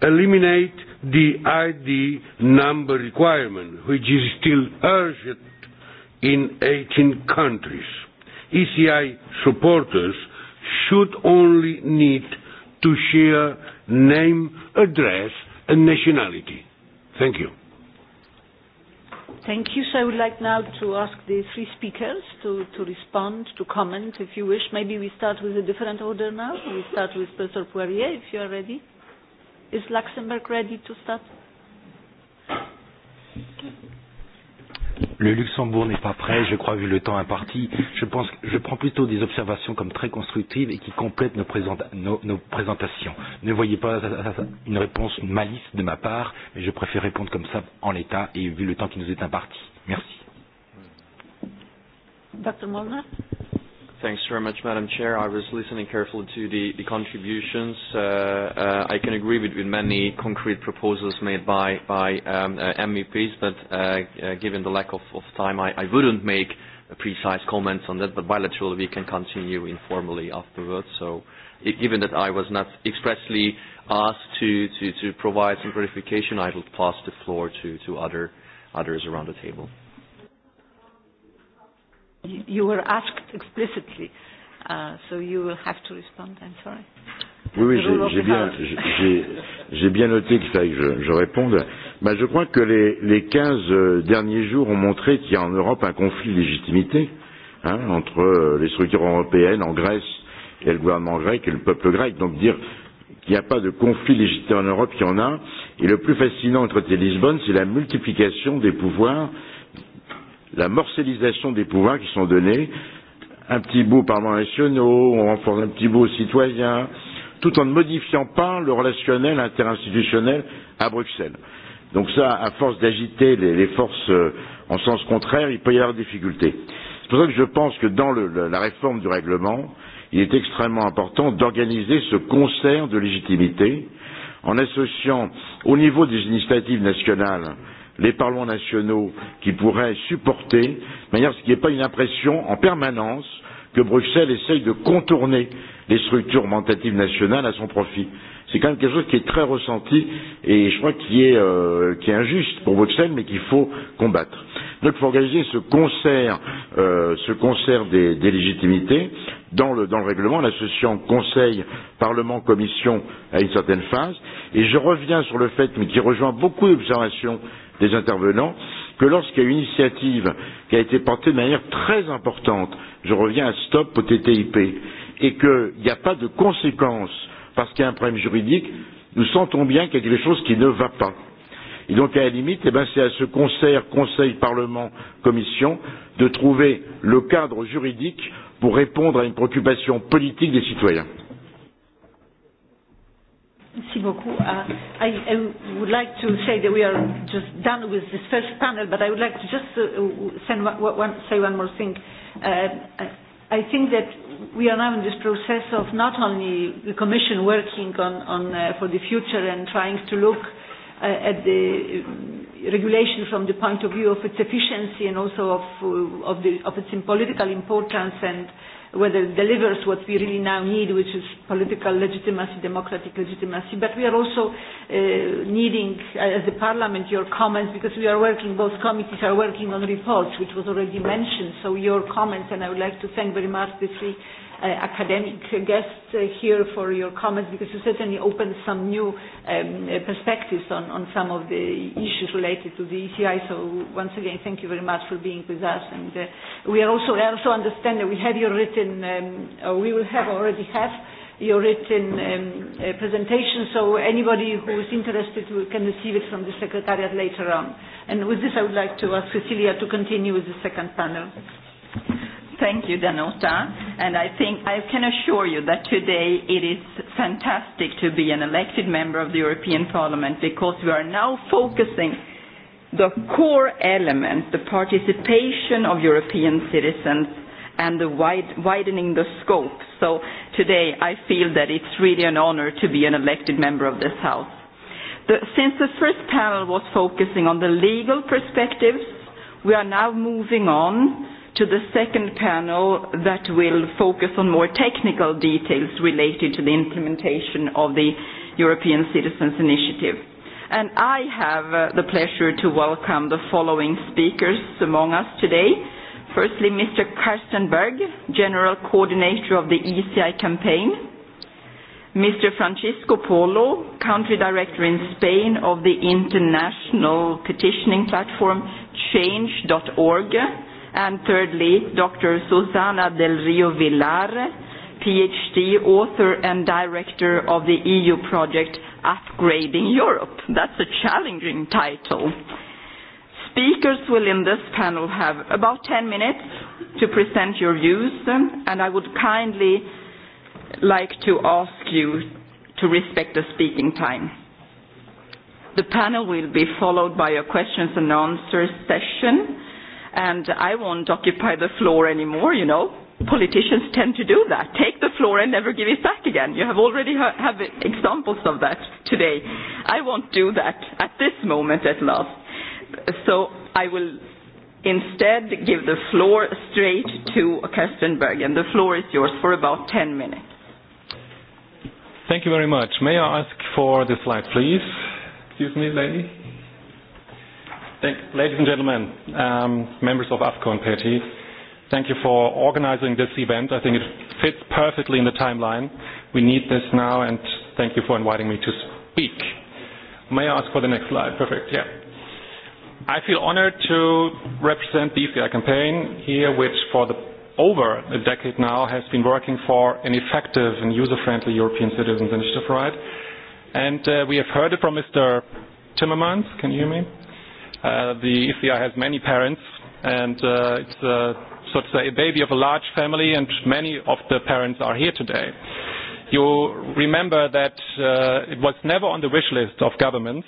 eliminate the ID number requirement, which is still urgent in 18 countries. ECI supporters should only need to share name, address, and nationality. Thank you. Thank you. So I would like now to ask the three speakers to, to respond, to comment, if you wish. Maybe we start with a different order now. We start with Professor Poirier, if you are ready. Is Luxembourg ready to start? Le Luxembourg n'est pas prêt, je crois, vu le temps imparti. Je, pense, je prends plutôt des observations comme très constructives et qui complètent nos, présenta nos, nos présentations. Ne voyez pas euh, euh, une réponse malice de ma part, mais je préfère répondre comme ça en l'état et vu le temps qui nous est imparti. Merci. Dr. Molnar. Thanks very much, Madam Chair. I was listening carefully to the, the contributions. Uh, uh, I can agree with, with many concrete proposals made by, by um, uh, MEPs, but uh, uh, given the lack of, of time, I, I wouldn't make precise comments on that, but bilaterally we can continue informally afterwards. So it, given that I was not expressly asked to, to, to provide some clarification, I will pass the floor to, to other, others around the table. You were asked explicitly, uh, so you will have to respond. I'm sorry. Oui, oui, j'ai bien, j'ai bien noté qu'il fallait que je, je réponde. Ben, je crois que les, les 15 euh, derniers jours ont montré qu'il y a en Europe un conflit de légitimité hein, entre euh, les structures européennes en Grèce et le gouvernement grec et le peuple grec. Donc dire qu'il n'y a pas de conflit légitime en Europe, il y en a. Et le plus fascinant du traité de Lisbonne, c'est la multiplication des pouvoirs la morcellisation des pouvoirs qui sont donnés, un petit bout parlement nationaux, on renforce un petit bout aux citoyens, tout en ne modifiant pas le relationnel interinstitutionnel à Bruxelles. Donc ça, à force d'agiter les, les forces euh, en sens contraire, il peut y avoir des difficultés. C'est pour ça que je pense que dans le, la réforme du règlement, il est extrêmement important d'organiser ce concert de légitimité en associant au niveau des initiatives nationales les parlements nationaux qui pourraient supporter, de manière à ce qu'il n'y ait pas une impression en permanence que Bruxelles essaye de contourner les structures mentatives nationales à son profit. C'est quand même quelque chose qui est très ressenti et je crois qui est, euh, qui est injuste pour Bruxelles, mais qu'il faut combattre. Donc il faut organiser ce concert, euh, ce concert des, des légitimités dans le, dans le règlement, en associant Conseil, Parlement, Commission à une certaine phase. Et je reviens sur le fait, mais qui rejoint beaucoup d'observations des intervenants, que lorsqu'il y a une initiative qui a été portée de manière très importante, je reviens à stop au TTIP, et qu'il n'y a pas de conséquences parce qu'il y a un problème juridique, nous sentons bien qu'il y a quelque chose qui ne va pas. Et donc, à la limite, eh ben, c'est à ce concert, conseil, parlement, commission, de trouver le cadre juridique pour répondre à une préoccupation politique des citoyens. Merci beaucoup. Uh, I, I would like to say that we are just done with this first panel, but I would like to just uh, send one, one, say one more thing. Uh, I think that we are now in this process of not only the Commission working on, on, uh, for the future and trying to look uh, at the. Um, regulation from the point of view of its efficiency and also of uh, of, the, of its political importance and whether it delivers what we really now need, which is political legitimacy, democratic legitimacy. But we are also uh, needing, uh, as the Parliament, your comments, because we are working, both committees are working on reports, which was already mentioned. So your comments, and I would like to thank very much the three uh, uh, academic guest uh, here for your comments because you certainly opened some new um, uh, perspectives on, on some of the issues related to the ECI. So once again, thank you very much for being with us. And uh, we are also, I also understand that we have your written, um, or we will have already have your written um, uh, presentation, so anybody who is interested can receive it from the secretariat later on. And with this, I would like to ask Cecilia to continue with the second panel. Thanks. Thank you, Danuta. I think I can assure you that today it is fantastic to be an elected member of the European Parliament because we are now focusing the core element, the participation of European citizens and the widening the scope. Today, I feel that it's really an honor to be an elected member of this House. Since the first panel was focusing on the legal perspectives, we are now moving on to the second panel that will focus on more technical details related to the implementation of the European Citizens' Initiative. I have uh, the pleasure to welcome the following speakers among us today. Firstly, Mr. Carsten Berg, General Coordinator of the ECI campaign. Mr. Francisco Polo, Country Director in Spain of the international petitioning platform, change.org, and And thirdly, Dr. Susana del Rio Villar, PhD, author and director of the EU project Upgrading Europe. That's a challenging title. Speakers will in this panel have about 10 minutes to present your views, and I would kindly like to ask you to respect the speaking time. The panel will be followed by a questions and answers session and I won't occupy the floor anymore, you know. Politicians tend to do that. Take the floor and never give it back again. You have already ha- have examples of that today. I won't do that at this moment at last. So I will instead give the floor straight to Kirsten Bergen. The floor is yours for about 10 minutes. Thank you very much. May I ask for the slide, please? Excuse me, lady. Thank, ladies and gentlemen, um, members of AFCO and PETI, thank you for organizing this event. I think it fits perfectly in the timeline. We need this now, and thank you for inviting me to speak. May I ask for the next slide? Perfect, yeah. I feel honored to represent the ECI campaign here, which for the, over a decade now has been working for an effective and user-friendly European Citizens Initiative, right? And uh, we have heard it from Mr. Timmermans. Can you hear me? Uh, the ECI has many parents and uh, it's uh, so to say a baby of a large family and many of the parents are here today. You remember that uh, it was never on the wish list of governments,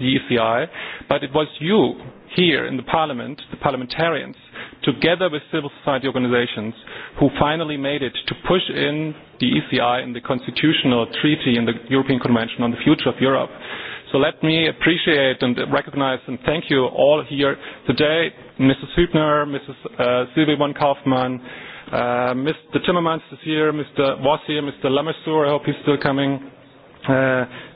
the ECI, but it was you here in the parliament, the parliamentarians, together with civil society organizations, who finally made it to push in the ECI in the constitutional treaty in the European Convention on the Future of Europe. So let me appreciate and recognize and thank you all here today, Mrs. Hübner, Mrs. Uh, Sylvie von Kaufmann, uh, Mr. Timmermans is here, Mr. Voss here, Mr. Lamassoure, I hope he's still coming, uh,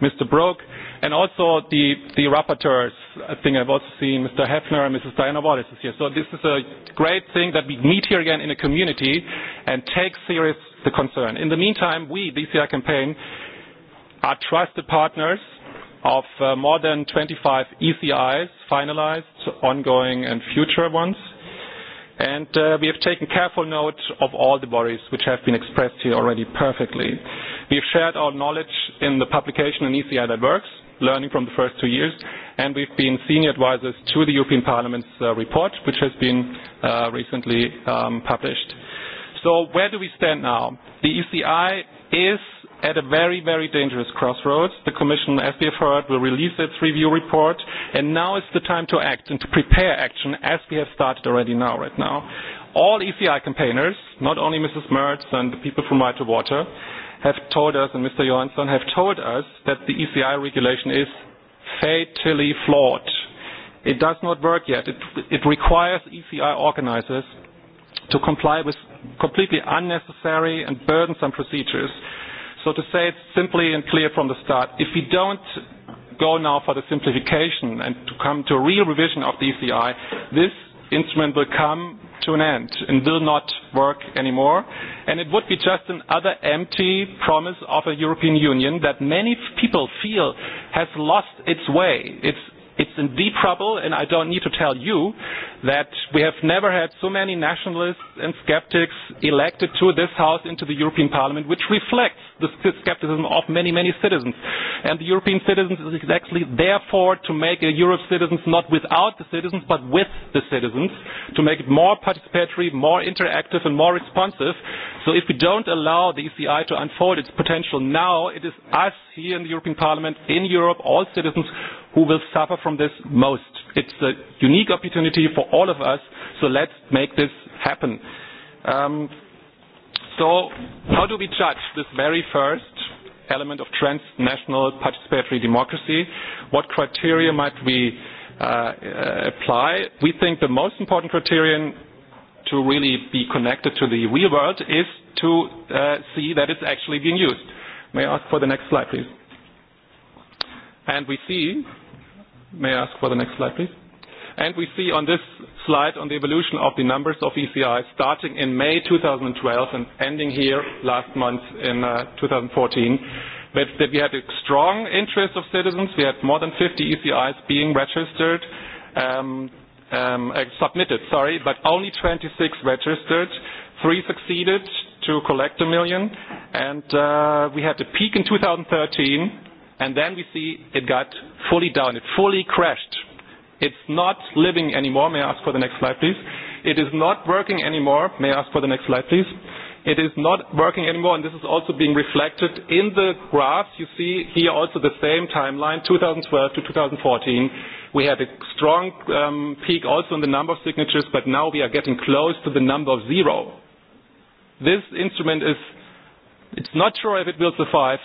Mr. Brooke, and also the, the rapporteurs. I think I've also seen Mr. Hefner and Mrs. Diana Wallace is here. So this is a great thing that we meet here again in a community and take serious the concern. In the meantime, we, the ECI campaign, are trusted partners of uh, more than 25 ECIs, finalized, ongoing, and future ones. And uh, we have taken careful note of all the worries which have been expressed here already perfectly. We have shared our knowledge in the publication in ECI that works, learning from the first two years, and we've been senior advisors to the European Parliament's uh, report, which has been uh, recently um, published. So where do we stand now? The ECI is at a very, very dangerous crossroads. The Commission, as we have heard, will release its review report, and now is the time to act and to prepare action, as we have started already now, right now. All ECI campaigners, not only Mrs. Mertz and the people from Right to Water, have told us, and Mr. Johansson, have told us that the ECI regulation is fatally flawed. It does not work yet. It, it requires ECI organizers to comply with completely unnecessary and burdensome procedures. So to say it simply and clear from the start, if we don't go now for the simplification and to come to a real revision of the ECI, this instrument will come to an end and will not work anymore. And it would be just another empty promise of a European Union that many people feel has lost its way. It's it's in deep trouble, and I don't need to tell you that we have never had so many nationalists and skeptics elected to this house into the European Parliament, which reflects the skepticism of many, many citizens. And the European citizens is exactly therefore to make a Europe citizens not without the citizens, but with the citizens, to make it more participatory, more interactive, and more responsive. So if we don't allow the ECI to unfold its potential now, it is us here in the European Parliament, in Europe, all citizens, who will suffer from this most. It's a unique opportunity for all of us, so let's make this happen. Um, so how do we judge this very first element of transnational participatory democracy? What criteria might we uh, uh apply? We think the most important criterion to really be connected to the real world is to uh, see that it's actually being used. May I ask for the next slide, please? And we see may I ask for the next slide, please? And we see on this slide on the evolution of the numbers of ECI starting in May 2012 and ending here last month in uh, 2014 that we had a strong interest of citizens. We had more than 50 ECIs being registered, um, um, uh, submitted, sorry, but only 26 registered. Three succeeded to collect a million. And uh, we had a peak in 2013. And then we see it got fully down. It fully crashed. It's not living anymore. May I ask for the next slide, please? It is not working anymore. May I ask for the next slide, please? It is not working anymore, and this is also being reflected in the graphs. You see here also the same timeline, 2012 to 2014. We had a strong um, peak also in the number of signatures, but now we are getting close to the number of zero. This instrument is, it's not sure if it will survive.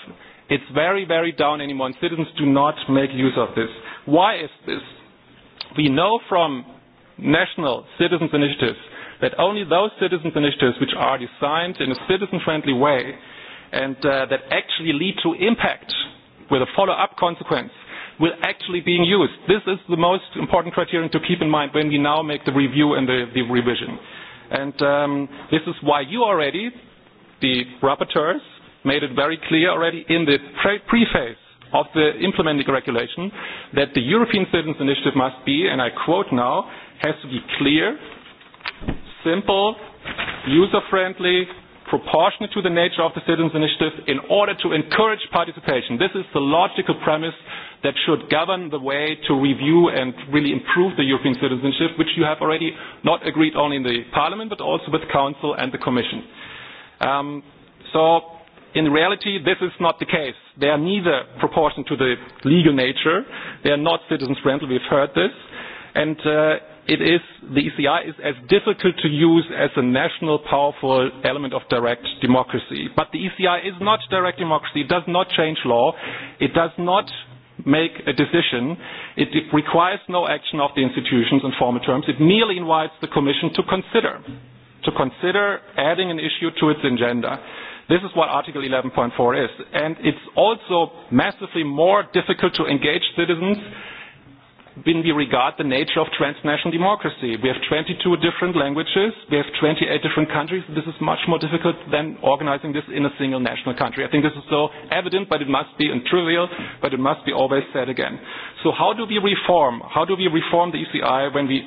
It's very, very down anymore, and citizens do not make use of this. Why is this? We know from national citizens' initiatives that only those citizens' initiatives which are designed in a citizen friendly way and uh, that actually lead to impact with a follow up consequence will actually be used. This is the most important criterion to keep in mind when we now make the review and the, the revision. And um, this is why you already, the rapporteurs, made it very clear already in the preface of the implementing regulation that the European Citizens Initiative must be, and I quote now, has to be clear, simple, user-friendly, proportionate to the nature of the Citizens Initiative in order to encourage participation. This is the logical premise that should govern the way to review and really improve the European Citizens Initiative, which you have already not agreed only in the Parliament, but also with Council and the Commission. Um, so, in reality, this is not the case. They are neither proportional to the legal nature. They are not citizens' rental. We've heard this. And uh, it is, the ECI is as difficult to use as a national powerful element of direct democracy. But the ECI is not direct democracy. It does not change law. It does not make a decision. It, it requires no action of the institutions in formal terms. It merely invites the Commission to consider, to consider adding an issue to its agenda. This is what Article 11.4 is. And it's also massively more difficult to engage citizens when we regard the nature of transnational democracy. We have 22 different languages, we have 28 different countries. This is much more difficult than organizing this in a single national country. I think this is so evident, but it must be and trivial, but it must be always said again. So, how do we reform? How do we reform the ECI when we,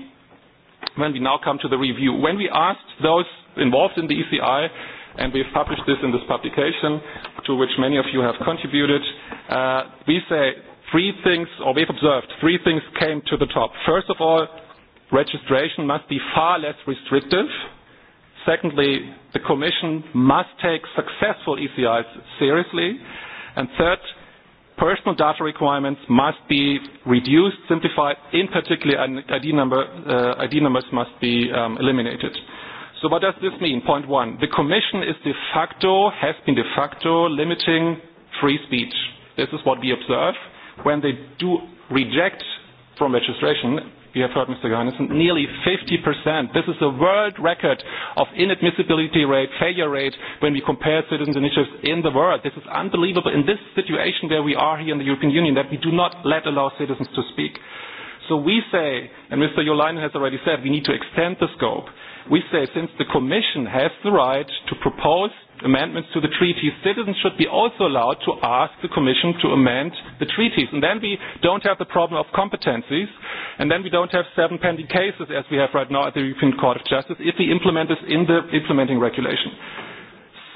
when we now come to the review? When we asked those involved in the ECI, and we've published this in this publication to which many of you have contributed. Uh, we say three things, or we've observed three things came to the top. First of all, registration must be far less restrictive. Secondly, the Commission must take successful ECIs seriously. And third, personal data requirements must be reduced, simplified, in particular, ID, number, uh, ID numbers must be um, eliminated. Uh, What does this mean? Point one, the commission is de facto, has been de facto limiting free speech. This is what we observe when they do reject from registration, you have heard Mr. Johannesson, nearly 50%. This is a world record of inadmissibility rate, failure rate, when we compare citizens' initiatives in the world. This is unbelievable in this situation where we are here in the European Union, that we do not let allow citizens to speak. So we say, and Mr. Jolainen has already said, we need to extend the scope we say since the Commission has the right to propose amendments to the treaties, citizens should be also allowed to ask the Commission to amend the treaties. And then we don't have the problem of competencies, and then we don't have seven pending cases as we have right now at the European Court of Justice if we implement this in the implementing regulation.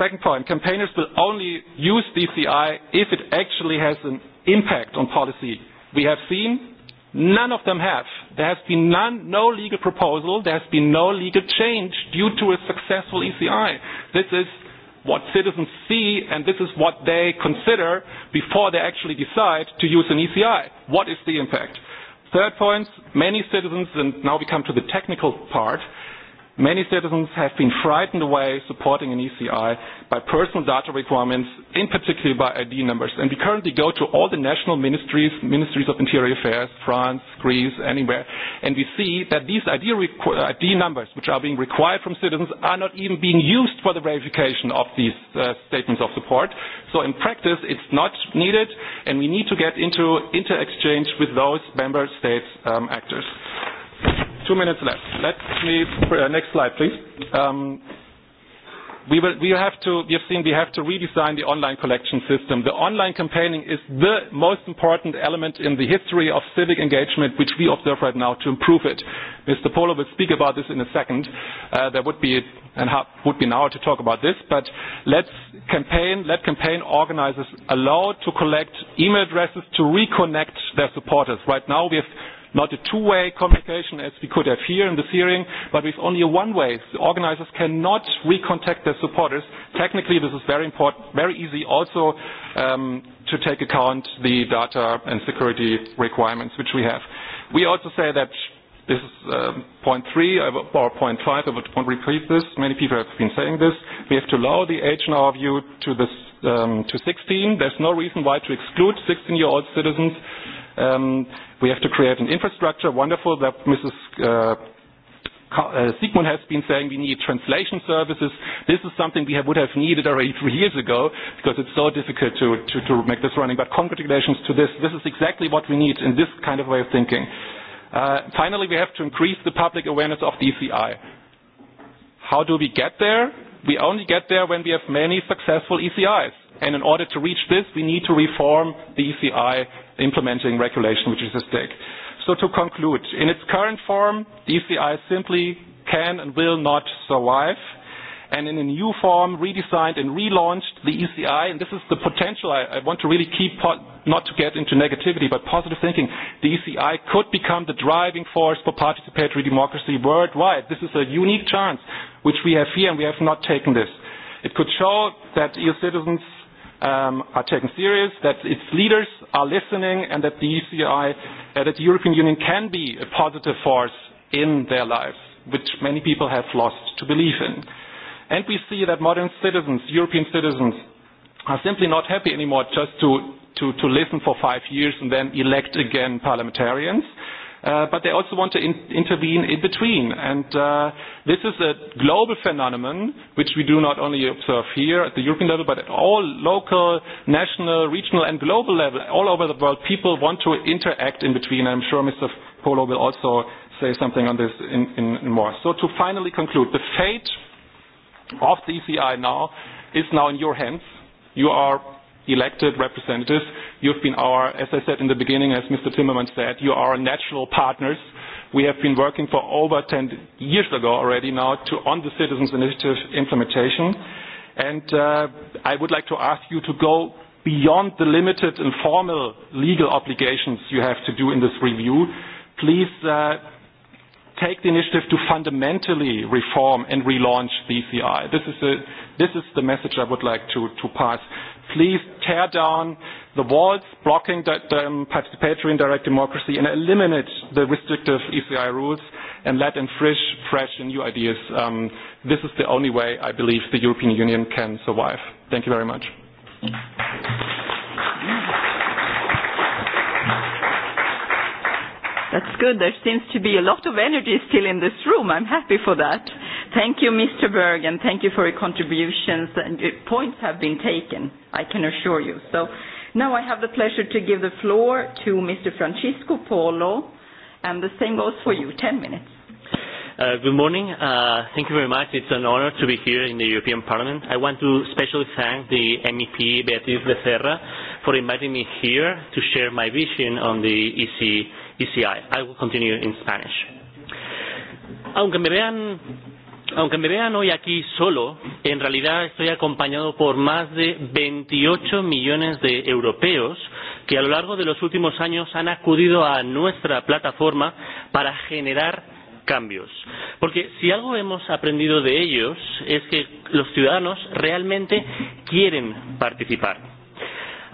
Second point, campaigners will only use DCI if it actually has an impact on policy. We have seen None of them have. There has been none, no legal proposal. There has been no legal change due to a successful ECI. This is what citizens see and this is what they consider before they actually decide to use an ECI. What is the impact? Third point, many citizens, and now we come to the technical part, Many citizens have been frightened away supporting an ECI by personal data requirements, in particular by ID numbers. And we currently go to all the national ministries, ministries of interior affairs, France, Greece, anywhere, and we see that these ID, requ- uh, ID numbers, which are being required from citizens, are not even being used for the verification of these uh, statements of support. So in practice, it's not needed, and we need to get into inter-exchange with those member states um, actors two minutes left. Let me uh, next slide, please. Um, we will. We have to. We have seen. We have to redesign the online collection system. The online campaigning is the most important element in the history of civic engagement, which we observe right now. To improve it, Mr. Polo will speak about this in a second. Uh, there would be and ha- would be now to talk about this. But let's campaign. Let campaign organizers allow to collect email addresses to reconnect their supporters. Right now, we have not a two-way communication as we could have here in this hearing, but with only a one-way. So organizers cannot recontact their supporters. Technically, this is very important, very easy also um, to take account the data and security requirements which we have. We also say that this is uh, point three or point five. I won't repeat this. Many people have been saying this. We have to lower the age, in our view, to, this, um, to 16. There's no reason why to exclude 16-year-old citizens. Um, We have to create an infrastructure. Wonderful that Mrs. Uh, uh, Sigmund has been saying we need translation services. This is something we have, would have needed already three years ago because it's so difficult to, to, to make this running. But congratulations to this. This is exactly what we need in this kind of way of thinking. Uh, finally, we have to increase the public awareness of DCI. How do we get there? We only get there when we have many successful ECIs. And in order to reach this, we need to reform the ECI implementing regulation, which is a stick. So to conclude, in its current form, the ECI simply can and will not survive. And in a new form, redesigned and relaunched, the ECI, and this is the potential I, I want to really keep po- not to get into negativity, but positive thinking, the ECI could become the driving force for participatory democracy worldwide. This is a unique chance which we have here, and we have not taken this. It could show that EU citizens um, are taken serious, that its leaders are listening, and that the ECI, uh, that the European Union can be a positive force in their lives, which many people have lost to believe in. And we see that modern citizens, European citizens, are simply not happy anymore just to, to, to listen for five years and then elect again parliamentarians uh, but they also want to in intervene in between. And uh, this is a global phenomenon which we do not only observe here at the European level, but at all local, national, regional, and global level, all over the world, people want to interact in between. I'm sure Mr. Polo will also say something on this in, in, in more. So to finally conclude, the fate of the ECI now is now in your hands. You are elected representatives. You've been our, as I said in the beginning, as Mr. Timmerman said, you are our natural partners. We have been working for over 10 years ago already now to on the citizens' initiative implementation. And uh, I would like to ask you to go beyond the limited and formal legal obligations you have to do in this review. Please. Uh, take the initiative to fundamentally reform and relaunch BCI. This is, a, this is the message I would like to, to pass. Please tear down the walls blocking that um, participatory and direct democracy and eliminate the restrictive ECI rules and let in fresh, fresh and new ideas. Um, this is the only way I believe the European Union can survive. Thank you very much. Mm-hmm. That's good. There seems to be a lot of energy still in this room. I'm happy for that. Thank you, Mr. Berg, and thank you for your contributions. And your points have been taken, I can assure you. So now I have the pleasure to give the floor to Mr. Francisco Polo, and the same goes for you. Ten minutes. Uh, good morning. Uh, thank you very much. It's an honor to be here in the European Parliament. I want to specially thank the MEP Beatriz Becerra for inviting me here to share my vision on the EC ECI. I will continue in Spanish. Aunque me vean, aunque me vean hoy aquí solo, en realidad estoy acompañado por más de 28 millones de europeos que a lo largo de los últimos años han acudido a nuestra plataforma para generar cambios. Porque si algo hemos aprendido de ellos es que los ciudadanos realmente quieren participar.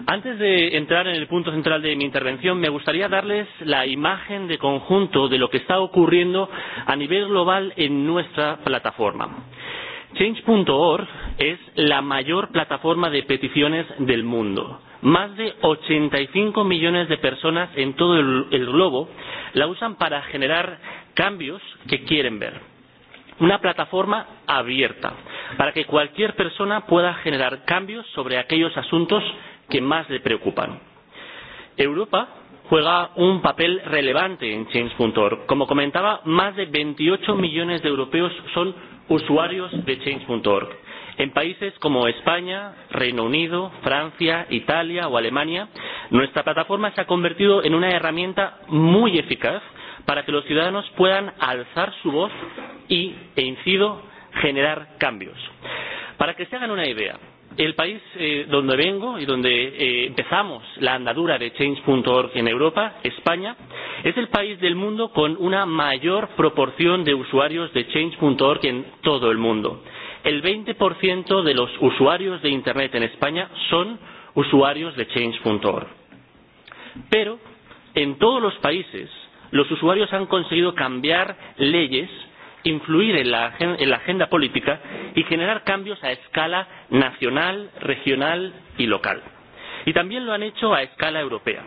Antes de entrar en el punto central de mi intervención, me gustaría darles la imagen de conjunto de lo que está ocurriendo a nivel global en nuestra plataforma. Change.org es la mayor plataforma de peticiones del mundo. Más de 85 millones de personas en todo el, el globo la usan para generar cambios que quieren ver. Una plataforma abierta para que cualquier persona pueda generar cambios sobre aquellos asuntos que más le preocupan. Europa juega un papel relevante en Change.org. Como comentaba, más de 28 millones de europeos son usuarios de Change.org. En países como España, Reino Unido, Francia, Italia o Alemania, nuestra plataforma se ha convertido en una herramienta muy eficaz para que los ciudadanos puedan alzar su voz y, e incido, generar cambios. Para que se hagan una idea, El país eh, donde vengo y donde eh, empezamos la andadura de Change.org en Europa, España, es el país del mundo con una mayor proporción de usuarios de Change.org en todo el mundo. El 20% de los usuarios de Internet en España son usuarios de Change.org. Pero en todos los países los usuarios han conseguido cambiar leyes influir en la, en la agenda política y generar cambios a escala nacional, regional y local. Y también lo han hecho a escala europea.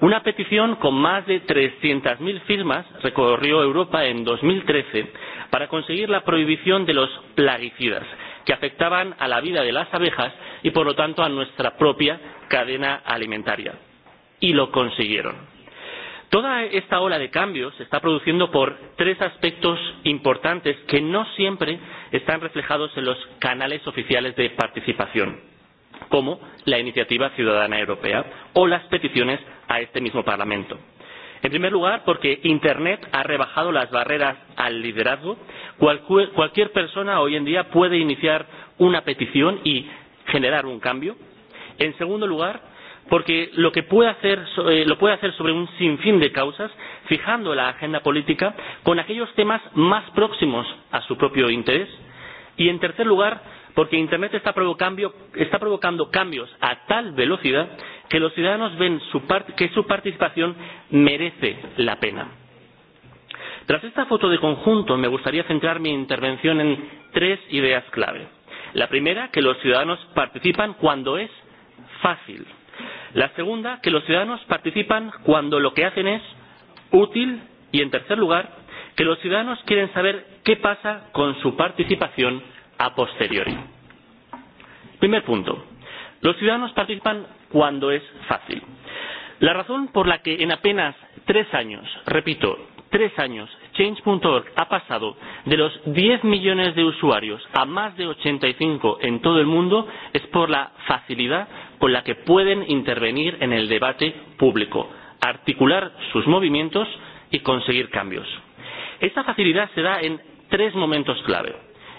Una petición con más de 300.000 firmas recorrió Europa en 2013 para conseguir la prohibición de los plaguicidas, que afectaban a la vida de las abejas y, por lo tanto, a nuestra propia cadena alimentaria. Y lo consiguieron. Toda esta ola de cambios se está produciendo por tres aspectos importantes que no siempre están reflejados en los canales oficiales de participación, como la iniciativa ciudadana europea o las peticiones a este mismo Parlamento. En primer lugar, porque Internet ha rebajado las barreras al liderazgo. Cualquier, cualquier persona hoy en día puede iniciar una petición y generar un cambio. En segundo lugar, porque lo, que puede hacer, eh, lo puede hacer sobre un sinfín de causas, fijando la agenda política con aquellos temas más próximos a su propio interés. Y, en tercer lugar, porque Internet está, provocando, está provocando cambios a tal velocidad que los ciudadanos ven su part, que su participación merece la pena. Tras esta foto de conjunto, me gustaría centrar mi intervención en tres ideas clave. La primera, que los ciudadanos participan cuando es fácil. La segunda, que los ciudadanos participan cuando lo que hacen es útil. Y en tercer lugar, que los ciudadanos quieren saber qué pasa con su participación a posteriori. Primer punto. Los ciudadanos participan cuando es fácil. La razón por la que en apenas tres años, repito, tres años, change.org ha pasado de los 10 millones de usuarios a más de 85 en todo el mundo es por la facilidad con la que pueden intervenir en el debate público, articular sus movimientos y conseguir cambios. Esta facilidad se da en tres momentos clave.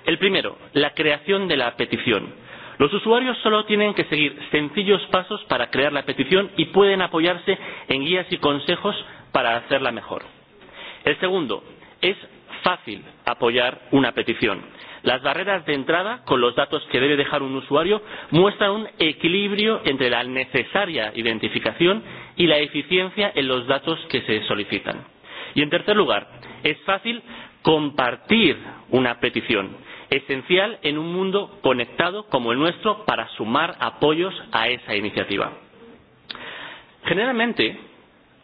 El primero, la creación de la petición. Los usuarios solo tienen que seguir sencillos pasos para crear la petición y pueden apoyarse en guías y consejos para hacerla mejor. El segundo, es fácil apoyar una petición. Las barreras de entrada, con los datos que debe dejar un usuario, muestran un equilibrio entre la necesaria identificación y la eficiencia en los datos que se solicitan. Y, en tercer lugar, es fácil compartir una petición, esencial en un mundo conectado como el nuestro para sumar apoyos a esa iniciativa. Generalmente,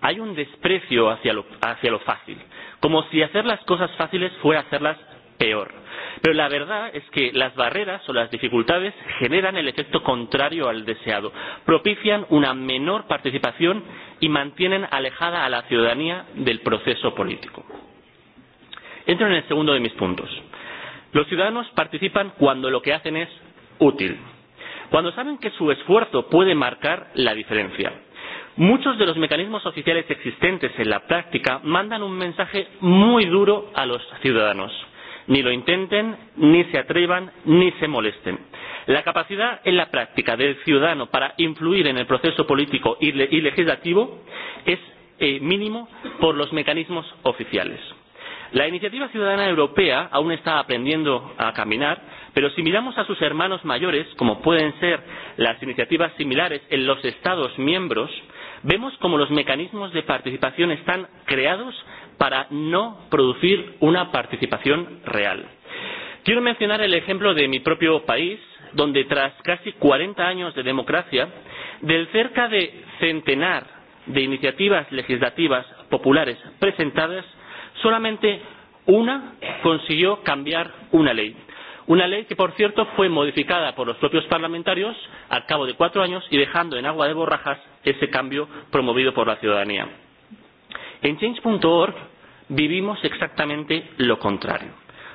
hay un desprecio hacia lo, hacia lo fácil, como si hacer las cosas fáciles fuera hacerlas peor. Pero la verdad es que las barreras o las dificultades generan el efecto contrario al deseado, propician una menor participación y mantienen alejada a la ciudadanía del proceso político. Entro en el segundo de mis puntos. Los ciudadanos participan cuando lo que hacen es útil, cuando saben que su esfuerzo puede marcar la diferencia. Muchos de los mecanismos oficiales existentes en la práctica mandan un mensaje muy duro a los ciudadanos. Ni lo intenten, ni se atrevan, ni se molesten. La capacidad en la práctica del ciudadano para influir en el proceso político y, le y legislativo es eh, mínimo por los mecanismos oficiales. La iniciativa ciudadana europea aún está aprendiendo a caminar, pero si miramos a sus hermanos mayores, como pueden ser las iniciativas similares en los Estados miembros, vemos cómo los mecanismos de participación están creados para no producir una participación real. Quiero mencionar el ejemplo de mi propio país, donde tras casi 40 años de democracia, del cerca de centenar de iniciativas legislativas populares presentadas, solamente una consiguió cambiar una ley. Una ley que, por cierto, fue modificada por los propios parlamentarios al cabo de cuatro años y dejando en agua de borrajas ese cambio promovido por la ciudadanía. En change.org vivimos exactamente lo contrario.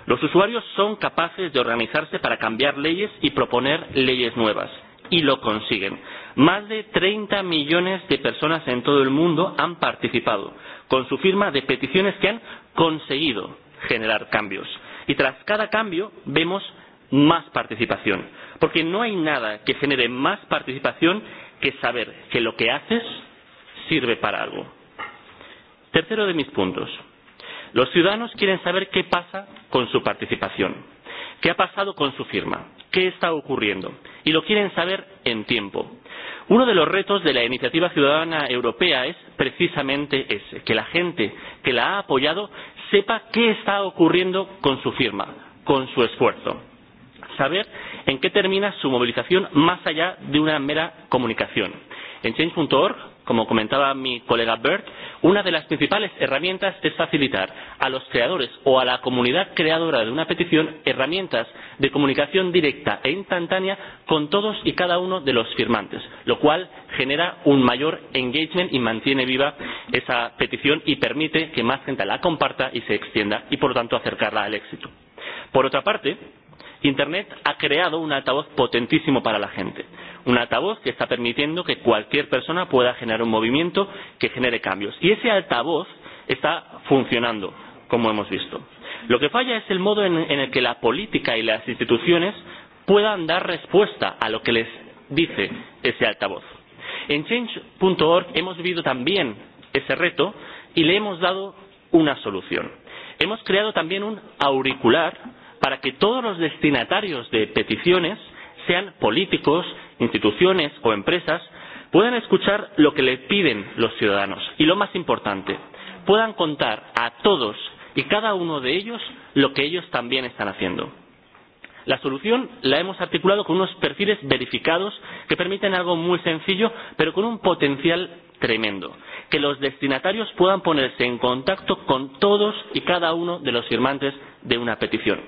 Los usuarios son capaces de organizarse para cambiar leyes y proponer leyes nuevas. Y lo consiguen. Más de 30 millones de personas en todo el mundo han participado con su firma de peticiones que han conseguido generar cambios y tras cada cambio vemos más participación. Porque no hay nada que genere más participación que saber que lo que haces sirve para algo. Tercero de mis puntos. Los ciudadanos quieren saber qué pasa con su participación, qué ha pasado con su firma, qué está ocurriendo. Y lo quieren saber en tiempo. Uno de los retos de la iniciativa ciudadana europea es precisamente ese, que la gente que la ha apoyado sepa qué está ocurriendo con su firma, con su esfuerzo. Saber en qué termina su movilización más allá de una mera comunicación. En change.org como comentaba mi colega Bert, una de las principales herramientas es facilitar a los creadores o a la comunidad creadora de una petición herramientas de comunicación directa e instantánea con todos y cada uno de los firmantes, lo cual genera un mayor engagement y mantiene viva esa petición y permite que más gente la comparta y se extienda y, por lo tanto, acercarla al éxito. Por otra parte, Internet ha creado un altavoz potentísimo para la gente. Un altavoz que está permitiendo que cualquier persona pueda generar un movimiento que genere cambios. Y ese altavoz está funcionando, como hemos visto. Lo que falla es el modo en, en el que la política y las instituciones puedan dar respuesta a lo que les dice ese altavoz. En change.org hemos vivido también ese reto y le hemos dado una solución. Hemos creado también un auricular para que todos los destinatarios de peticiones, sean políticos, instituciones o empresas, puedan escuchar lo que le piden los ciudadanos y, lo más importante, puedan contar a todos y cada uno de ellos lo que ellos también están haciendo. La solución la hemos articulado con unos perfiles verificados que permiten algo muy sencillo, pero con un potencial tremendo, que los destinatarios puedan ponerse en contacto con todos y cada uno de los firmantes de una petición.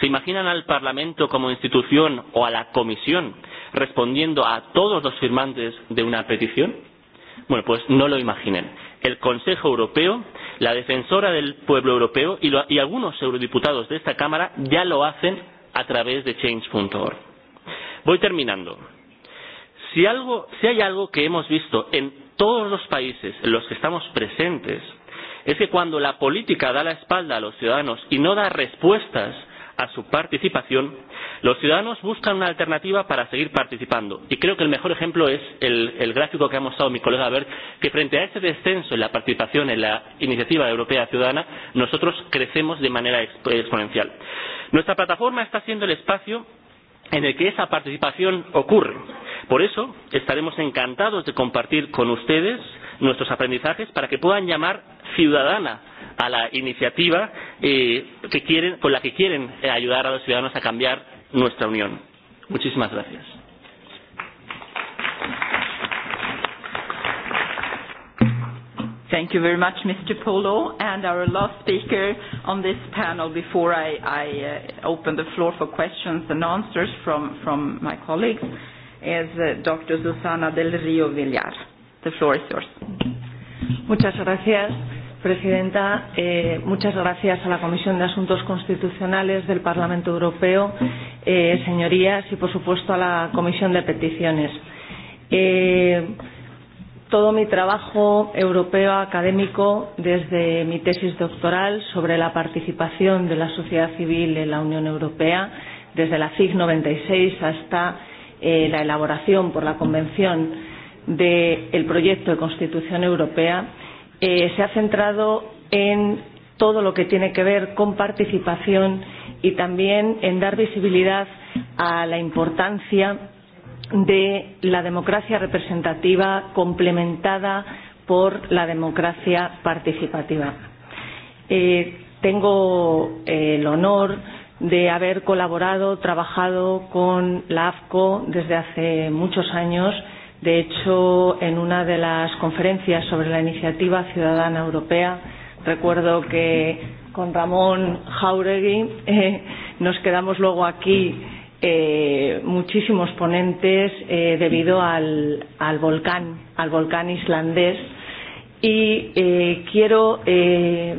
¿Se imaginan al Parlamento como institución o a la Comisión respondiendo a todos los firmantes de una petición? Bueno, pues no lo imaginen. El Consejo Europeo, la Defensora del Pueblo Europeo y, lo, y algunos eurodiputados de esta Cámara ya lo hacen a través de change.org. Voy terminando. Si, algo, si hay algo que hemos visto en todos los países en los que estamos presentes es que cuando la política da la espalda a los ciudadanos y no da respuestas a su participación, los ciudadanos buscan una alternativa para seguir participando. Y creo que el mejor ejemplo es el, el gráfico que ha mostrado mi colega Bert, que frente a ese descenso en la participación en la iniciativa europea ciudadana, nosotros crecemos de manera exponencial. Nuestra plataforma está siendo el espacio en el que esa participación ocurre. Por eso estaremos encantados de compartir con ustedes nuestros aprendizajes para que puedan llamar ciudadana a la iniciativa eh, que quieren, con la que quieren ayudar a los ciudadanos a cambiar nuestra Unión. Muchísimas gracias. Thank you very much, Mr. Polo. Our last speaker on this panel before I uh, open the floor for questions and answers from my colleagues is uh, Dr. Susana Del Río Villar. The floor is yours. Muchas gracias, Presidenta. Eh, muchas gracias a la Comisión de Asuntos Constitucionales del Parlamento Europeo, eh, señorías, y por supuesto a la Comisión de Peticiones. Eh, todo mi trabajo europeo académico desde mi tesis doctoral sobre la participación de la sociedad civil en la Unión Europea, desde la CIG 96 hasta eh, la elaboración por la Convención del de proyecto de Constitución Europea, eh, se ha centrado en todo lo que tiene que ver con participación y también en dar visibilidad a la importancia de la democracia representativa complementada por la democracia participativa. Eh, tengo eh, el honor de haber colaborado, trabajado con la AFCO desde hace muchos años. De hecho, en una de las conferencias sobre la iniciativa ciudadana europea, recuerdo que con Ramón Jauregui eh, nos quedamos luego aquí. Sí eh, muchísimos ponentes eh, debido al, al volcán, al volcán islandés. Y eh, quiero eh,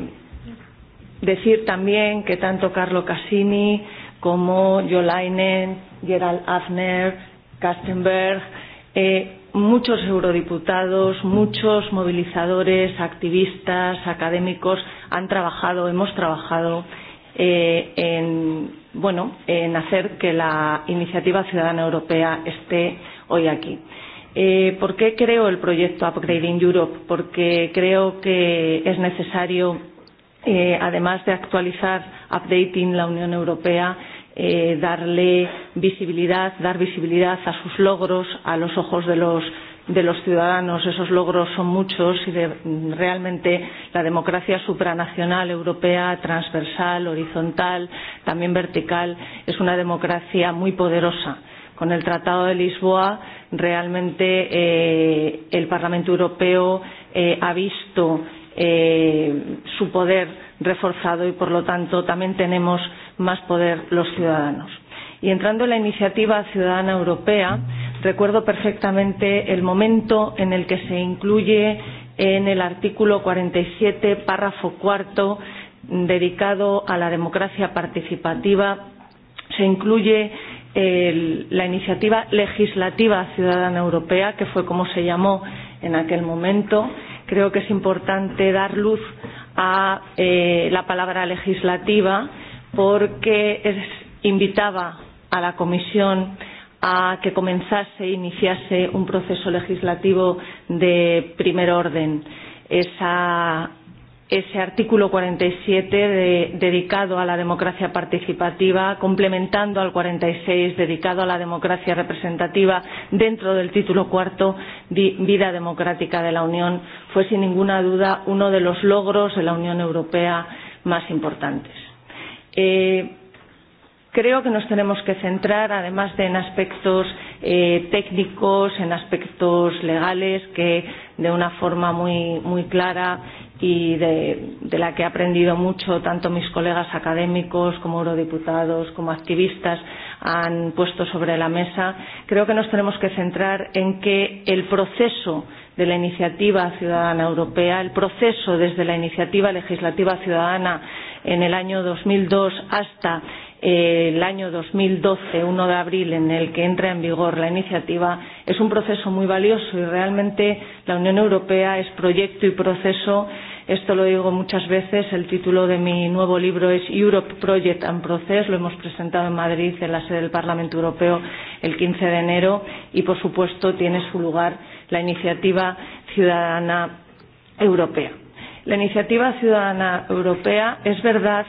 decir también que tanto Carlo Cassini como Jolainen, Gerald Afner, Kastenberg, eh, muchos eurodiputados, muchos movilizadores, activistas, académicos han trabajado, hemos trabajado eh, en, bueno, en hacer que la iniciativa ciudadana europea esté hoy aquí. Eh, ¿Por qué creo el proyecto Upgrading Europe? Porque creo que es necesario, eh, además de actualizar, updating la Unión Europea, eh, darle visibilidad, dar visibilidad a sus logros a los ojos de los de los ciudadanos. Esos logros son muchos y de, realmente la democracia supranacional, europea, transversal, horizontal, también vertical, es una democracia muy poderosa. Con el Tratado de Lisboa, realmente eh, el Parlamento Europeo eh, ha visto eh, su poder reforzado y, por lo tanto, también tenemos más poder los ciudadanos. Y entrando en la iniciativa ciudadana europea, recuerdo perfectamente el momento en el que se incluye en el artículo 47, párrafo cuarto, dedicado a la democracia participativa, se incluye el, la iniciativa legislativa ciudadana europea, que fue como se llamó en aquel momento. Creo que es importante dar luz a eh, la palabra legislativa porque es, invitaba a la Comisión a que comenzase e iniciase un proceso legislativo de primer orden. Esa, ese artículo 47 de, dedicado a la democracia participativa, complementando al 46 dedicado a la democracia representativa dentro del título cuarto, di, Vida Democrática de la Unión, fue sin ninguna duda uno de los logros de la Unión Europea más importantes. Eh, creo que nos tenemos que centrar, además de en aspectos eh, técnicos, en aspectos legales, que de una forma muy, muy clara y de, de la que he aprendido mucho, tanto mis colegas académicos como eurodiputados, como activistas, han puesto sobre la mesa, creo que nos tenemos que centrar en que el proceso de la iniciativa ciudadana europea, el proceso desde la iniciativa legislativa ciudadana en el año 2002 hasta el año 2012, 1 de abril, en el que entra en vigor la iniciativa, es un proceso muy valioso y realmente la Unión Europea es proyecto y proceso. Esto lo digo muchas veces. El título de mi nuevo libro es Europe Project and Process. Lo hemos presentado en Madrid, en la sede del Parlamento Europeo, el 15 de enero. Y, por supuesto, tiene su lugar la iniciativa ciudadana europea. La iniciativa ciudadana europea es verdad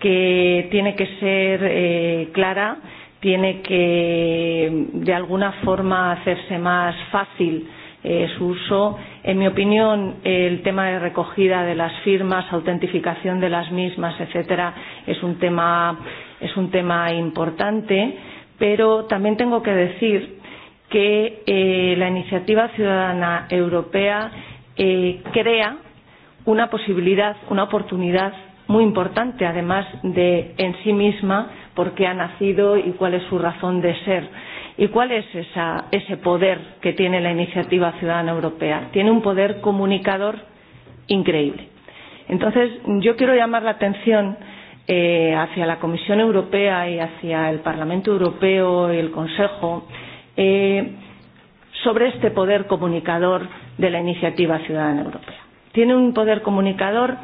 que tiene que ser eh, clara, tiene que de alguna forma hacerse más fácil eh, su uso. En mi opinión, el tema de recogida de las firmas, autentificación de las mismas, etcétera, es un tema, es un tema importante, pero también tengo que decir que eh, la iniciativa ciudadana europea eh, crea una posibilidad, una oportunidad muy importante, además de en sí misma, por qué ha nacido y cuál es su razón de ser. ¿Y cuál es esa, ese poder que tiene la iniciativa ciudadana europea? Tiene un poder comunicador increíble. Entonces, yo quiero llamar la atención eh, hacia la Comisión Europea y hacia el Parlamento Europeo y el Consejo eh, sobre este poder comunicador de la iniciativa ciudadana europea. Tiene un poder comunicador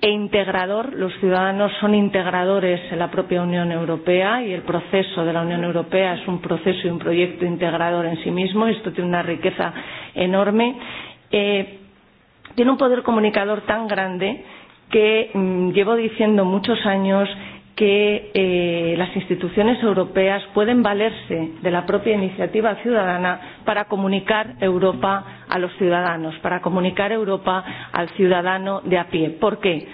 e integrador. Los ciudadanos son integradores en la propia Unión Europea y el proceso de la Unión Europea es un proceso y un proyecto integrador en sí mismo. Esto tiene una riqueza enorme. Eh, tiene un poder comunicador tan grande que mmm, llevo diciendo muchos años que eh, las instituciones europeas pueden valerse de la propia iniciativa ciudadana para comunicar Europa a los ciudadanos, para comunicar Europa al ciudadano de a pie. ¿Por qué?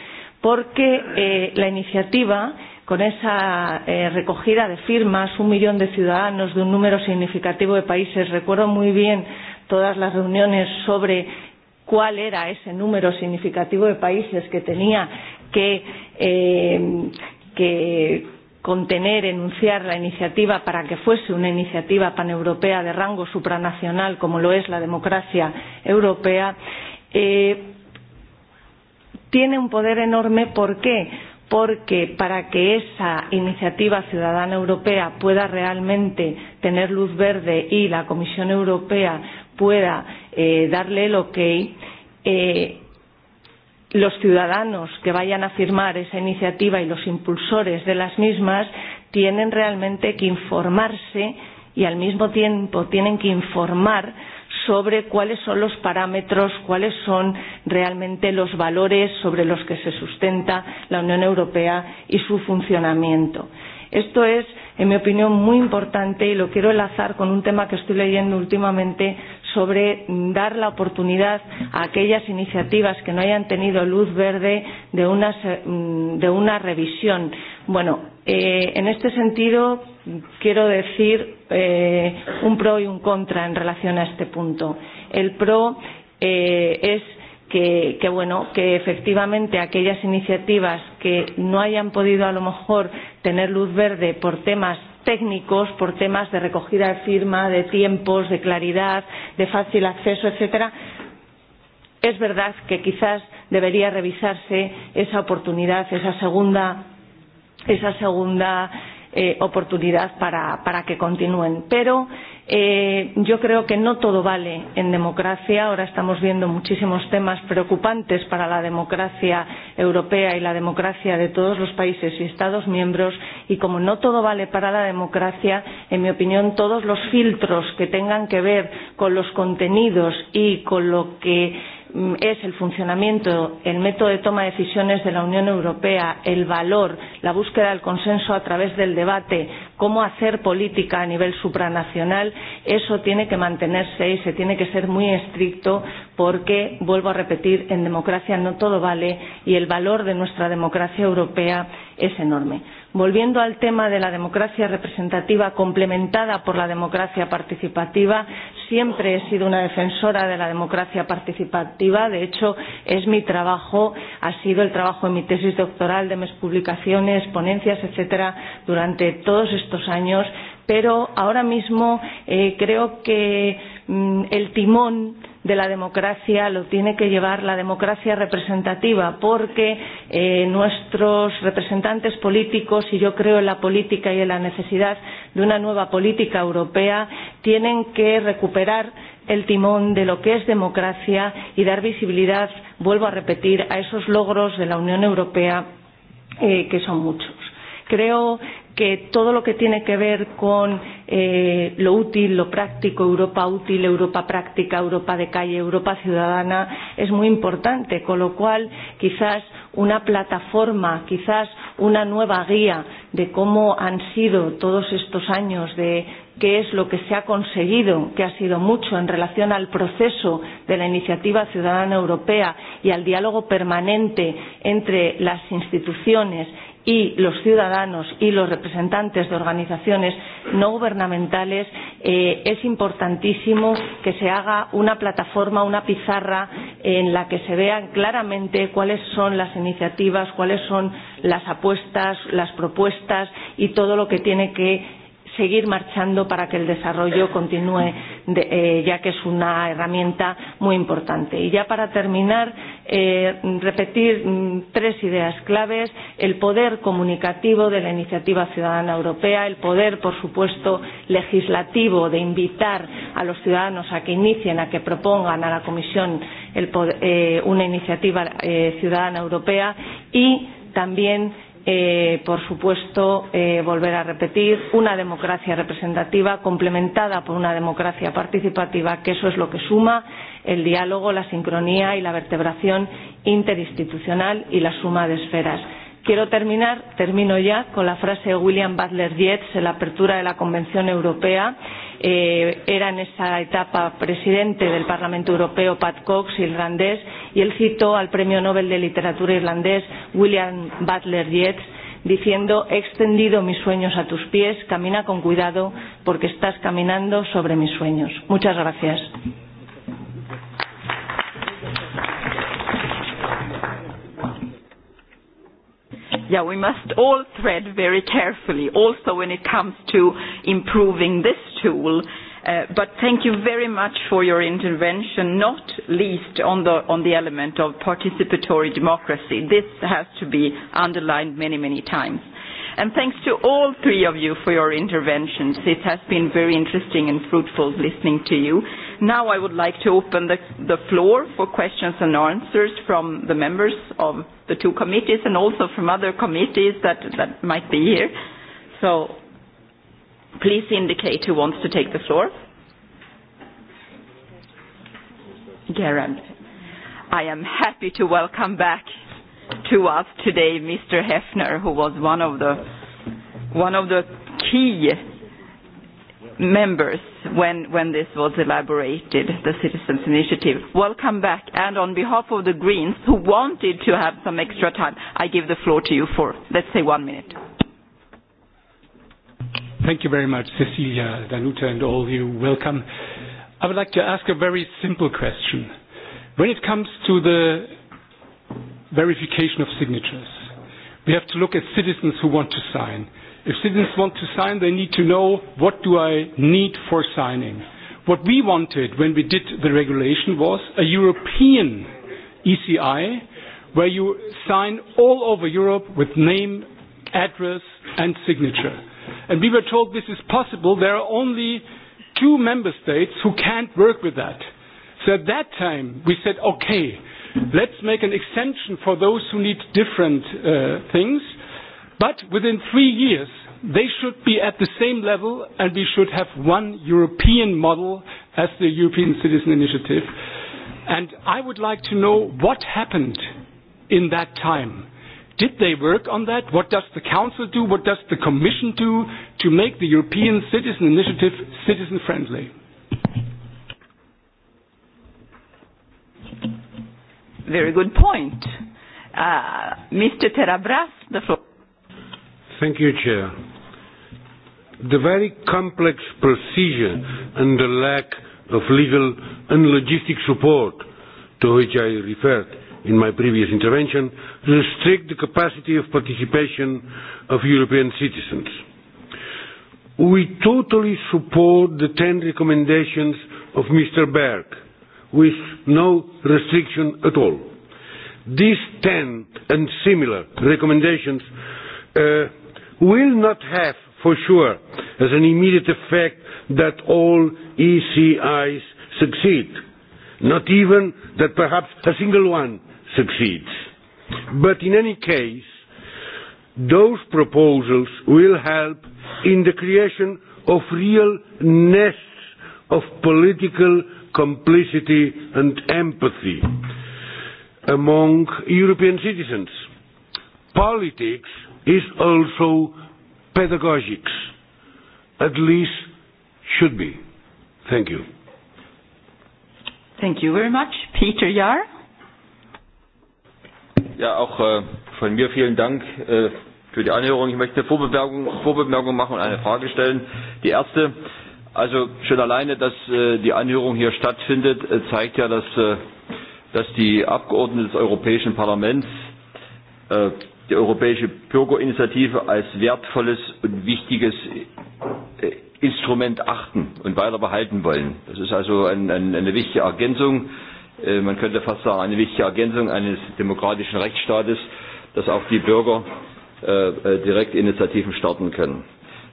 Porque eh, la iniciativa, con esa eh, recogida de firmas, un millón de ciudadanos de un número significativo de países, recuerdo muy bien todas las reuniones sobre cuál era ese número significativo de países que tenía que. Eh, que contener, enunciar la iniciativa para que fuese una iniciativa paneuropea de rango supranacional, como lo es la democracia europea, eh, tiene un poder enorme. ¿Por qué? Porque para que esa iniciativa ciudadana europea pueda realmente tener luz verde y la Comisión Europea pueda eh, darle el ok, eh, los ciudadanos que vayan a firmar esa iniciativa y los impulsores de las mismas tienen realmente que informarse y al mismo tiempo tienen que informar sobre cuáles son los parámetros, cuáles son realmente los valores sobre los que se sustenta la Unión Europea y su funcionamiento. Esto es, en mi opinión, muy importante y lo quiero enlazar con un tema que estoy leyendo últimamente sobre dar la oportunidad a aquellas iniciativas que no hayan tenido luz verde de una, mm, de una revisión. Bueno, eh, en este sentido quiero decir eh, un pro y un contra en relación a este punto. El pro eh, es que, que, bueno, que efectivamente aquellas iniciativas que no hayan podido a lo mejor tener luz verde por temas técnicos por temas de recogida de firma, de tiempos, de claridad, de fácil acceso, etcétera, es verdad que quizás debería revisarse esa oportunidad, esa segunda, esa segunda eh, oportunidad para, para que continúen. Pero Eh, yo creo que no todo vale en democracia. Ahora estamos viendo muchísimos temas preocupantes para la democracia europea y la democracia de todos los países y Estados miembros. Y como no todo vale para la democracia, en mi opinión, todos los filtros que tengan que ver con los contenidos y con lo que Mm, es el funcionamiento, el método de toma de decisiones de la Unión Europea, el valor, la búsqueda del consenso a través del debate, cómo hacer política a nivel supranacional, eso tiene que mantenerse y se tiene que ser muy estricto porque, vuelvo a repetir, en democracia no todo vale y el valor de nuestra democracia europea es enorme volviendo al tema de la democracia representativa complementada por la democracia participativa, siempre he sido una defensora de la democracia participativa. De hecho, es mi trabajo, ha sido el trabajo en mi tesis doctoral, de mis publicaciones, ponencias, etcétera, durante todos estos años. Pero ahora mismo eh, creo que mm, el timón de la democracia lo tiene que llevar la democracia representativa, porque eh, nuestros representantes políticos, y yo creo en la política y en la necesidad de una nueva política europea, tienen que recuperar el timón de lo que es democracia y dar visibilidad, vuelvo a repetir, a esos logros de la Unión Europea, eh, que son muchos. Creo que todo lo que tiene que ver con eh, lo útil, lo práctico, Europa útil, Europa práctica, Europa de calle, Europa ciudadana, es muy importante, con lo cual quizás una plataforma, quizás una nueva guía de cómo han sido todos estos años, de qué es lo que se ha conseguido, que ha sido mucho en relación al proceso de la iniciativa ciudadana europea y al diálogo permanente entre las instituciones y los ciudadanos y los representantes de organizaciones no gubernamentales, eh, es importantísimo que se haga una plataforma, una pizarra en la que se vean claramente cuáles son las iniciativas, cuáles son las apuestas, las propuestas y todo lo que tiene que seguir marchando para que el desarrollo continúe, de, eh, ya que es una herramienta muy importante. Y ya para terminar, eh, repetir mm, tres ideas claves el poder comunicativo de la iniciativa ciudadana europea, el poder, por supuesto, legislativo de invitar a los ciudadanos a que inicien, a que propongan a la Comisión el poder, eh, una iniciativa eh, ciudadana europea y también eh, por supuesto, eh, volver a repetir, una democracia representativa complementada por una democracia participativa, que eso es lo que suma el diálogo, la sincronía y la vertebración interinstitucional y la suma de esferas. Quiero terminar, termino ya, con la frase de William Butler Yeats en la apertura de la Convención Europea. Eh, era en esa etapa presidente del Parlamento Europeo Pat Cox, irlandés, y él citó al Premio Nobel de Literatura Irlandés William Butler Yeats diciendo He extendido mis sueños a tus pies, camina con cuidado porque estás caminando sobre mis sueños. Muchas gracias. yeah, we must all thread very carefully, also when it comes to improving this tool. Uh, but thank you very much for your intervention, not least on the, on the element of participatory democracy. This has to be underlined many, many times. And thanks to all three of you for your interventions. It has been very interesting and fruitful listening to you. Now I would like to open the, the floor for questions and answers from the members of the two committees and also from other committees that, that might be here. So please indicate who wants to take the floor. Gerard, I am happy to welcome back to us today Mr. Hefner, who was one of the, one of the key members when, when this was elaborated, the Citizens' Initiative. Welcome back. And on behalf of the Greens, who wanted to have some extra time, I give the floor to you for, let's say, one minute. Thank you very much, Cecilia, Danuta, and all of you. Welcome. I would like to ask a very simple question. When it comes to the verification of signatures, we have to look at citizens who want to sign. If citizens want to sign, they need to know what do I need for signing. What we wanted when we did the regulation was a European ECI where you sign all over Europe with name, address and signature. And we were told this is possible. There are only two member states who can't work with that. So at that time we said, okay, let's make an exemption for those who need different uh, things. But within three years, they should be at the same level, and we should have one European model as the European Citizen Initiative. And I would like to know what happened in that time. Did they work on that? What does the Council do? What does the Commission do to make the European Citizen Initiative citizen friendly? Very good point. Uh, Mr. Terabras, the floor. Thank you, Chair. The very complex procedure and the lack of legal and logistic support to which I referred in my previous intervention restrict the capacity of participation of European citizens. We totally support the 10 recommendations of Mr. Berg with no restriction at all. These 10 and similar recommendations uh, will not have for sure as an immediate effect that all ECIs succeed, not even that perhaps a single one succeeds. But in any case, those proposals will help in the creation of real nests of political complicity and empathy among European citizens. Politics is also pedagogics. At least should be. Thank you. Thank you very much. Peter Jahr. Ja, auch äh, von mir vielen Dank äh, für die Anhörung. Ich möchte Vorbemerkungen Vorbemerkung machen und eine Frage stellen. Die erste, also schon alleine, dass äh, die Anhörung hier stattfindet, äh, zeigt ja, dass, äh, dass die Abgeordneten des Europäischen Parlaments äh, die europäische Bürgerinitiative als wertvolles und wichtiges äh, Instrument achten und weiter behalten wollen. Das ist also ein, ein, eine wichtige Ergänzung, äh, man könnte fast sagen, eine wichtige Ergänzung eines demokratischen Rechtsstaates, dass auch die Bürger äh, äh Direktinitiativen starten können.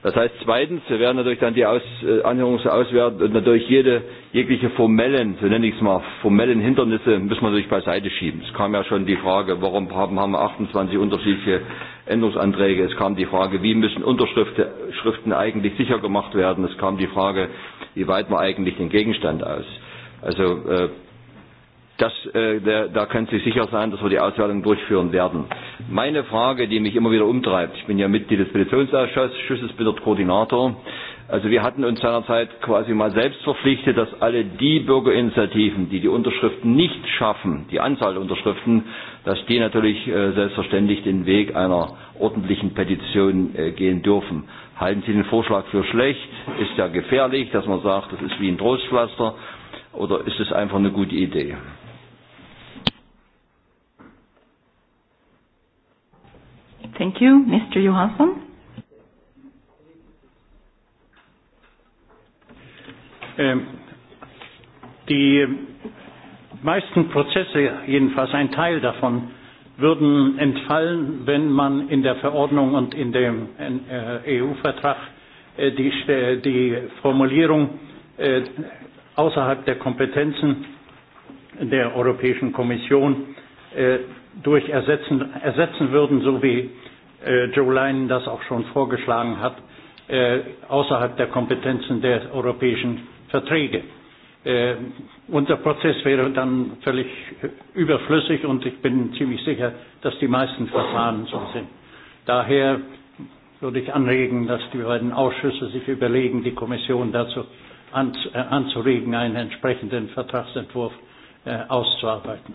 Das heißt, zweitens, wir werden natürlich dann die Aus, äh, Anhörungsauswertung und natürlich jede, jegliche formellen, so nenne ich es mal, formellen Hindernisse müssen wir natürlich beiseite schieben. Es kam ja schon die Frage, warum haben, haben wir 28 unterschiedliche Änderungsanträge? Es kam die Frage, wie müssen Unterschriften eigentlich sicher gemacht werden? Es kam die Frage, wie weit man eigentlich den Gegenstand aus? Also, äh, Das, äh, da können Sie sicher sein, dass wir die Auswertung durchführen werden. Meine Frage, die mich immer wieder umtreibt, ich bin ja Mitglied des Petitionsausschusses, bin dort Koordinator. Also wir hatten uns seinerzeit quasi mal selbst verpflichtet, dass alle die Bürgerinitiativen, die die Unterschriften nicht schaffen, die Anzahl der Unterschriften, dass die natürlich äh, selbstverständlich den Weg einer ordentlichen Petition äh, gehen dürfen. Halten Sie den Vorschlag für schlecht? Ist ja gefährlich, dass man sagt, das ist wie ein Trostpflaster? Oder ist es einfach eine gute Idee? Thank you. Mr. Johansson? Ähm, die meisten Prozesse, jedenfalls ein Teil davon, würden entfallen, wenn man in der Verordnung und in dem äh, EU-Vertrag äh, die, äh, die Formulierung außerhalb der Kompetenzen der Europäischen Kommission durch ersetzen, ersetzen würden, so wie äh, äh, Joe Leinen das auch schon vorgeschlagen hat, äh, außerhalb der Kompetenzen der europäischen Verträge. Äh, unser Prozess wäre dann völlig überflüssig und ich bin ziemlich sicher, dass die meisten Verfahren so sind. Daher würde ich anregen, dass die beiden Ausschüsse sich überlegen, die Kommission dazu anz äh, anzuregen, einen entsprechenden Vertragsentwurf äh, auszuarbeiten.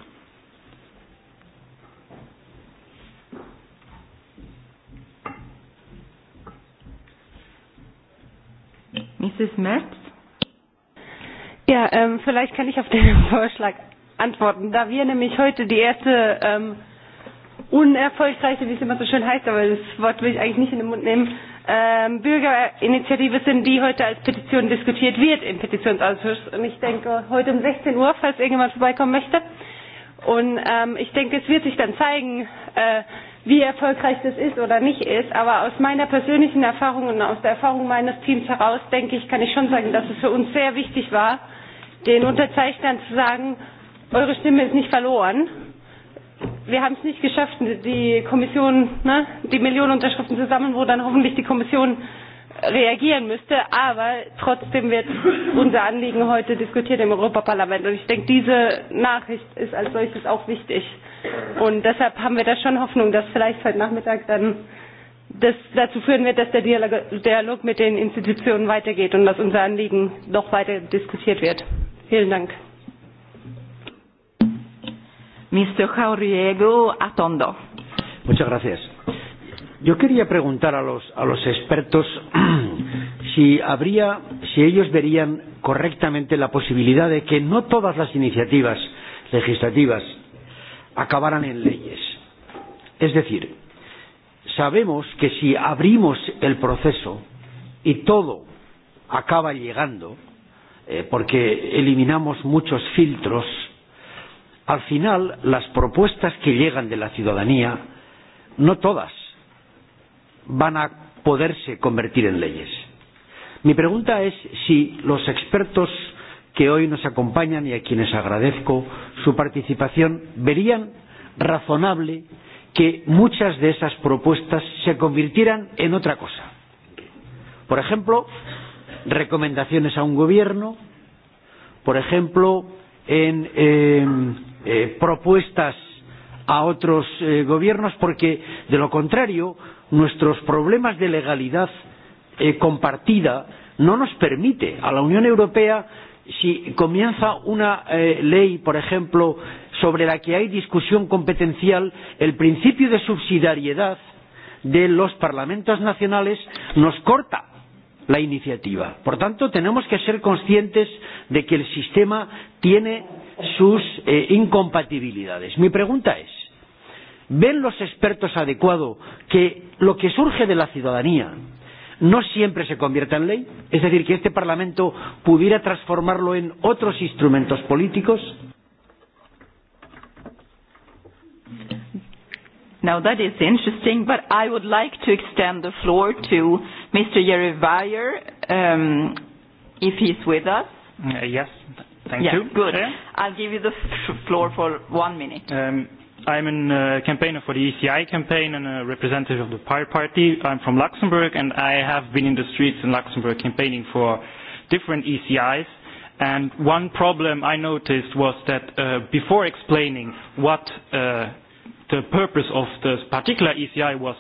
Mrs. Metz? Ja, ähm, vielleicht kann ich auf den Vorschlag antworten. Da wir nämlich heute die erste ähm, unerfolgreiche, wie es immer so schön heißt, aber das Wort will ich eigentlich nicht in den Mund nehmen, ähm, Bürgerinitiative sind, die heute als Petition diskutiert wird im Petitionsausschuss. Und ich denke, heute um 16 Uhr, falls irgendjemand vorbeikommen möchte. Und ähm, ich denke, es wird sich dann zeigen, äh, wie erfolgreich das ist oder nicht ist. Aber aus meiner persönlichen Erfahrung und aus der Erfahrung meines Teams heraus, denke ich, kann ich schon sagen, dass es für uns sehr wichtig war, den Unterzeichnern zu sagen, eure Stimme ist nicht verloren. Wir haben es nicht geschafft, die Kommission, ne, die Millionen Unterschriften zu sammeln, wo dann hoffentlich die Kommission reagieren müsste. Aber trotzdem wird unser Anliegen heute diskutiert im Europaparlament. Und ich denke, diese Nachricht ist als solches auch wichtig. Und deshalb haben wir da schon Hoffnung, dass vielleicht heute Nachmittag dann das dazu führen wird, dass der Dialog, Dialog mit den Institutionen weitergeht und dass unser Anliegen noch weiter diskutiert wird. Vielen Dank. Mr. Jauriego Atondo. Muchas gracias. Yo quería preguntar a los, a los expertos si, habría, si ellos verían correctamente la posibilidad de que no todas las iniciativas legislativas acabaran en leyes. Es decir, sabemos que si abrimos el proceso y todo acaba llegando, eh, porque eliminamos muchos filtros, al final las propuestas que llegan de la ciudadanía, no todas, van a poderse convertir en leyes. Mi pregunta es si los expertos que hoy nos acompañan y a quienes agradezco su participación, verían razonable que muchas de esas propuestas se convirtieran en otra cosa. Por ejemplo, recomendaciones a un gobierno, por ejemplo, en eh, eh, propuestas a otros eh, gobiernos, porque de lo contrario, nuestros problemas de legalidad eh, compartida no nos permite a la Unión Europea si comienza una eh, ley, por ejemplo, sobre la que hay discusión competencial, el principio de subsidiariedad de los parlamentos nacionales nos corta la iniciativa. Por tanto, tenemos que ser conscientes de que el sistema tiene sus eh, incompatibilidades. Mi pregunta es, ¿ven los expertos adecuado que lo que surge de la ciudadanía, no siempre se convierta en ley, es decir, que este Parlamento pudiera transformarlo en otros instrumentos políticos. Now that is interesting, but I would like to extend the floor to Mr. Jerry Weyer, um, if he's with us. Uh, yes, thank yes, you. Good. Yeah. I'll give you the floor for one minute. Um, I'm a uh, campaigner for the ECI campaign and a representative of the Pirate Party. I'm from Luxembourg and I have been in the streets in Luxembourg campaigning for different ECIs. And one problem I noticed was that uh, before explaining what uh, the purpose of this particular ECI was,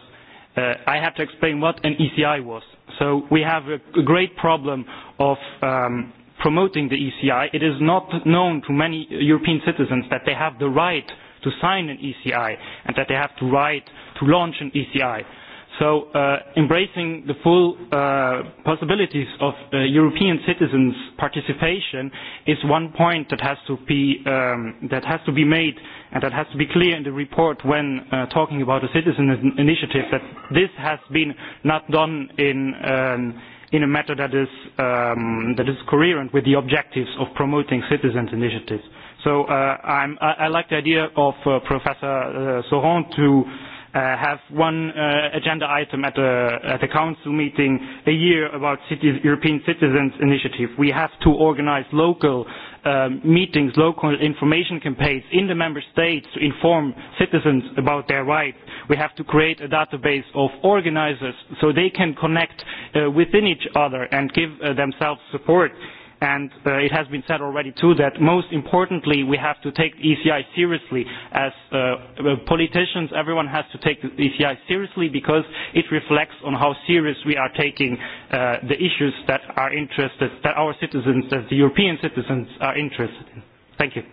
uh, I had to explain what an ECI was. So we have a great problem of um, promoting the ECI. It is not known to many European citizens that they have the right to sign an ECI and that they have to write to launch an ECI. So uh, embracing the full uh, possibilities of uh, European citizens' participation is one point that has to be um, that has to be made and that has to be clear in the report when uh, talking about a citizen initiative that this has been not done in um, in a matter that is um, that is coherent with the objectives of promoting citizens' initiatives. So uh, I'm, I, I like the idea of uh, Professor uh, Soron to uh, have one uh, agenda item at the at the council meeting a year about cities, European Citizens Initiative. We have to organise local um, meetings, local information campaigns in the member states to inform citizens about their rights. We have to create a database of organisers so they can connect uh, within each other and give uh, themselves support. Uh, and uh, it has been said already too that most importantly we have to take ECI e seriously as uh, uh, politicians everyone has to take the ECI seriously because it reflects on how serious we are taking uh, the issues that are interested that our citizens as the European citizens are interested in thank you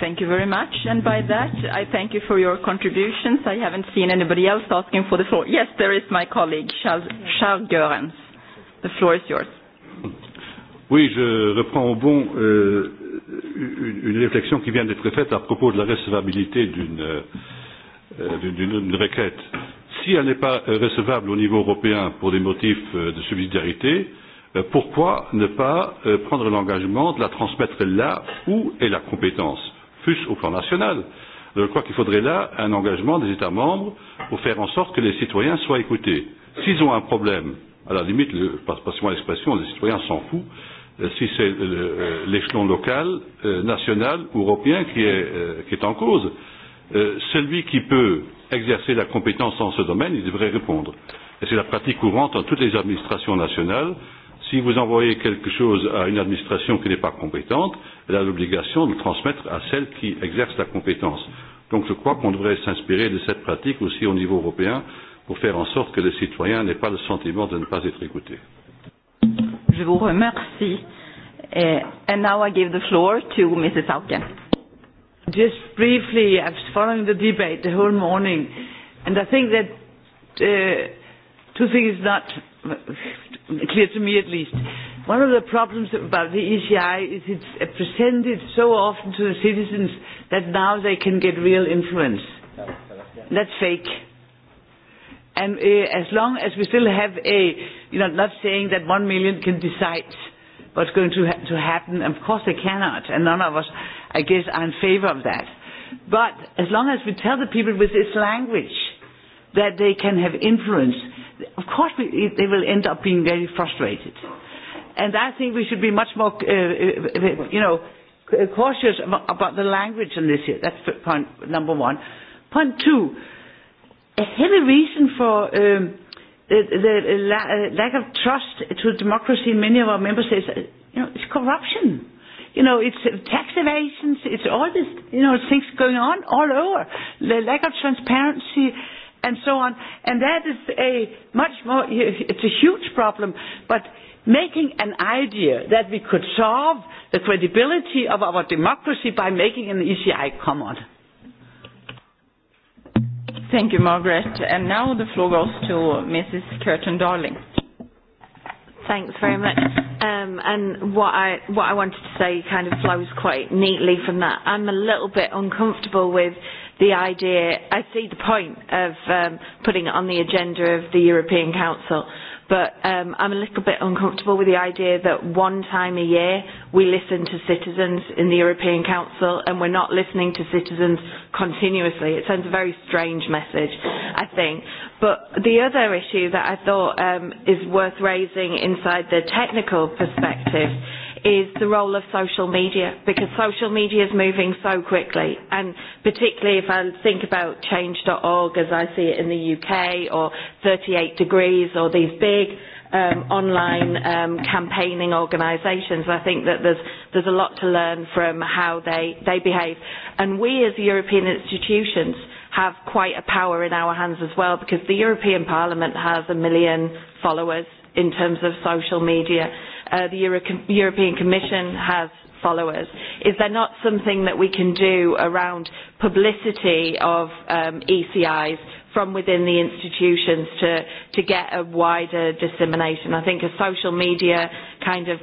Thank you very much. And by that, I thank you for your contributions. I haven't seen anybody else asking for the floor. Yes, there is my colleague, Charles, Charles Görens. The floor is yours. Thank you. Oui, je reprends au bon euh, une, une réflexion qui vient d'être faite à propos de la recevabilité d'une euh, requête. Si elle n'est pas euh, recevable au niveau européen pour des motifs euh, de subsidiarité, euh, pourquoi ne pas euh, prendre l'engagement de la transmettre là où est la compétence, fût-ce au plan national Je crois qu'il faudrait là un engagement des États membres pour faire en sorte que les citoyens soient écoutés. S'ils ont un problème, à la limite, passez-moi l'expression, les citoyens s'en foutent, Euh, si c'est euh, euh, l'échelon local, national ou européen qui est, qui est en cause. Celui qui peut exercer la compétence en ce domaine, il devrait répondre. Et c'est la pratique courante dans toutes les administrations nationales. Si vous envoyez quelque chose à une administration qui n'est pas compétente, elle a l'obligation de le transmettre à celle qui exerce la compétence. Donc je crois qu'on devrait s'inspirer de cette pratique aussi au niveau européen pour faire en sorte que les citoyens n'aient pas le sentiment de ne pas être écoutés. Je vous remercie. Et, eh, and now I give the floor to Mrs. Auken. Just briefly, I was following the debate the whole morning, and I think that uh, two things not clear to me at least. One of the problems about the ECI is it's presented so often to the citizens that now they can get real influence. That's fake. And uh, as long as we still have a, you know, not saying that one million can decide what's going to, ha- to happen, of course they cannot, and none of us, I guess, are in favor of that. But as long as we tell the people with this language that they can have influence, of course we, they will end up being very frustrated. And I think we should be much more, uh, you know, cautious about the language on this here. That's point number one. Point two a heavy reason for um, the, the la- uh, lack of trust to democracy in many of our member states, uh, you know, it's corruption. You know, it's uh, tax evasions. It's all this, you know, things going on all over. The lack of transparency and so on. And that is a much more, it's a huge problem. But making an idea that we could solve the credibility of our democracy by making an ECI, come on. Thank you, Margaret. And now the floor goes to Mrs. Curtin Darling. Thanks very much. Um, and what I what I wanted to say kind of flows quite neatly from that. I'm a little bit uncomfortable with the idea. I see the point of um, putting it on the agenda of the European Council, but um, I'm a little bit uncomfortable with the idea that one time a year we listen to citizens in the European Council and we're not listening to citizens continuously. It sends a very strange message, I think. But the other issue that I thought um, is worth raising inside the technical perspective is the role of social media because social media is moving so quickly and particularly if I think about change.org as I see it in the UK or 38 degrees or these big um, online um, campaigning organisations. I think that there's there's a lot to learn from how they they behave, and we as European institutions have quite a power in our hands as well because the European Parliament has a million followers in terms of social media. Uh, the Euro European Commission has followers. Is there not something that we can do around publicity of um, ECIs from within the institutions to, to get a wider dissemination? I think a social media kind of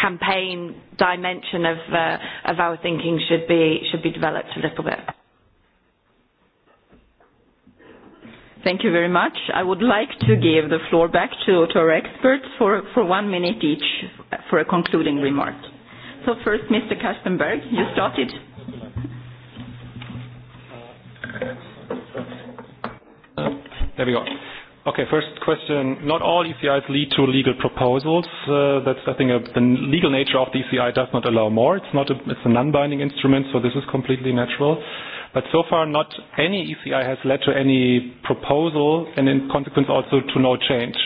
campaign dimension of, uh, of our thinking should be, should be developed a little bit. Thank you very much. I would like to give the floor back to, to our experts for, for one minute each for a concluding remark. So first, Mr. Kastenberg, you started. Uh, there we go. Okay, first question. Not all ECIs lead to legal proposals. Uh, that's, I think, a, uh, the legal nature of the ECI does not allow more. It's not a, it's a non-binding instrument, so this is completely natural. Uh, But so far, not any ECI has led to any proposal and, in consequence, also to no change.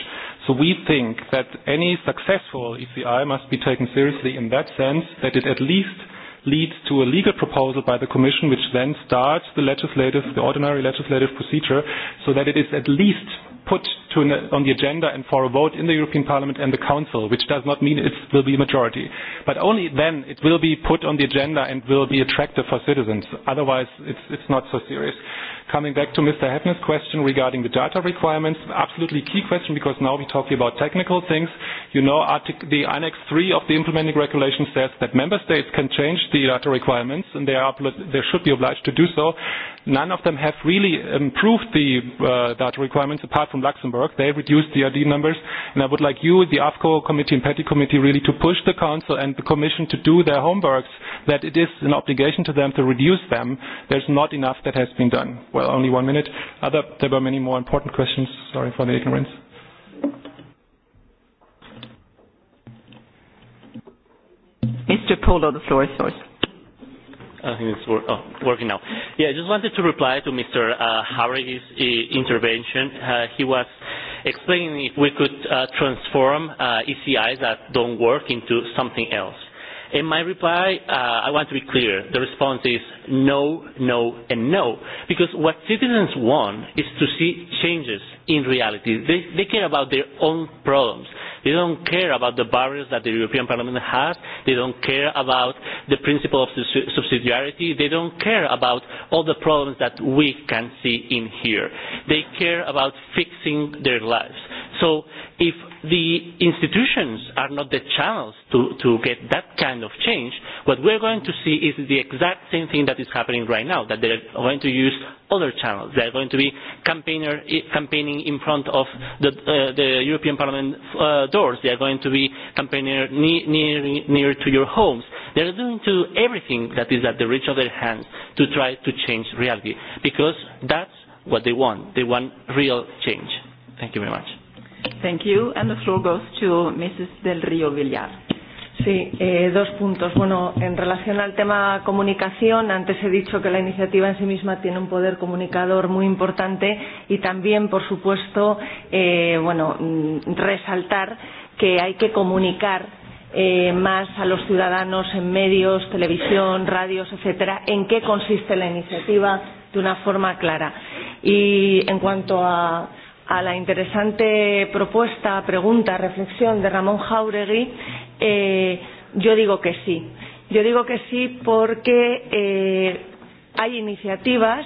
So we think that any successful ECI must be taken seriously in that sense that it at least leads to a legal proposal by the Commission, which then starts the legislative, the ordinary legislative procedure, so that it is at least put to an, on the agenda and for a vote in the European Parliament and the Council, which does not mean it will be a majority. But only then it will be put on the agenda and will be attractive for citizens. Otherwise, it's, it's not so serious. Coming back to Mr. Hefner's question regarding the data requirements, absolutely key question because now we're talking about technical things. You know, the Annex 3 of the implementing regulation says that member states can change the data requirements and they, are, they should be obliged to do so. None of them have really improved the uh, data requirements apart from Luxembourg work. They reduced the RD numbers. And I would like you, the AFCO committee and Petty committee, really to push the council and the commission to do their homeworks, that it is an obligation to them to reduce them. There's not enough that has been done. Well, only one minute. Other, there were many more important questions. Sorry for the ignorance. Mr. Polo, the floor is yours. Uh, I think it's work, oh, working now. Yeah, I just wanted to reply to Mr. Uh, Harry's e- uh, intervention. Uh, he was explaining if we could uh, transform uh, ECIs that don't work into something else. In my reply, uh, I want to be clear. The response is no, no, and no. Because what citizens want is to see changes in reality. They, they care about their own problems. They don't care about the barriers that the European Parliament has. They don't care about the principle of subsidiarity. They don't care about all the problems that we can see in here. They care about fixing their lives. So if the institutions are not the channels to, to get that kind of change, what we're going to see is the exact same thing that is happening right now, that they're going to use other channels. They are going to be campaigner, campaigning in front of the, uh, the European Parliament uh, doors. They are going to be campaigning near, near, near to your homes. They are doing to everything that is at the reach of their hands to try to change reality because that's what they want. They want real change. Thank you very much. Thank you. And the floor goes to Mrs. Del Rio Villar. Sí, eh, dos puntos. Bueno, en relación al tema comunicación, antes he dicho que la iniciativa en sí misma tiene un poder comunicador muy importante y también, por supuesto, eh, bueno, mm, resaltar que hay que comunicar eh, más a los ciudadanos en medios, televisión, radios, etcétera, en qué consiste la iniciativa de una forma clara. Y en cuanto a, a la interesante propuesta, pregunta, reflexión de Ramón Jauregui, Eh, yo digo que sí. Yo digo que sí porque eh, hay iniciativas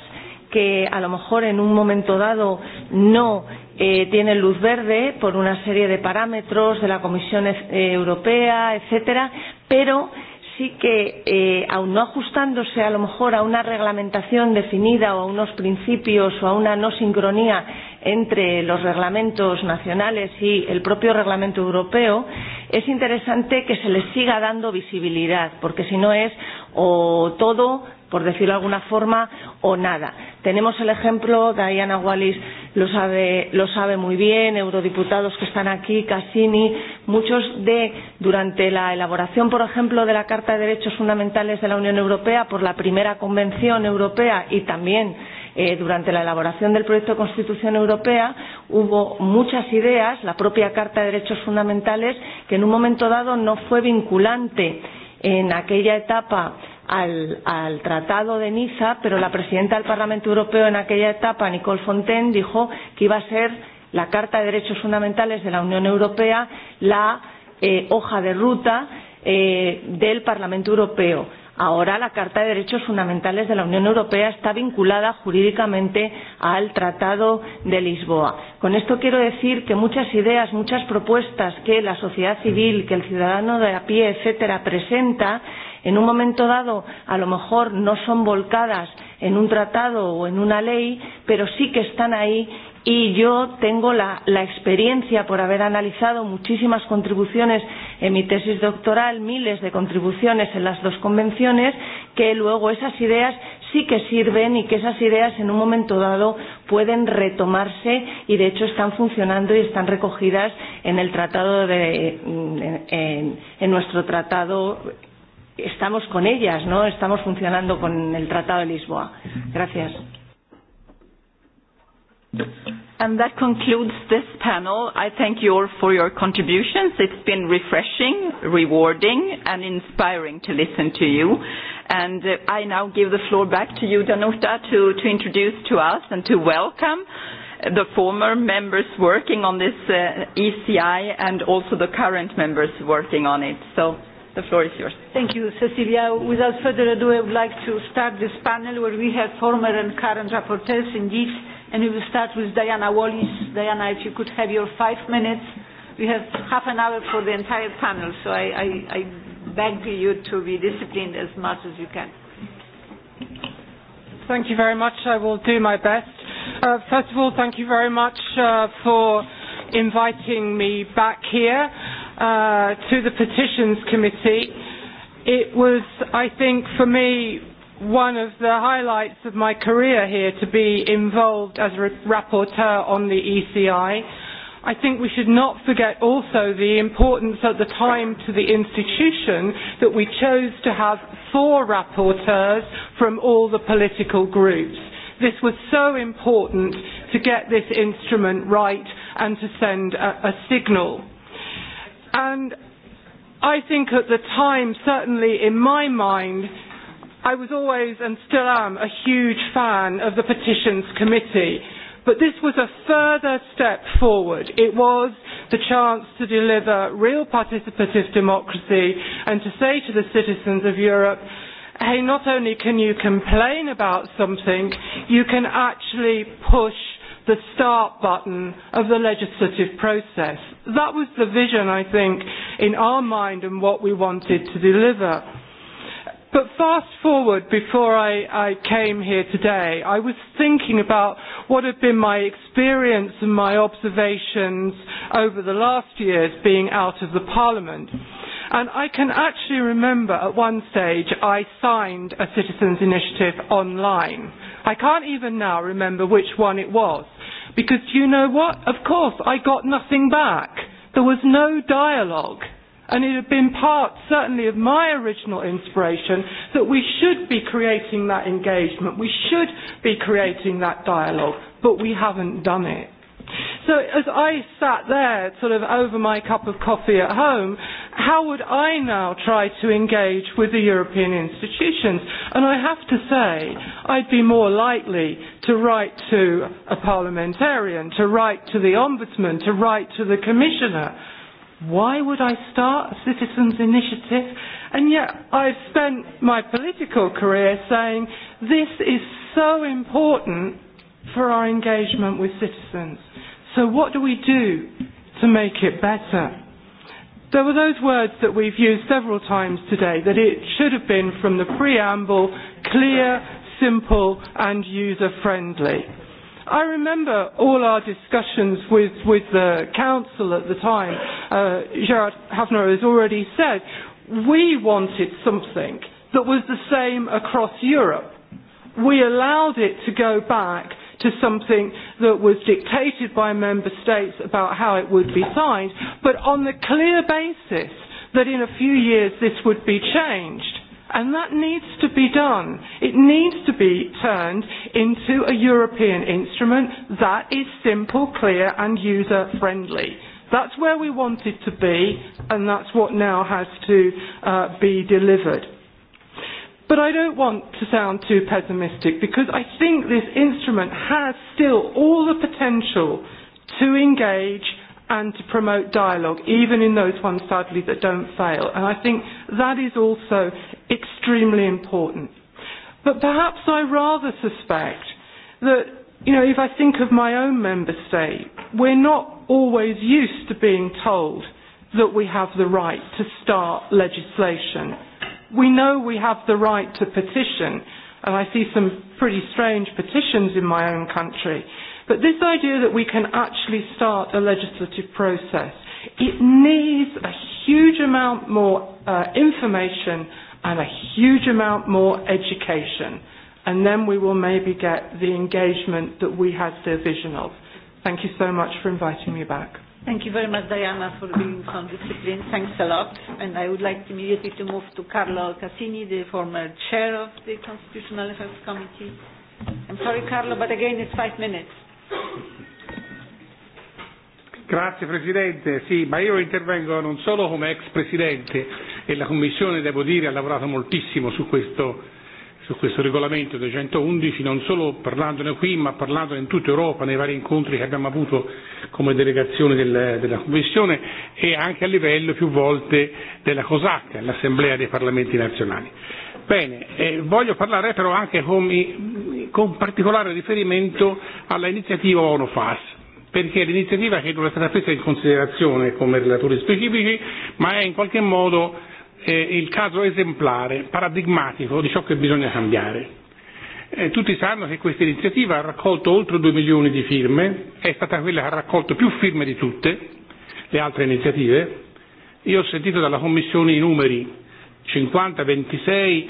que a lo mejor en un momento dado no eh, tienen luz verde por una serie de parámetros de la Comisión eh, Europea, etcétera, pero sí que, eh, aun no ajustándose a lo mejor a una reglamentación definida o a unos principios o a una no sincronía entre los reglamentos nacionales y el propio reglamento europeo, es interesante que se les siga dando visibilidad, porque si no es o todo por decirlo de alguna forma, o nada. Tenemos el ejemplo, Diana Wallis lo sabe, lo sabe muy bien, eurodiputados que están aquí, Cassini, muchos de, durante la elaboración, por ejemplo, de la Carta de Derechos Fundamentales de la Unión Europea, por la primera Convención Europea y también eh, durante la elaboración del proyecto de Constitución Europea, hubo muchas ideas, la propia Carta de Derechos Fundamentales, que en un momento dado no fue vinculante en aquella etapa al, al Tratado de Niza, pero la presidenta del Parlamento Europeo en aquella etapa, Nicole Fontaine, dijo que iba a ser la Carta de Derechos Fundamentales de la Unión Europea la eh, hoja de ruta eh, del Parlamento Europeo. Ahora la Carta de Derechos Fundamentales de la Unión Europea está vinculada jurídicamente al Tratado de Lisboa. Con esto quiero decir que muchas ideas, muchas propuestas que la sociedad civil, que el ciudadano de a pie, etcétera, presenta, en un momento dado a lo mejor no son volcadas en un tratado o en una ley, pero sí que están ahí y yo tengo la, la experiencia por haber analizado muchísimas contribuciones en mi tesis doctoral, miles de contribuciones en las dos convenciones, que luego esas ideas sí que sirven y que esas ideas en un momento dado pueden retomarse y de hecho están funcionando y están recogidas en el tratado de, en, en, en nuestro tratado estamos con ellas, ¿no? Estamos funcionando con el Tratado de Lisboa. Gracias. And that concludes this panel. I thank you all for your contributions. It's been refreshing, rewarding, and inspiring to listen to you. And uh, I now give the floor back to you, Danuta, to, to introduce to us and to welcome the former members working on this uh, ECI and also the current members working on it. So The floor is yours. Thank you, Cecilia. Without further ado, I would like to start this panel where we have former and current rapporteurs indeed. And we will start with Diana Wallis. Diana, if you could have your five minutes. We have half an hour for the entire panel, so I, I, I beg you to be disciplined as much as you can. Thank you very much. I will do my best. Uh, first of all, thank you very much uh, for inviting me back here uh, to the Petitions Committee. It was, I think, for me, one of the highlights of my career here to be involved as a rapporteur on the ECI. I think we should not forget also the importance at the time to the institution that we chose to have four rapporteurs from all the political groups. This was so important to get this instrument right and to send a, a signal. And I think at the time, certainly in my mind, I was always and still am a huge fan of the Petitions Committee. But this was a further step forward. It was the chance to deliver real participative democracy and to say to the citizens of Europe, hey, not only can you complain about something, you can actually push the start button of the legislative process. That was the vision, I think, in our mind and what we wanted to deliver. But fast forward, before I, I came here today, I was thinking about what had been my experience and my observations over the last years being out of the Parliament. And I can actually remember at one stage I signed a citizens' initiative online. I can't even now remember which one it was. Because do you know what? Of course, I got nothing back. There was no dialogue. And it had been part, certainly, of my original inspiration that we should be creating that engagement. We should be creating that dialogue. But we haven't done it. So as I sat there, sort of over my cup of coffee at home, how would I now try to engage with the European institutions? And I have to say, I'd be more likely to write to a parliamentarian, to write to the ombudsman, to write to the commissioner. Why would I start a citizens' initiative? And yet, I've spent my political career saying this is so important for our engagement with citizens. So, what do we do to make it better? There were those words that we've used several times today that it should have been from the preamble clear, simple, and user friendly. I remember all our discussions with, with the council at the time. Uh, Gerard Hafner has already said we wanted something that was the same across Europe. We allowed it to go back to something that was dictated by member states about how it would be signed, but on the clear basis that in a few years this would be changed. And that needs to be done. It needs to be turned into a European instrument that is simple, clear, and user friendly. That's where we want it to be, and that's what now has to uh, be delivered. But I don't want to sound too pessimistic because I think this instrument has still all the potential to engage and to promote dialogue, even in those ones sadly that don't fail. And I think that is also extremely important. But perhaps I rather suspect that, you know, if I think of my own member state, we're not always used to being told that we have the right to start legislation we know we have the right to petition, and I see some pretty strange petitions in my own country, but this idea that we can actually start a legislative process, it needs a huge amount more uh, information and a huge amount more education, and then we will maybe get the engagement that we had the vision of. Thank you so much for inviting me back. Thank you very much, Diana, for being so disciplined. Thanks a lot. And I would like immediately to move to Carlo Cassini, the former chair of the Constitutional Affairs Committee. I'm sorry, Carlo, but again, it's five minutes. Grazie Presidente, sì, ma io intervengo non solo come ex Presidente e la Commissione, devo dire, ha lavorato moltissimo su questo su questo regolamento 211, non solo parlandone qui, ma parlandone in tutta Europa, nei vari incontri che abbiamo avuto come delegazione del, della Commissione e anche a livello più volte della COSAC, l'Assemblea dei Parlamenti Nazionali. Bene, eh, voglio parlare però anche con, con particolare riferimento all'iniziativa ONOFAS, perché è l'iniziativa che non è stata presa in considerazione come relatori specifici, ma è in qualche modo eh, il caso esemplare, paradigmatico di ciò che bisogna cambiare. Eh, tutti sanno che questa iniziativa ha raccolto oltre 2 milioni di firme, è stata quella che ha raccolto più firme di tutte le altre iniziative. Io ho sentito dalla Commissione i numeri 50, 26,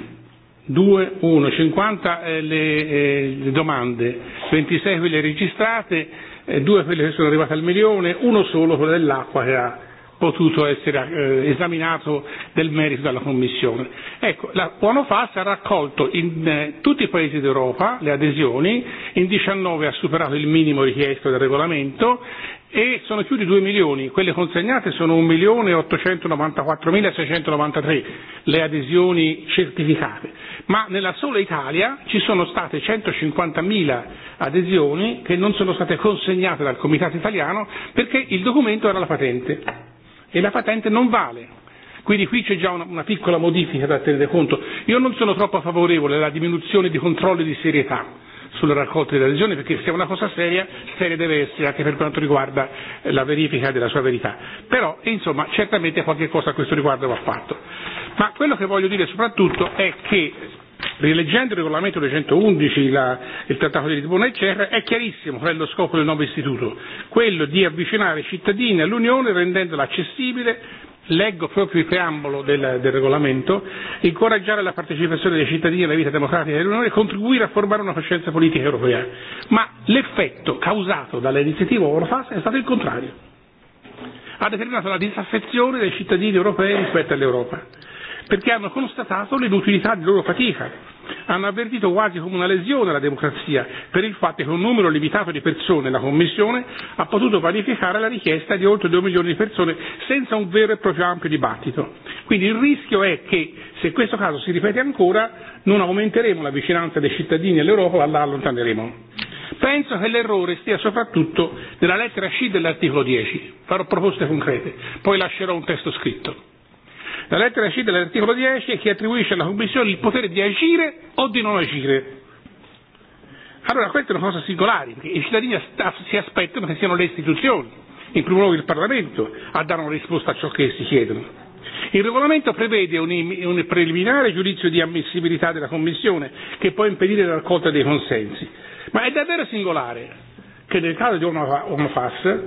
2, 1, 50 eh, le, eh, le domande, 26 quelle registrate, eh, 2 quelle che sono arrivate al milione, 1 solo quella dell'acqua che ha potuto essere eh, esaminato del merito dalla Commissione. Ecco, la Buono Fast ha raccolto in eh, tutti i paesi d'Europa le adesioni, in 19 ha superato il minimo richiesto del regolamento e sono più di 2 milioni, quelle consegnate sono 1 milione 894 mila 693 le adesioni certificate, ma nella sola Italia ci sono state 150 mila adesioni che non sono state consegnate dal Comitato italiano perché il documento era la patente e la patente non vale. Quindi qui c'è già una, una piccola modifica da tenere conto. Io non sono troppo favorevole alla diminuzione di controlli di serietà sulla raccolta della lesione, perché se è una cosa seria, seria deve essere anche per quanto riguarda eh, la verifica della sua verità. Però, insomma, certamente qualche cosa a questo riguardo va fatto. Ma quello che voglio dire soprattutto è che rileggendo il regolamento 211, la, il trattato di Lisbona e Cerra, è chiarissimo qual è lo scopo del nuovo istituto, quello di avvicinare i cittadini all'Unione rendendola accessibile, leggo proprio il preambolo del, del regolamento, incoraggiare la partecipazione dei cittadini alla vita democratica dell'Unione e contribuire a formare una coscienza politica europea. Ma l'effetto causato dall'iniziativa Eurofast è stato il contrario. Ha determinato la disaffezione dei cittadini europei rispetto all'Europa perché hanno constatato l'inutilità di loro fatica. Hanno avvertito quasi come una lesione alla democrazia per il fatto che un numero limitato di persone, la Commissione, ha potuto vanificare la richiesta di oltre 2 milioni di persone senza un vero e proprio ampio dibattito. Quindi il rischio è che, se questo caso si ripete ancora, non aumenteremo la vicinanza dei cittadini all'Europa, ma la allontaneremo. Penso che l'errore stia soprattutto nella lettera C dell'articolo 10. Farò proposte concrete, poi lascerò un testo scritto. La lettera C dell'articolo 10 è che attribuisce alla Commissione il potere di agire o di non agire. Allora, queste sono cose singolari, perché i cittadini si aspettano che siano le istituzioni, in primo luogo il Parlamento, a dare una risposta a ciò che si chiedono. Il regolamento prevede un, un preliminare giudizio di ammissibilità della Commissione che può impedire la raccolta dei consensi. Ma è davvero singolare che nel caso di una, una FAS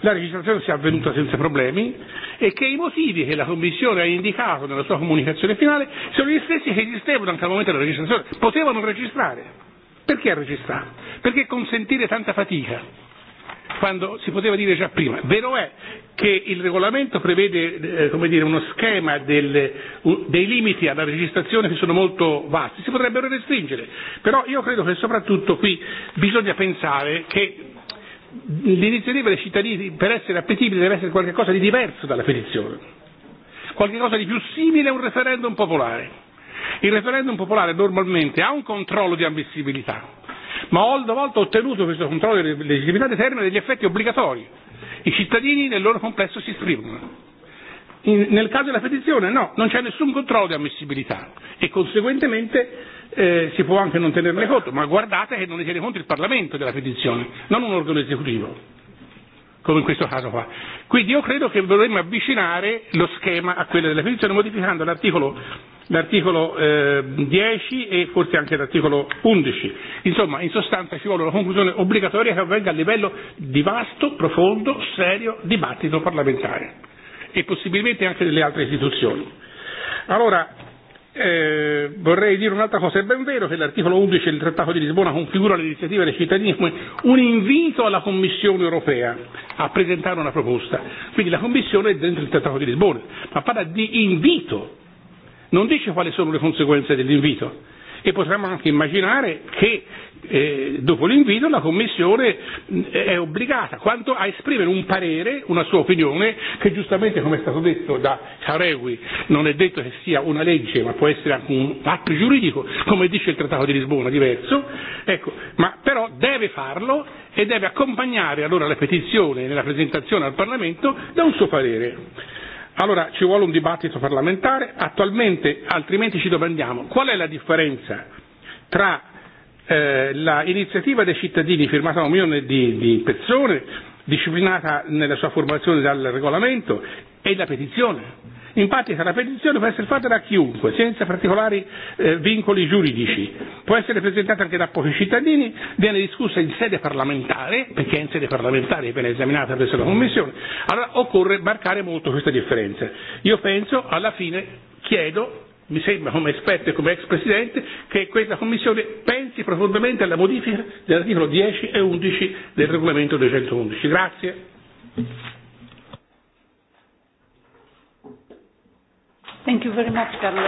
la registrazione sia avvenuta senza problemi e che i motivi che la Commissione ha indicato nella sua comunicazione finale sono gli stessi che esistevano anche al momento della registrazione. Potevano registrare. Perché registrare? Perché consentire tanta fatica? Quando si poteva dire già prima, vero è che il regolamento prevede eh, come dire, uno schema del, un, dei limiti alla registrazione che sono molto vasti, si potrebbero restringere, però io credo che soprattutto qui bisogna pensare che l'iniziativa dei cittadini per essere appetibile deve essere qualcosa di diverso dalla petizione, qualcosa di più simile a un referendum popolare. Il referendum popolare normalmente ha un controllo di ammissibilità, ma a volte ha ottenuto questo controllo di legittimità e determina degli effetti obbligatori. I cittadini nel loro complesso si esprimono in, nel caso della petizione no, non c'è nessun controllo di ammissibilità e conseguentemente eh, si può anche non tenerne conto, ma guardate che non ne tiene conto il Parlamento della petizione, non un organo esecutivo, come in questo caso qua. Quindi io credo che dovremmo avvicinare lo schema a quello della petizione modificando l'articolo, l'articolo eh, 10 e forse anche l'articolo 11. Insomma, in sostanza ci vuole una conclusione obbligatoria che avvenga a livello di vasto, profondo, serio dibattito parlamentare e possibilmente anche delle altre istituzioni. Allora, eh, vorrei dire un'altra cosa, è ben vero che l'articolo 11 del Trattato di Lisbona configura l'iniziativa dei cittadini come un invito alla Commissione europea a presentare una proposta, quindi la Commissione è dentro il Trattato di Lisbona, ma parla di invito, non dice quali sono le conseguenze dell'invito e potremmo anche immaginare che eh, dopo l'invito la Commissione eh, è obbligata quanto a esprimere un parere, una sua opinione, che giustamente come è stato detto da Caregui non è detto che sia una legge ma può essere anche un atto giuridico, come dice il Trattato di Lisbona, diverso, ecco, ma però deve farlo e deve accompagnare allora la petizione nella presentazione al Parlamento da un suo parere. Allora ci vuole un dibattito parlamentare, attualmente altrimenti ci domandiamo qual è la differenza tra eh, l'iniziativa dei cittadini firmata da un milione di, di persone, disciplinata nella sua formazione dal regolamento, e la petizione. In pratica la petizione può essere fatta da chiunque, senza particolari eh, vincoli giuridici, può essere presentata anche da pochi cittadini, viene discussa in sede parlamentare, perché è in sede parlamentare viene esaminata presso la Commissione, allora occorre marcare molto queste differenze. Io penso, alla fine, chiedo, mi sembra come esperto e come ex Presidente, che questa Commissione pensi profondamente alla modifica dell'articolo 10 e 11 del regolamento 211. Grazie. Thank you. Thank you very much, Carlo.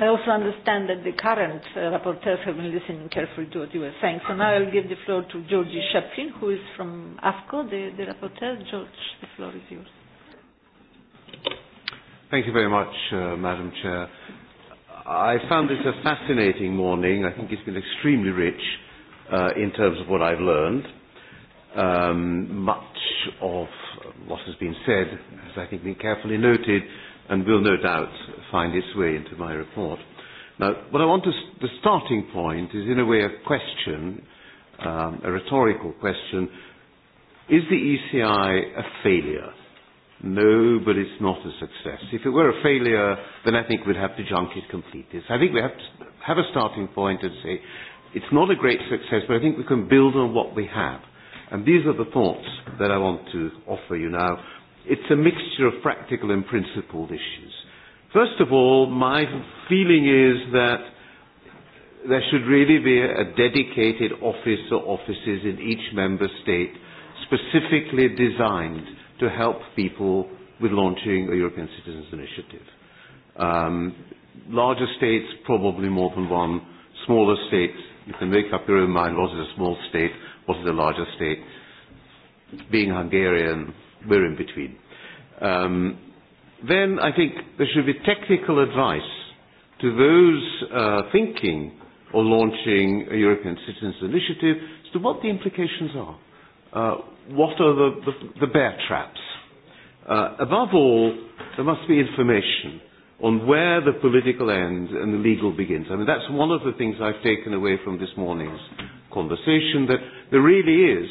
I also understand that the current uh, rapporteurs have been listening carefully to what you were saying. So now I'll give the floor to Georgie Shepkin, who is from AFCO, the, the rapporteur. George, the floor is yours. Thank you very much, uh, Madam Chair. I found this a fascinating morning. I think it's been extremely rich uh, in terms of what I've learned um, much of what has been said has, I think, been carefully noted and will no doubt find its way into my report. Now, what I want to, st- the starting point is in a way a question, um, a rhetorical question. Is the ECI a failure? No, but it's not a success. If it were a failure, then I think we'd have to junk it completely. So I think we have to have a starting point and say it's not a great success, but I think we can build on what we have. And these are the thoughts that I want to offer you now. It's a mixture of practical and principled issues. First of all, my feeling is that there should really be a dedicated office or offices in each member state specifically designed to help people with launching a European Citizens Initiative. Um, larger states, probably more than one. Smaller states, you can make up your own mind what is a small state what is a larger state. Being Hungarian, we're in between. Um, then I think there should be technical advice to those uh, thinking or launching a European Citizens Initiative as to what the implications are. Uh, what are the, the, the bear traps? Uh, above all, there must be information on where the political ends and the legal begins. I mean, that's one of the things I've taken away from this morning's conversation, that there really is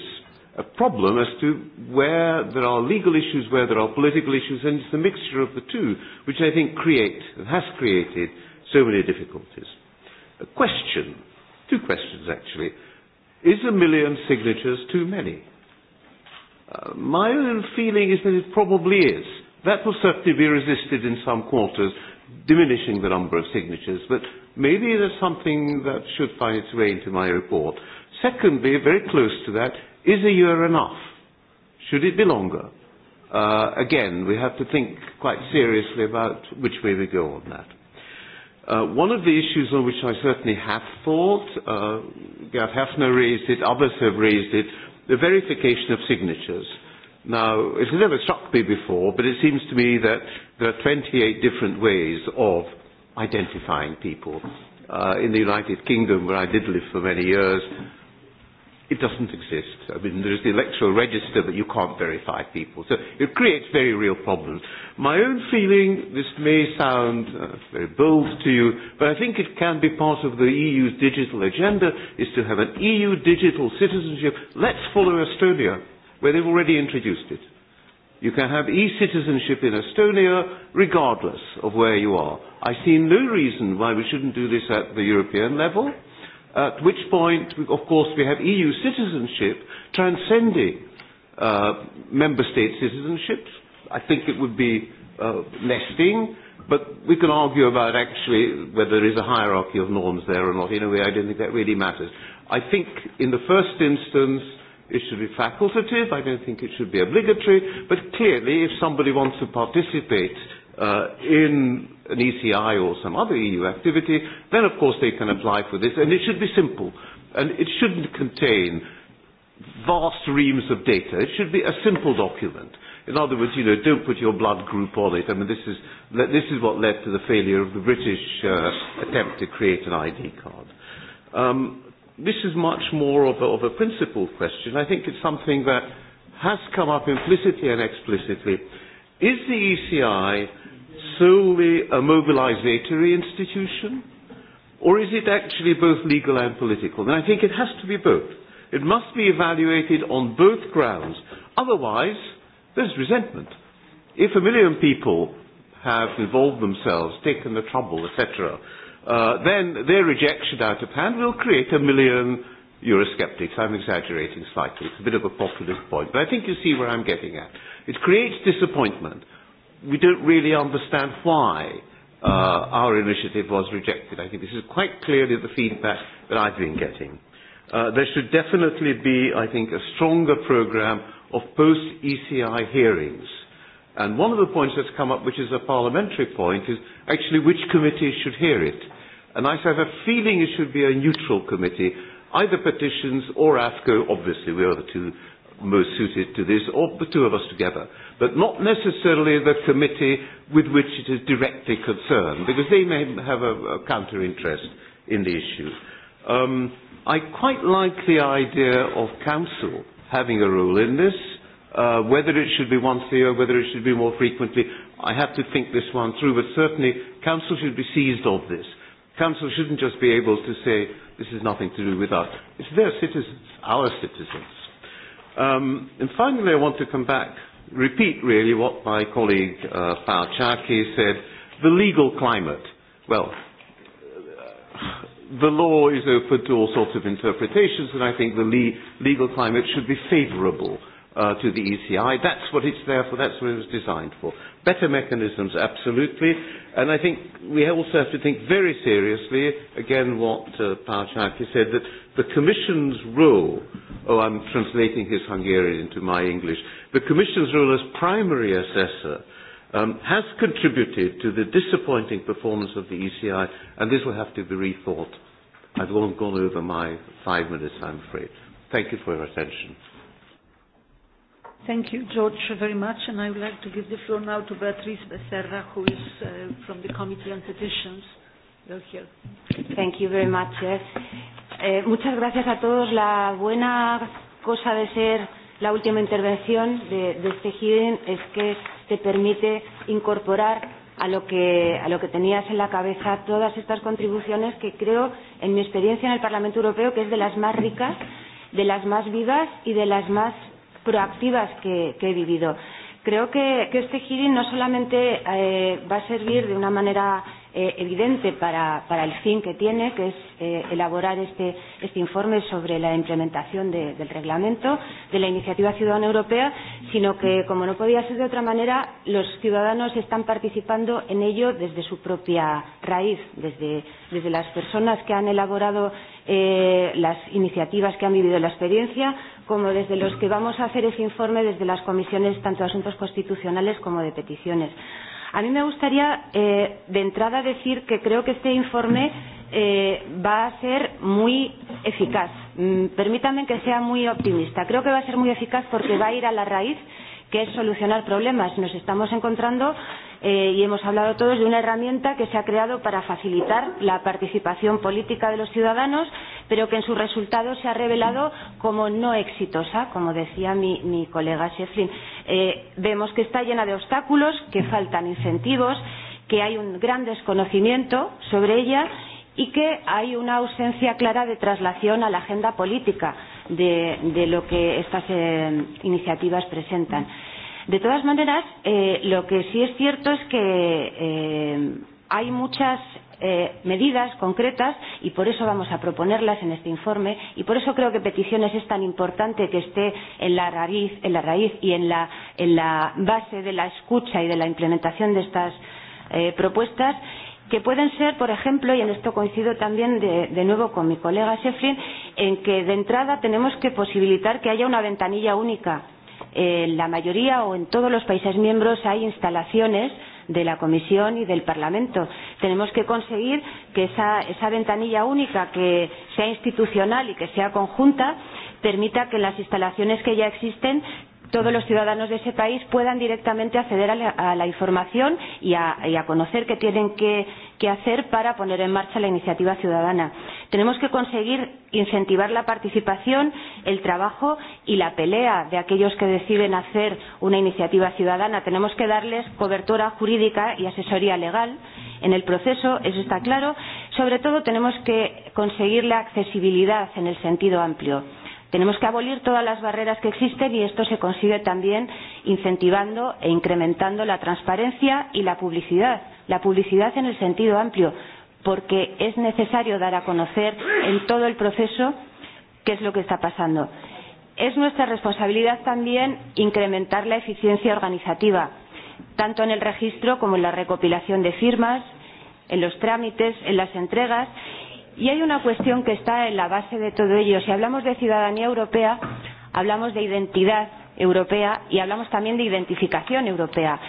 a problem as to where there are legal issues, where there are political issues, and it's the mixture of the two which I think create, and has created, so many difficulties. A question, two questions actually. Is a million signatures too many? Uh, my own feeling is that it probably is. That will certainly be resisted in some quarters, diminishing the number of signatures, but maybe there's something that should find its way into my report. Secondly, very close to that, is a year enough? Should it be longer? Uh, again, we have to think quite seriously about which way we go on that. Uh, one of the issues on which I certainly have thought, uh, Gav Hefner raised it, others have raised it, the verification of signatures. Now, it has never struck me before, but it seems to me that there are 28 different ways of identifying people. Uh, in the United Kingdom, where I did live for many years, it doesn't exist. I mean, there is the electoral register, but you can't verify people. So it creates very real problems. My own feeling, this may sound uh, very bold to you, but I think it can be part of the EU's digital agenda, is to have an EU digital citizenship. Let's follow Estonia where they've already introduced it. You can have e-citizenship in Estonia regardless of where you are. I see no reason why we shouldn't do this at the European level, at which point, of course, we have EU citizenship transcending uh, member state citizenships. I think it would be uh, nesting, but we can argue about actually whether there is a hierarchy of norms there or not. In a way, I don't think that really matters. I think in the first instance, it should be facultative. I don't think it should be obligatory. But clearly, if somebody wants to participate uh, in an ECI or some other EU activity, then of course they can apply for this. And it should be simple. And it shouldn't contain vast reams of data. It should be a simple document. In other words, you know, don't put your blood group on it. I mean, this is, this is what led to the failure of the British uh, attempt to create an ID card. Um, this is much more of a, of a principled question. I think it's something that has come up implicitly and explicitly. Is the ECI solely a mobilizatory institution? Or is it actually both legal and political? And I think it has to be both. It must be evaluated on both grounds. Otherwise, there's resentment. If a million people have involved themselves, taken the trouble, etc., Uh, then their rejection out of hand will create a million Eurosceptics. I'm exaggerating slightly. It's a bit of a populist point. But I think you see where I'm getting at. It creates disappointment. We don't really understand why uh, our initiative was rejected. I think this is quite clearly the feedback that I've been getting. Uh, there should definitely be, I think, a stronger program of post-ECI hearings. And one of the points that's come up, which is a parliamentary point, is actually which committee should hear it. And I have a feeling it should be a neutral committee, either petitions or AFCO. Obviously, we are the two most suited to this, or the two of us together. But not necessarily the committee with which it is directly concerned, because they may have a, a counter interest in the issue. Um, I quite like the idea of council having a role in this. Uh, whether it should be once a year, whether it should be more frequently, I have to think this one through, but certainly council should be seized of this. Council shouldn't just be able to say, this is nothing to do with us. It's their citizens, our citizens. Um, and finally, I want to come back, repeat really what my colleague uh, Pao Chaki said, the legal climate. Well, uh, the law is open to all sorts of interpretations, and I think the le- legal climate should be favorable uh, to the ECI. That's what it's there for. That's what it was designed for. Better mechanisms, absolutely. And I think we also have to think very seriously, again, what uh, Pawczak said, that the Commission's role, oh, I'm translating his Hungarian into my English, the Commission's role as primary assessor um, has contributed to the disappointing performance of the ECI, and this will have to be rethought. I've long gone over my five minutes, I'm afraid. Thank you for your attention. Thank you, George, very much. And I would like to give the floor now to Beatriz Becerra, who is uh, from the Committee on Petitions. You're here. Thank you very much. Yes. Eh, muchas gracias a todos. La buena cosa de ser la última intervención de, de este hearing es que te permite incorporar a lo, que, a lo que tenías en la cabeza todas estas contribuciones que creo, en mi experiencia en el Parlamento Europeo, que es de las más ricas, de las más vivas y de las más proactivas que, que he vivido. Creo que, que este hearing no solamente eh, va a servir de una manera eh, evidente para, para el fin que tiene, que es eh, elaborar este, este informe sobre la implementación de, del reglamento de la iniciativa ciudadana europea, sino que, como no podía ser de otra manera, los ciudadanos están participando en ello desde su propia raíz, desde, desde las personas que han elaborado eh, las iniciativas, que han vivido la experiencia como desde los que vamos a hacer ese informe desde las comisiones tanto de asuntos constitucionales como de peticiones. A mí me gustaría eh, de entrada decir que creo que este informe eh, va a ser muy eficaz. Mm, permítanme que sea muy optimista. Creo que va a ser muy eficaz porque va a ir a la raíz que es solucionar problemas. Nos estamos encontrando eh, y hemos hablado todos de una herramienta que se ha creado para facilitar la participación política de los ciudadanos, pero que en sus resultados se ha revelado como no exitosa, como decía mi, mi colega Sheflin. Eh, vemos que está llena de obstáculos, que faltan incentivos, que hay un gran desconocimiento sobre ella y que hay una ausencia clara de traslación a la agenda política de, de lo que estas eh, iniciativas presentan. De todas maneras, eh, lo que sí es cierto es que eh, hay muchas eh, medidas concretas y por eso vamos a proponerlas en este informe y por eso creo que peticiones es tan importante que esté en la raíz, en la raíz y en la, en la base de la escucha y de la implementación de estas eh, propuestas que pueden ser, por ejemplo, y en esto coincido también de, de nuevo con mi colega Sheffrin, en que de entrada tenemos que posibilitar que haya una ventanilla única. En la mayoría o en todos los países miembros hay instalaciones de la Comisión y del Parlamento. Tenemos que conseguir que esa, esa ventanilla única, que sea institucional y que sea conjunta, permita que las instalaciones que ya existen todos los ciudadanos de ese país puedan directamente acceder a la, a la información y a, y a conocer qué tienen que, que hacer para poner en marcha la iniciativa ciudadana. Tenemos que conseguir incentivar la participación, el trabajo y la pelea de aquellos que deciden hacer una iniciativa ciudadana. Tenemos que darles cobertura jurídica y asesoría legal en el proceso, eso está claro. Sobre todo, tenemos que conseguir la accesibilidad en el sentido amplio. Uh Tenemos que abolir todas las barreras que existen y esto se consigue también incentivando e incrementando la transparencia y la publicidad, la publicidad en el sentido amplio, porque es necesario dar a conocer en todo el proceso qué es lo que está pasando. Es nuestra responsabilidad también incrementar la eficiencia organizativa, tanto en el registro como en la recopilación de firmas, en los trámites, en las entregas. Y hay una cuestión que está en la base de todo ello. Si hablamos de ciudadanía europea, hablamos de identidad europea y hablamos también de identificación europea.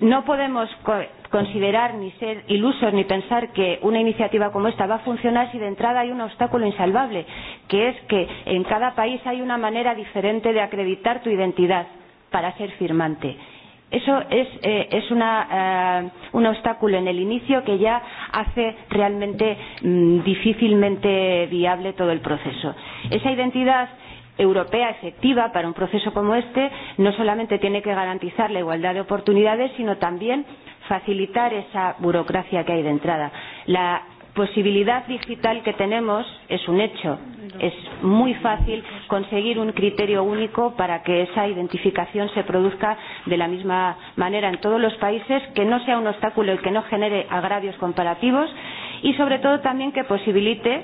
No podemos co considerar ni ser ilusos ni pensar que una iniciativa como esta va a funcionar si de entrada hay un obstáculo insalvable, que es que en cada país hay una manera diferente de acreditar tu identidad para ser firmante. Eso es, eh, es una, eh, un obstáculo en el inicio que ya hace realmente mmm, difícilmente viable todo el proceso. Esa identidad europea efectiva para un proceso como este no solamente tiene que garantizar la igualdad de oportunidades, sino también facilitar esa burocracia que hay de entrada. La posibilidad digital que tenemos es un hecho. Es muy fácil conseguir un criterio único para que esa identificación se produzca de la misma manera en todos los países, que no sea un obstáculo y que no genere agravios comparativos y, sobre todo, también que posibilite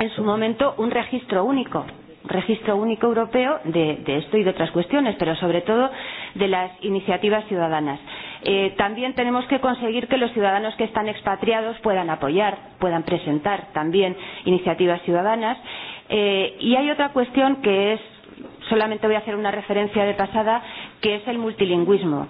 en su momento un registro único registro único europeo de, de esto y de otras cuestiones, pero sobre todo de las iniciativas ciudadanas eh, también tenemos que conseguir que los ciudadanos que están expatriados puedan apoyar, puedan presentar también iniciativas ciudadanas. Eh, y hay otra cuestión que es solamente voy a hacer una referencia de pasada que es el multilingüismo.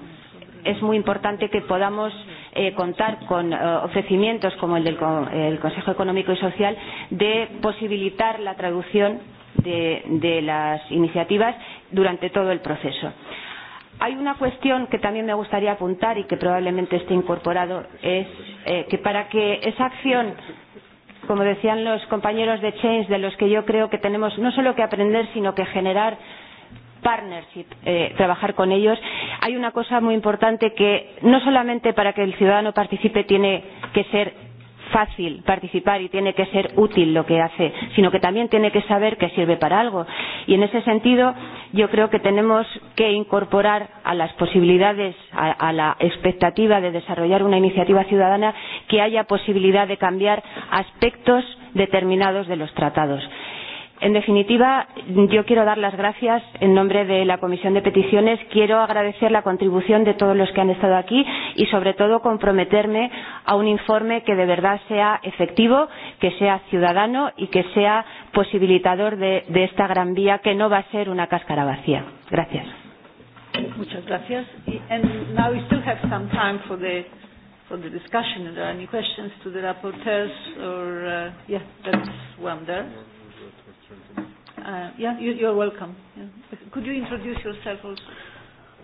Es muy importante que podamos eh, contar con eh, ofrecimientos como el del con, el Consejo Económico y Social de posibilitar la traducción de, de las iniciativas durante todo el proceso. Eh, Hay una cuestión que también me gustaría apuntar y que probablemente esté incorporado, es eh, que para que esa acción, como decían los compañeros de Change, de los que yo creo que tenemos no solo que aprender, sino que generar partnership, eh, trabajar con ellos, hay una cosa muy importante que no solamente para que el ciudadano participe tiene que ser fácil participar y tiene que ser útil lo que hace, sino que también tiene que saber que sirve para algo. Y en ese sentido, yo creo que tenemos que incorporar a las posibilidades, a, a la expectativa de desarrollar una iniciativa ciudadana, que haya posibilidad de cambiar aspectos determinados de los tratados. En definitiva, yo quiero dar las gracias en nombre de la Comisión de Peticiones. Quiero agradecer la contribución de todos los que han estado aquí y, sobre todo, comprometerme a un informe que de verdad sea efectivo, que sea ciudadano y que sea posibilitador de, de esta gran vía, que no va a ser una cáscara vacía. Gracias. Muchas gracias. And now we still have some time for the, for the discussion. Are there any questions to the rapporteurs? Or, uh, yeah, that's one there. Uh, yeah, you, you're welcome. Yeah. Could you introduce yourself also?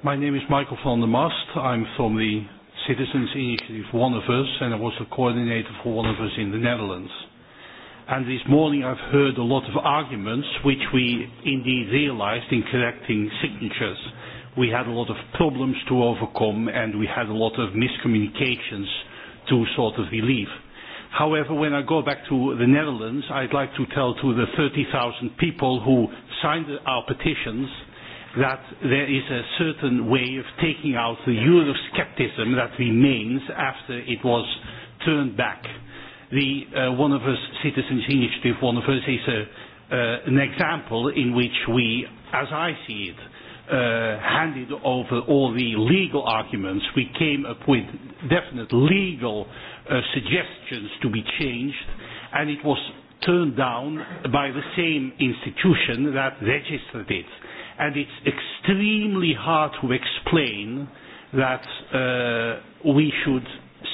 My name is Michael van der Mast. I'm from the Citizens Initiative One of Us, and I was the coordinator for One of Us in the Netherlands. And this morning I've heard a lot of arguments, which we indeed realized in collecting signatures. We had a lot of problems to overcome, and we had a lot of miscommunications to sort of relieve. However, when I go back to the Netherlands, I'd like to tell to the 30,000 people who signed our petitions that there is a certain way of taking out the Euroscepticism that remains after it was turned back. The uh, One of Us Citizens Initiative, One of Us, is a, uh, an example in which we, as I see it, uh, handed over all the legal arguments. We came up with definite legal arguments Uh, suggestions to be changed, and it was turned down by the same institution that registered it. And it's extremely hard to explain that uh, we should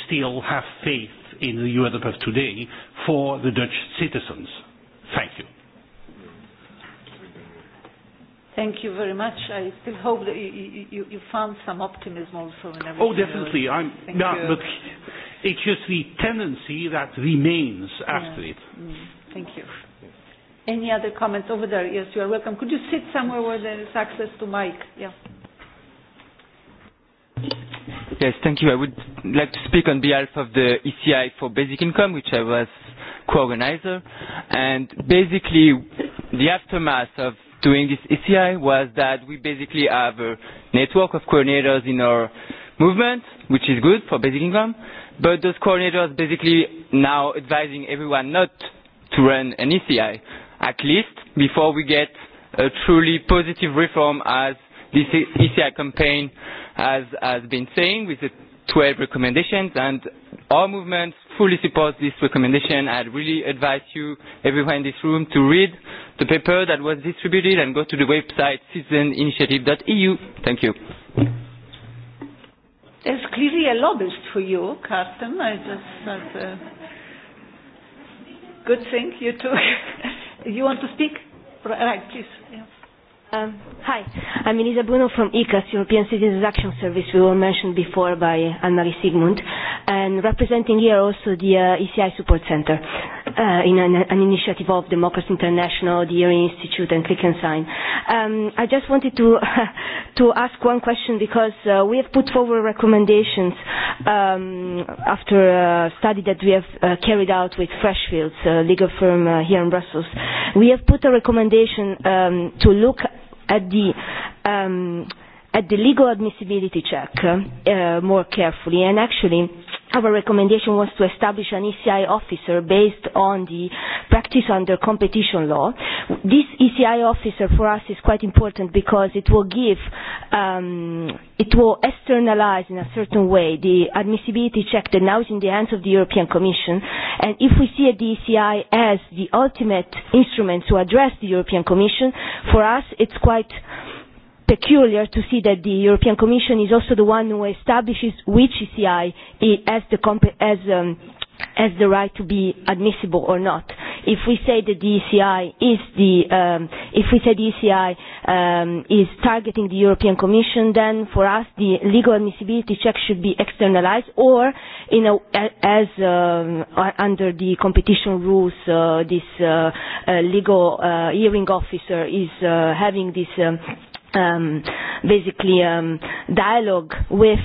still have faith in the UNDP of today for the Dutch citizens. Thank you. Thank you very much. I still hope that you, you, you found some optimism also in everything. Oh, definitely. I'm, yeah, but it's just the tendency that remains after yes. it. Mm. Thank you. Yes. Any other comments over there? Yes, you are welcome. Could you sit somewhere where there is access to mic? Yeah. Yes, thank you. I would like to speak on behalf of the ECI for Basic Income, which I was co-organizer. And basically, the aftermath of doing this ECI was that we basically have a network of coordinators in our movement, which is good for basic income, but those coordinators basically now advising everyone not to run an ECI, at least before we get a truly positive reform as this ECI campaign has, has been saying with the 12 recommendations and our movement fully supports this recommendation. I'd really advise you, everyone in this room, to read the paper that was distributed and go to the website citizeninitiative.eu. Thank you. Thank you there's clearly a lobbyist for you, Carsten. I just that's a uh, good thing you took. you want to speak? Right, please. Yeah. Um, hi, I'm Elisa Bruno from ECAS, European Citizens Action Service. We were mentioned before by Annali Sigmund, and representing here also the uh, ECI Support Center uh, in an, an initiative of Democracy International, the ERI Institute, and Click and Sign. Um, I just wanted to, to ask one question because uh, we have put forward recommendations um, after a study that we have uh, carried out with Freshfields, a legal firm uh, here in Brussels. We have put a recommendation um, to look a dit euh, at the legal admissibility check uh, more carefully and actually our recommendation was to establish an ECI officer based on the practice under competition law. This ECI officer for us is quite important because it will give, um, it will externalize in a certain way the admissibility check that now is in the hands of the European Commission. And if we see the ECI as the ultimate instrument to address the European Commission, for us it's quite peculiar to see that the European Commission is also the one who establishes which ECI has the, comp has, um, has the right to be admissible or not. If we say that the ECI is the, um, if we say the ECI um, is targeting the European Commission, then for us the legal admissibility check should be externalised, or in a, as um, under the competition rules, uh, this uh, uh, legal uh, hearing officer is uh, having this. Um, um, basically um, dialogue with,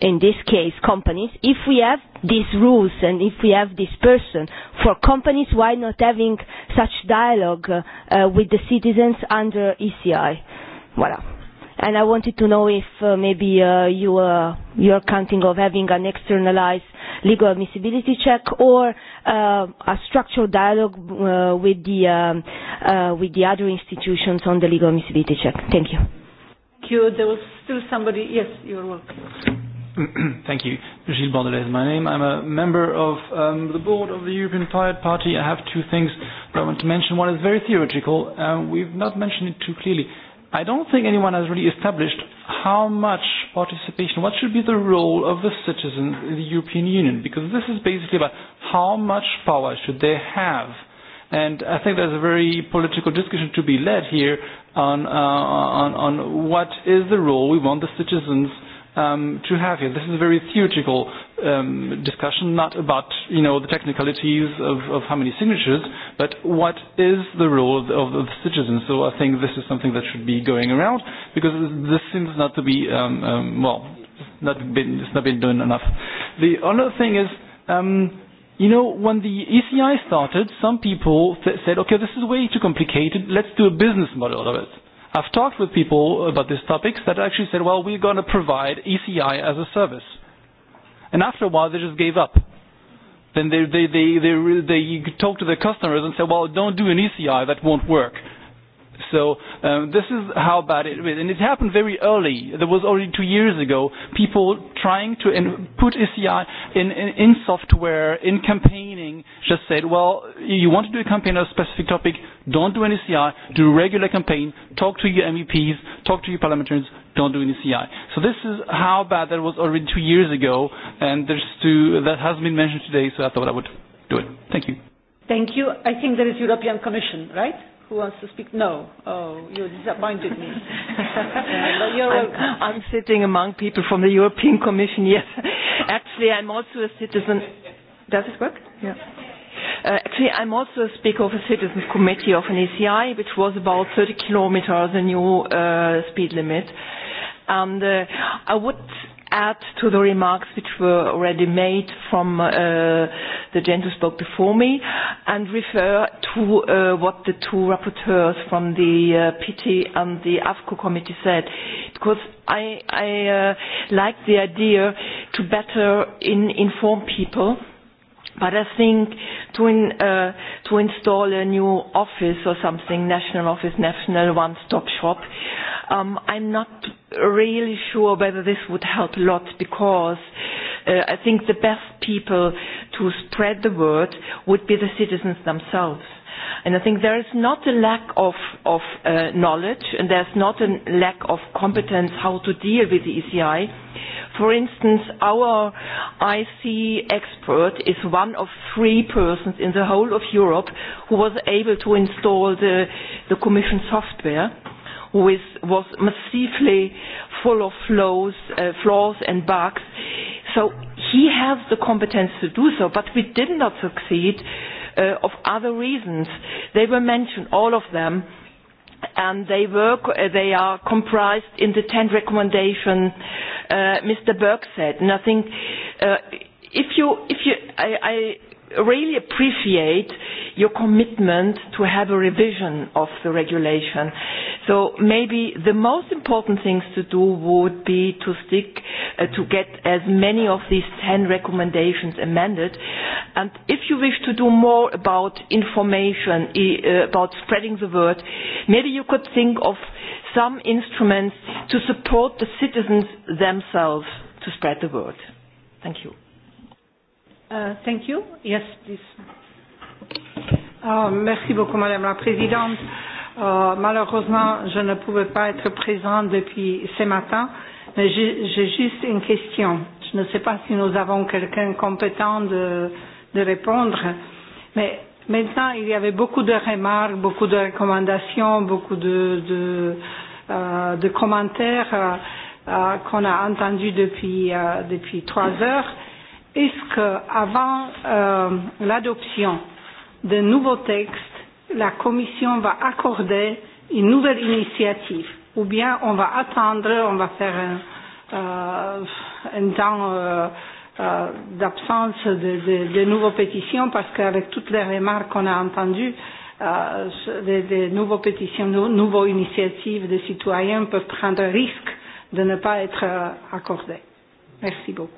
in this case, companies. If we have these rules and if we have this person for companies, why not having such dialogue uh, uh with the citizens under ECI? Voilà. And I wanted to know if uh, maybe uh, you, uh, you're counting of having an externalized legal admissibility check or uh, a structured dialogue uh, with, the, um, uh, with the other institutions on the legal admissibility check. Thank you. Thank you. There was still somebody. Yes, you're welcome. Thank you. Gilles Bordelais is my name. I'm a member of um, the board of the European Fired Party. I have two things that I want to mention. One is very theoretical. Uh, we've not mentioned it too clearly. I don't think anyone has really established how much participation, what should be the role of the citizens in the European Union, because this is basically about how much power should they have. And I think there's a very political discussion to be led here on, uh, on, on what is the role we want the citizens um, to have here. This is a very theoretical um, discussion, not about you know the technicalities of, of how many signatures, but what is the role of the, of the citizen. So I think this is something that should be going around because this seems not to be um, um, well, it's not been it's not been done enough. The other thing is. Um, you know, when the ECI started, some people th- said, okay, this is way too complicated, let's do a business model out of it. I've talked with people about these topics that actually said, well, we're going to provide ECI as a service. And after a while, they just gave up. Then they, they, they, they, they, they talked to their customers and said, well, don't do an ECI, that won't work. So um, this is how bad it is. And it happened very early. There was already two years ago people trying to in, put ECI in, in, in software, in campaigning, just said, well, you want to do a campaign on a specific topic, don't do an ECI, do a regular campaign, talk to your MEPs, talk to your parliamentarians, don't do an ECI. So this is how bad that was already two years ago. And there's two, that has been mentioned today, so I thought I would do it. Thank you. Thank you. I think there is European Commission, right? Who wants to speak? No. Oh, you disappointed me. yeah, you're I'm, a, I'm sitting among people from the European Commission, yes. Actually, I'm also a citizen. Does it work? Yeah. Uh, actually, I'm also a speaker of a citizens' committee of an ECI, which was about 30 kilometers, a new uh, speed limit. And uh, I would add to the remarks which were already made from uh, the gentleman who spoke before me and refer to uh, what the two rapporteurs from the uh, PT and the AFCO committee said. Because I, I uh, like the idea to better in inform people. But I think to, in, uh, to install a new office or something, national office, national one-stop shop, um, I'm not really sure whether this would help a lot because uh, I think the best people to spread the word would be the citizens themselves. And I think there is not a lack of, of uh, knowledge and there's not a lack of competence how to deal with the ECI. For instance, our IC expert is one of three persons in the whole of Europe who was able to install the, the Commission software, who is, was massively full of flaws, uh, flaws and bugs. So he has the competence to do so, but we did not succeed uh, of other reasons. They were mentioned, all of them, and they, were, uh, they are comprised in the 10 recommendation uh, Mr. Burke said. And I think uh, if you, if you, I, I really appreciate your commitment to have a revision of the regulation. So maybe the most important things to do would be to stick uh, to get as many of these 10 recommendations amended. And if you wish to do more about information, e uh, about spreading the word, maybe you could think of some instruments to support the citizens themselves to spread the word. Thank you. Uh, thank you. Yes, please. Uh, merci beaucoup, Madame la Présidente. Uh, malheureusement, je ne pouvais pas être présente depuis ce matin, mais j'ai juste une question. Je ne sais pas si nous avons quelqu'un compétent de, de répondre, mais maintenant, il y avait beaucoup de remarques, beaucoup de recommandations, beaucoup de, de, uh, de commentaires uh, uh, qu'on a entendus depuis, uh, depuis trois heures. Mm -hmm est-ce que avant euh, l'adoption de nouveaux textes, la Commission va accorder une nouvelle initiative ou bien on va attendre, on va faire un, euh, un temps euh, euh, d'absence de, de, de nouveaux pétitions parce qu'avec toutes les remarques qu'on a entendues, euh, des, des nouveaux pétitions, nou, nouveaux initiatives de citoyens peuvent prendre risque de ne pas être euh, accordées. Merci beaucoup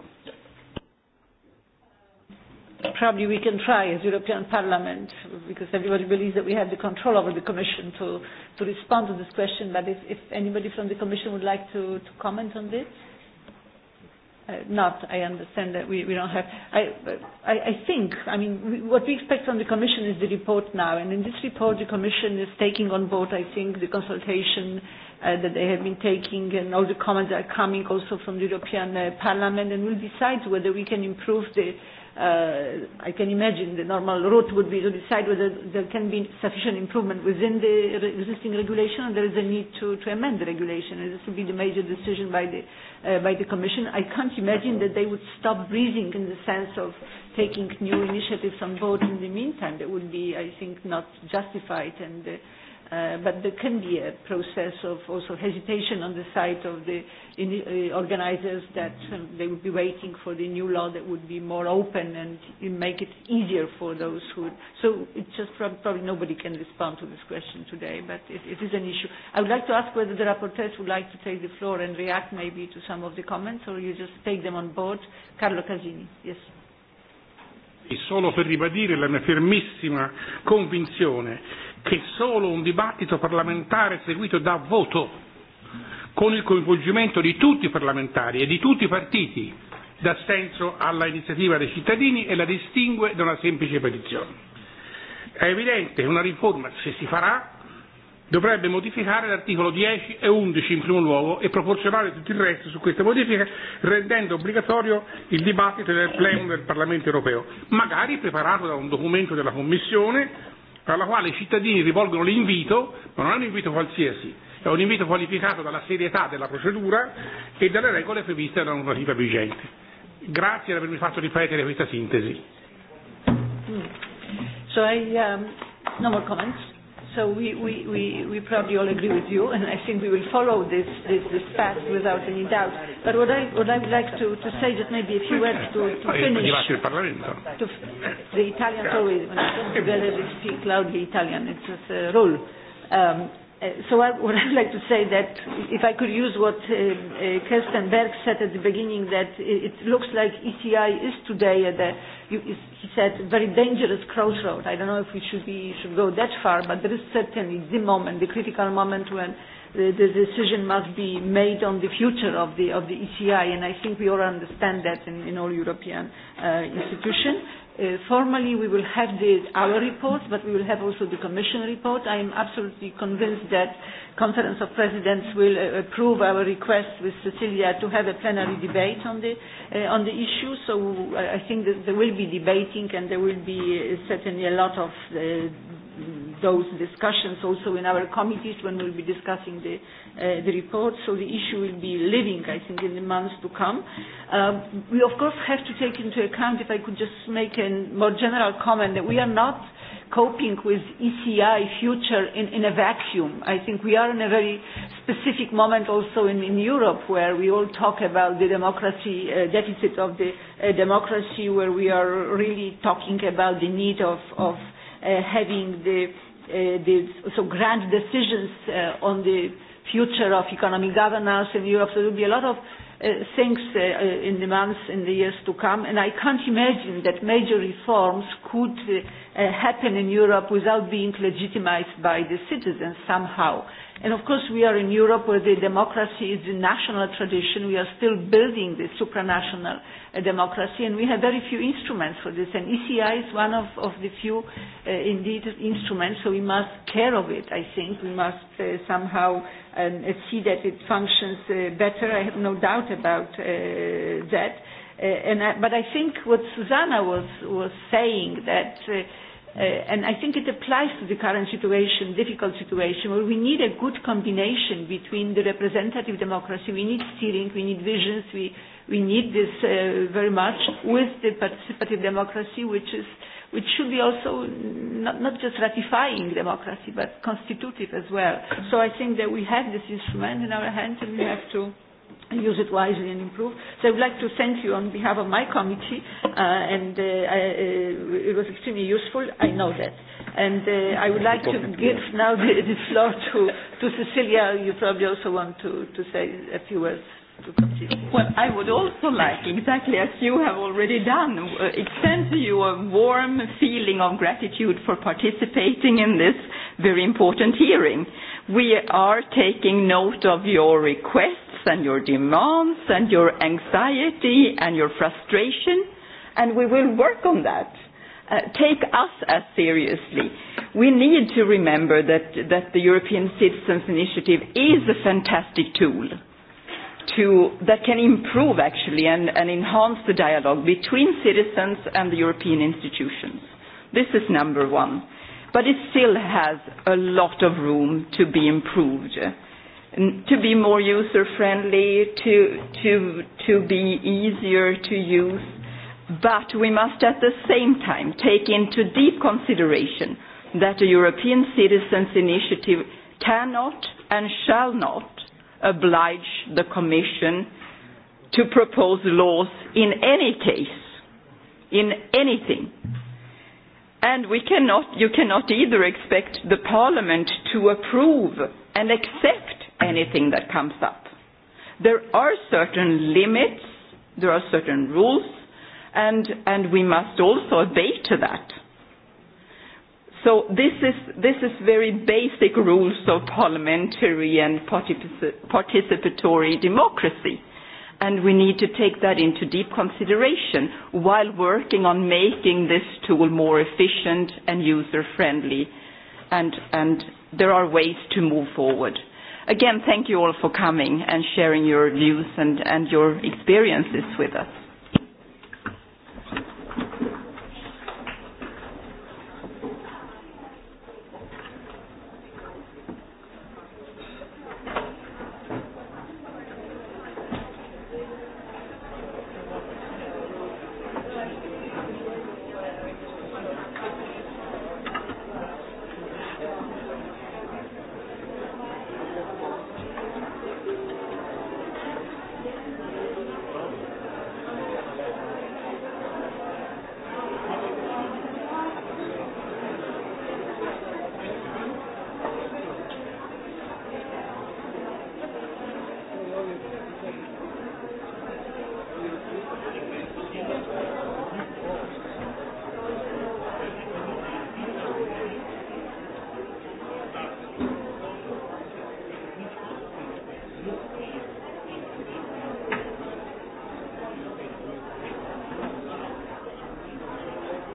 probably we can try as European Parliament, because everybody believes that we have the control over the Commission to, to respond to this question, but if, if anybody from the Commission would like to, to comment on this? Uh, not, I understand that we, we don't have... I, I, I think, I mean, we, what we expect from the Commission is the report now, and in this report the Commission is taking on board, I think, the consultation uh, that they have been taking and all the comments that are coming also from the European uh, Parliament, and we'll decide whether we can improve the, uh, uh, I can imagine the normal route would be to decide whether there can be sufficient improvement within the re existing regulation and there is a need to, to amend the regulation. And this would be the major decision by the, uh, by the Commission. I can't imagine that they would stop breathing in the sense of taking new initiatives on board in the meantime. That would be, I think, not justified. And uh, Uh, but there can be a process of also hesitation on the side of the in, uh, organizers that um, they would be waiting for the new law that would be more open and make it easier for those who. So it's just prob- probably nobody can respond to this question today, but it, it is an issue. I would like to ask whether the rapporteurs would like to take the floor and react maybe to some of the comments, or you just take them on board. Carlo Casini, yes. E solo per ribadire la mia fermissima convinzione che solo un dibattito parlamentare seguito da voto, con il coinvolgimento di tutti i parlamentari e di tutti i partiti, dà senso alla iniziativa dei cittadini e la distingue da una semplice petizione. È evidente che una riforma, se si farà, dovrebbe modificare l'articolo 10 e 11 in primo luogo e proporzionare tutto il resto su queste modifiche, rendendo obbligatorio il dibattito del Plenum del Parlamento europeo, magari preparato da un documento della Commissione per la quale i cittadini rivolgono l'invito, ma non è un invito qualsiasi, è un invito qualificato dalla serietà della procedura e dalle regole previste dalla normativa vigente. Grazie per avermi fatto ripetere questa sintesi. Mm. So I, um, no more comments. We probably all agree with you, and I think we will follow this path without any doubt. What I would like to say, just maybe a few words to finish. The Italians always, when they come together, they speak loudly Italian. It's just a rule. Um, Uh, so I, what I'd like to say that if I could use what uh, uh, Kirsten Berg said at the beginning, that it, it looks like ECI is today at a, you, is, he said, very dangerous crossroad. I don't know if we should, be, should go that far, but there is certainly the moment, the critical moment when the, the decision must be made on the future of the, of the ECI, and I think we all understand that in, in all European uh, institutions. Uh, formally we will have the, our report, but we will have also the Commission report. I am absolutely convinced that Conference of Presidents will uh, approve our request with Cecilia to have a plenary debate on the, uh, on the issue. So uh, I think that there will be debating and there will be uh, certainly a lot of uh, those discussions also in our committees when we'll be discussing the, uh, the report. So the issue will be living, I think, in the months to come. Uh, we, of course, have to take into account, if I could just make a and more general comment that we are not coping with ECI future in a vacuum. I think we are in a very specific moment also in Europe, where we all talk about the democracy uh, deficit of the uh, democracy, where we are really talking about the need of uh, having the grand decisions on the future of economic governance in Europe. There will be a lot of Uh, things uh, uh, in the months and the years to come. And I can't imagine that major reforms could uh, uh, happen in Europe without being legitimized by the citizens somehow. And of course, we are in Europe where the democracy is a national tradition. We are still building the supranational uh, a democracy, and we have very few instruments for this. And ECI is one of, of the few, uh, indeed, instruments, so we must care of it, I think. We must uh, somehow um, see that it functions uh, better. I have no doubt about uh, that. Uh, and I, but I think what Susanna was, was saying, that uh, Uh, and I think it applies to the current situation, difficult situation, where we need a good combination between the representative democracy. We need steering, we need visions, we, we need this uh, very much with the participative democracy, which is which should be also not, not just ratifying democracy, but constitutive as well. So I think that we have this instrument in our hands and we have to, use it wisely and improve. So I would like to thank you on behalf of my committee, uh, and uh, I, uh, it was extremely useful. I know that. And uh, I would like to give now the, the floor to, to Cecilia. You probably also want to, to say a few words. Well, I would also like, exactly as you have already done, uh, extend to you a warm feeling of gratitude for participating in this very important hearing. We are taking note of your request and your demands and your anxiety and your frustration, and we will work on that. Uh, take us as seriously. We need to remember that, that the European Citizens Initiative is a fantastic tool to, that can improve, actually, and, and enhance the dialogue between citizens and the European institutions. This is number one. But it still has a lot of room to be improved. Uh, to be more user friendly, to, to, to be easier to use. But we must at the same time take into deep consideration that a European Citizens Initiative cannot and shall not oblige the Commission to propose laws in any case, in anything. And we cannot, you cannot either expect the Parliament to approve and accept anything that comes up. There are certain limits, there are certain rules, and, and we must also obey to that. So this is, this is very basic rules of parliamentary and participatory democracy. And we need to take that into deep consideration while working on making this tool more efficient and user friendly. And, and there are ways to move forward again, thank you all for coming and sharing your views and, and your experiences with us.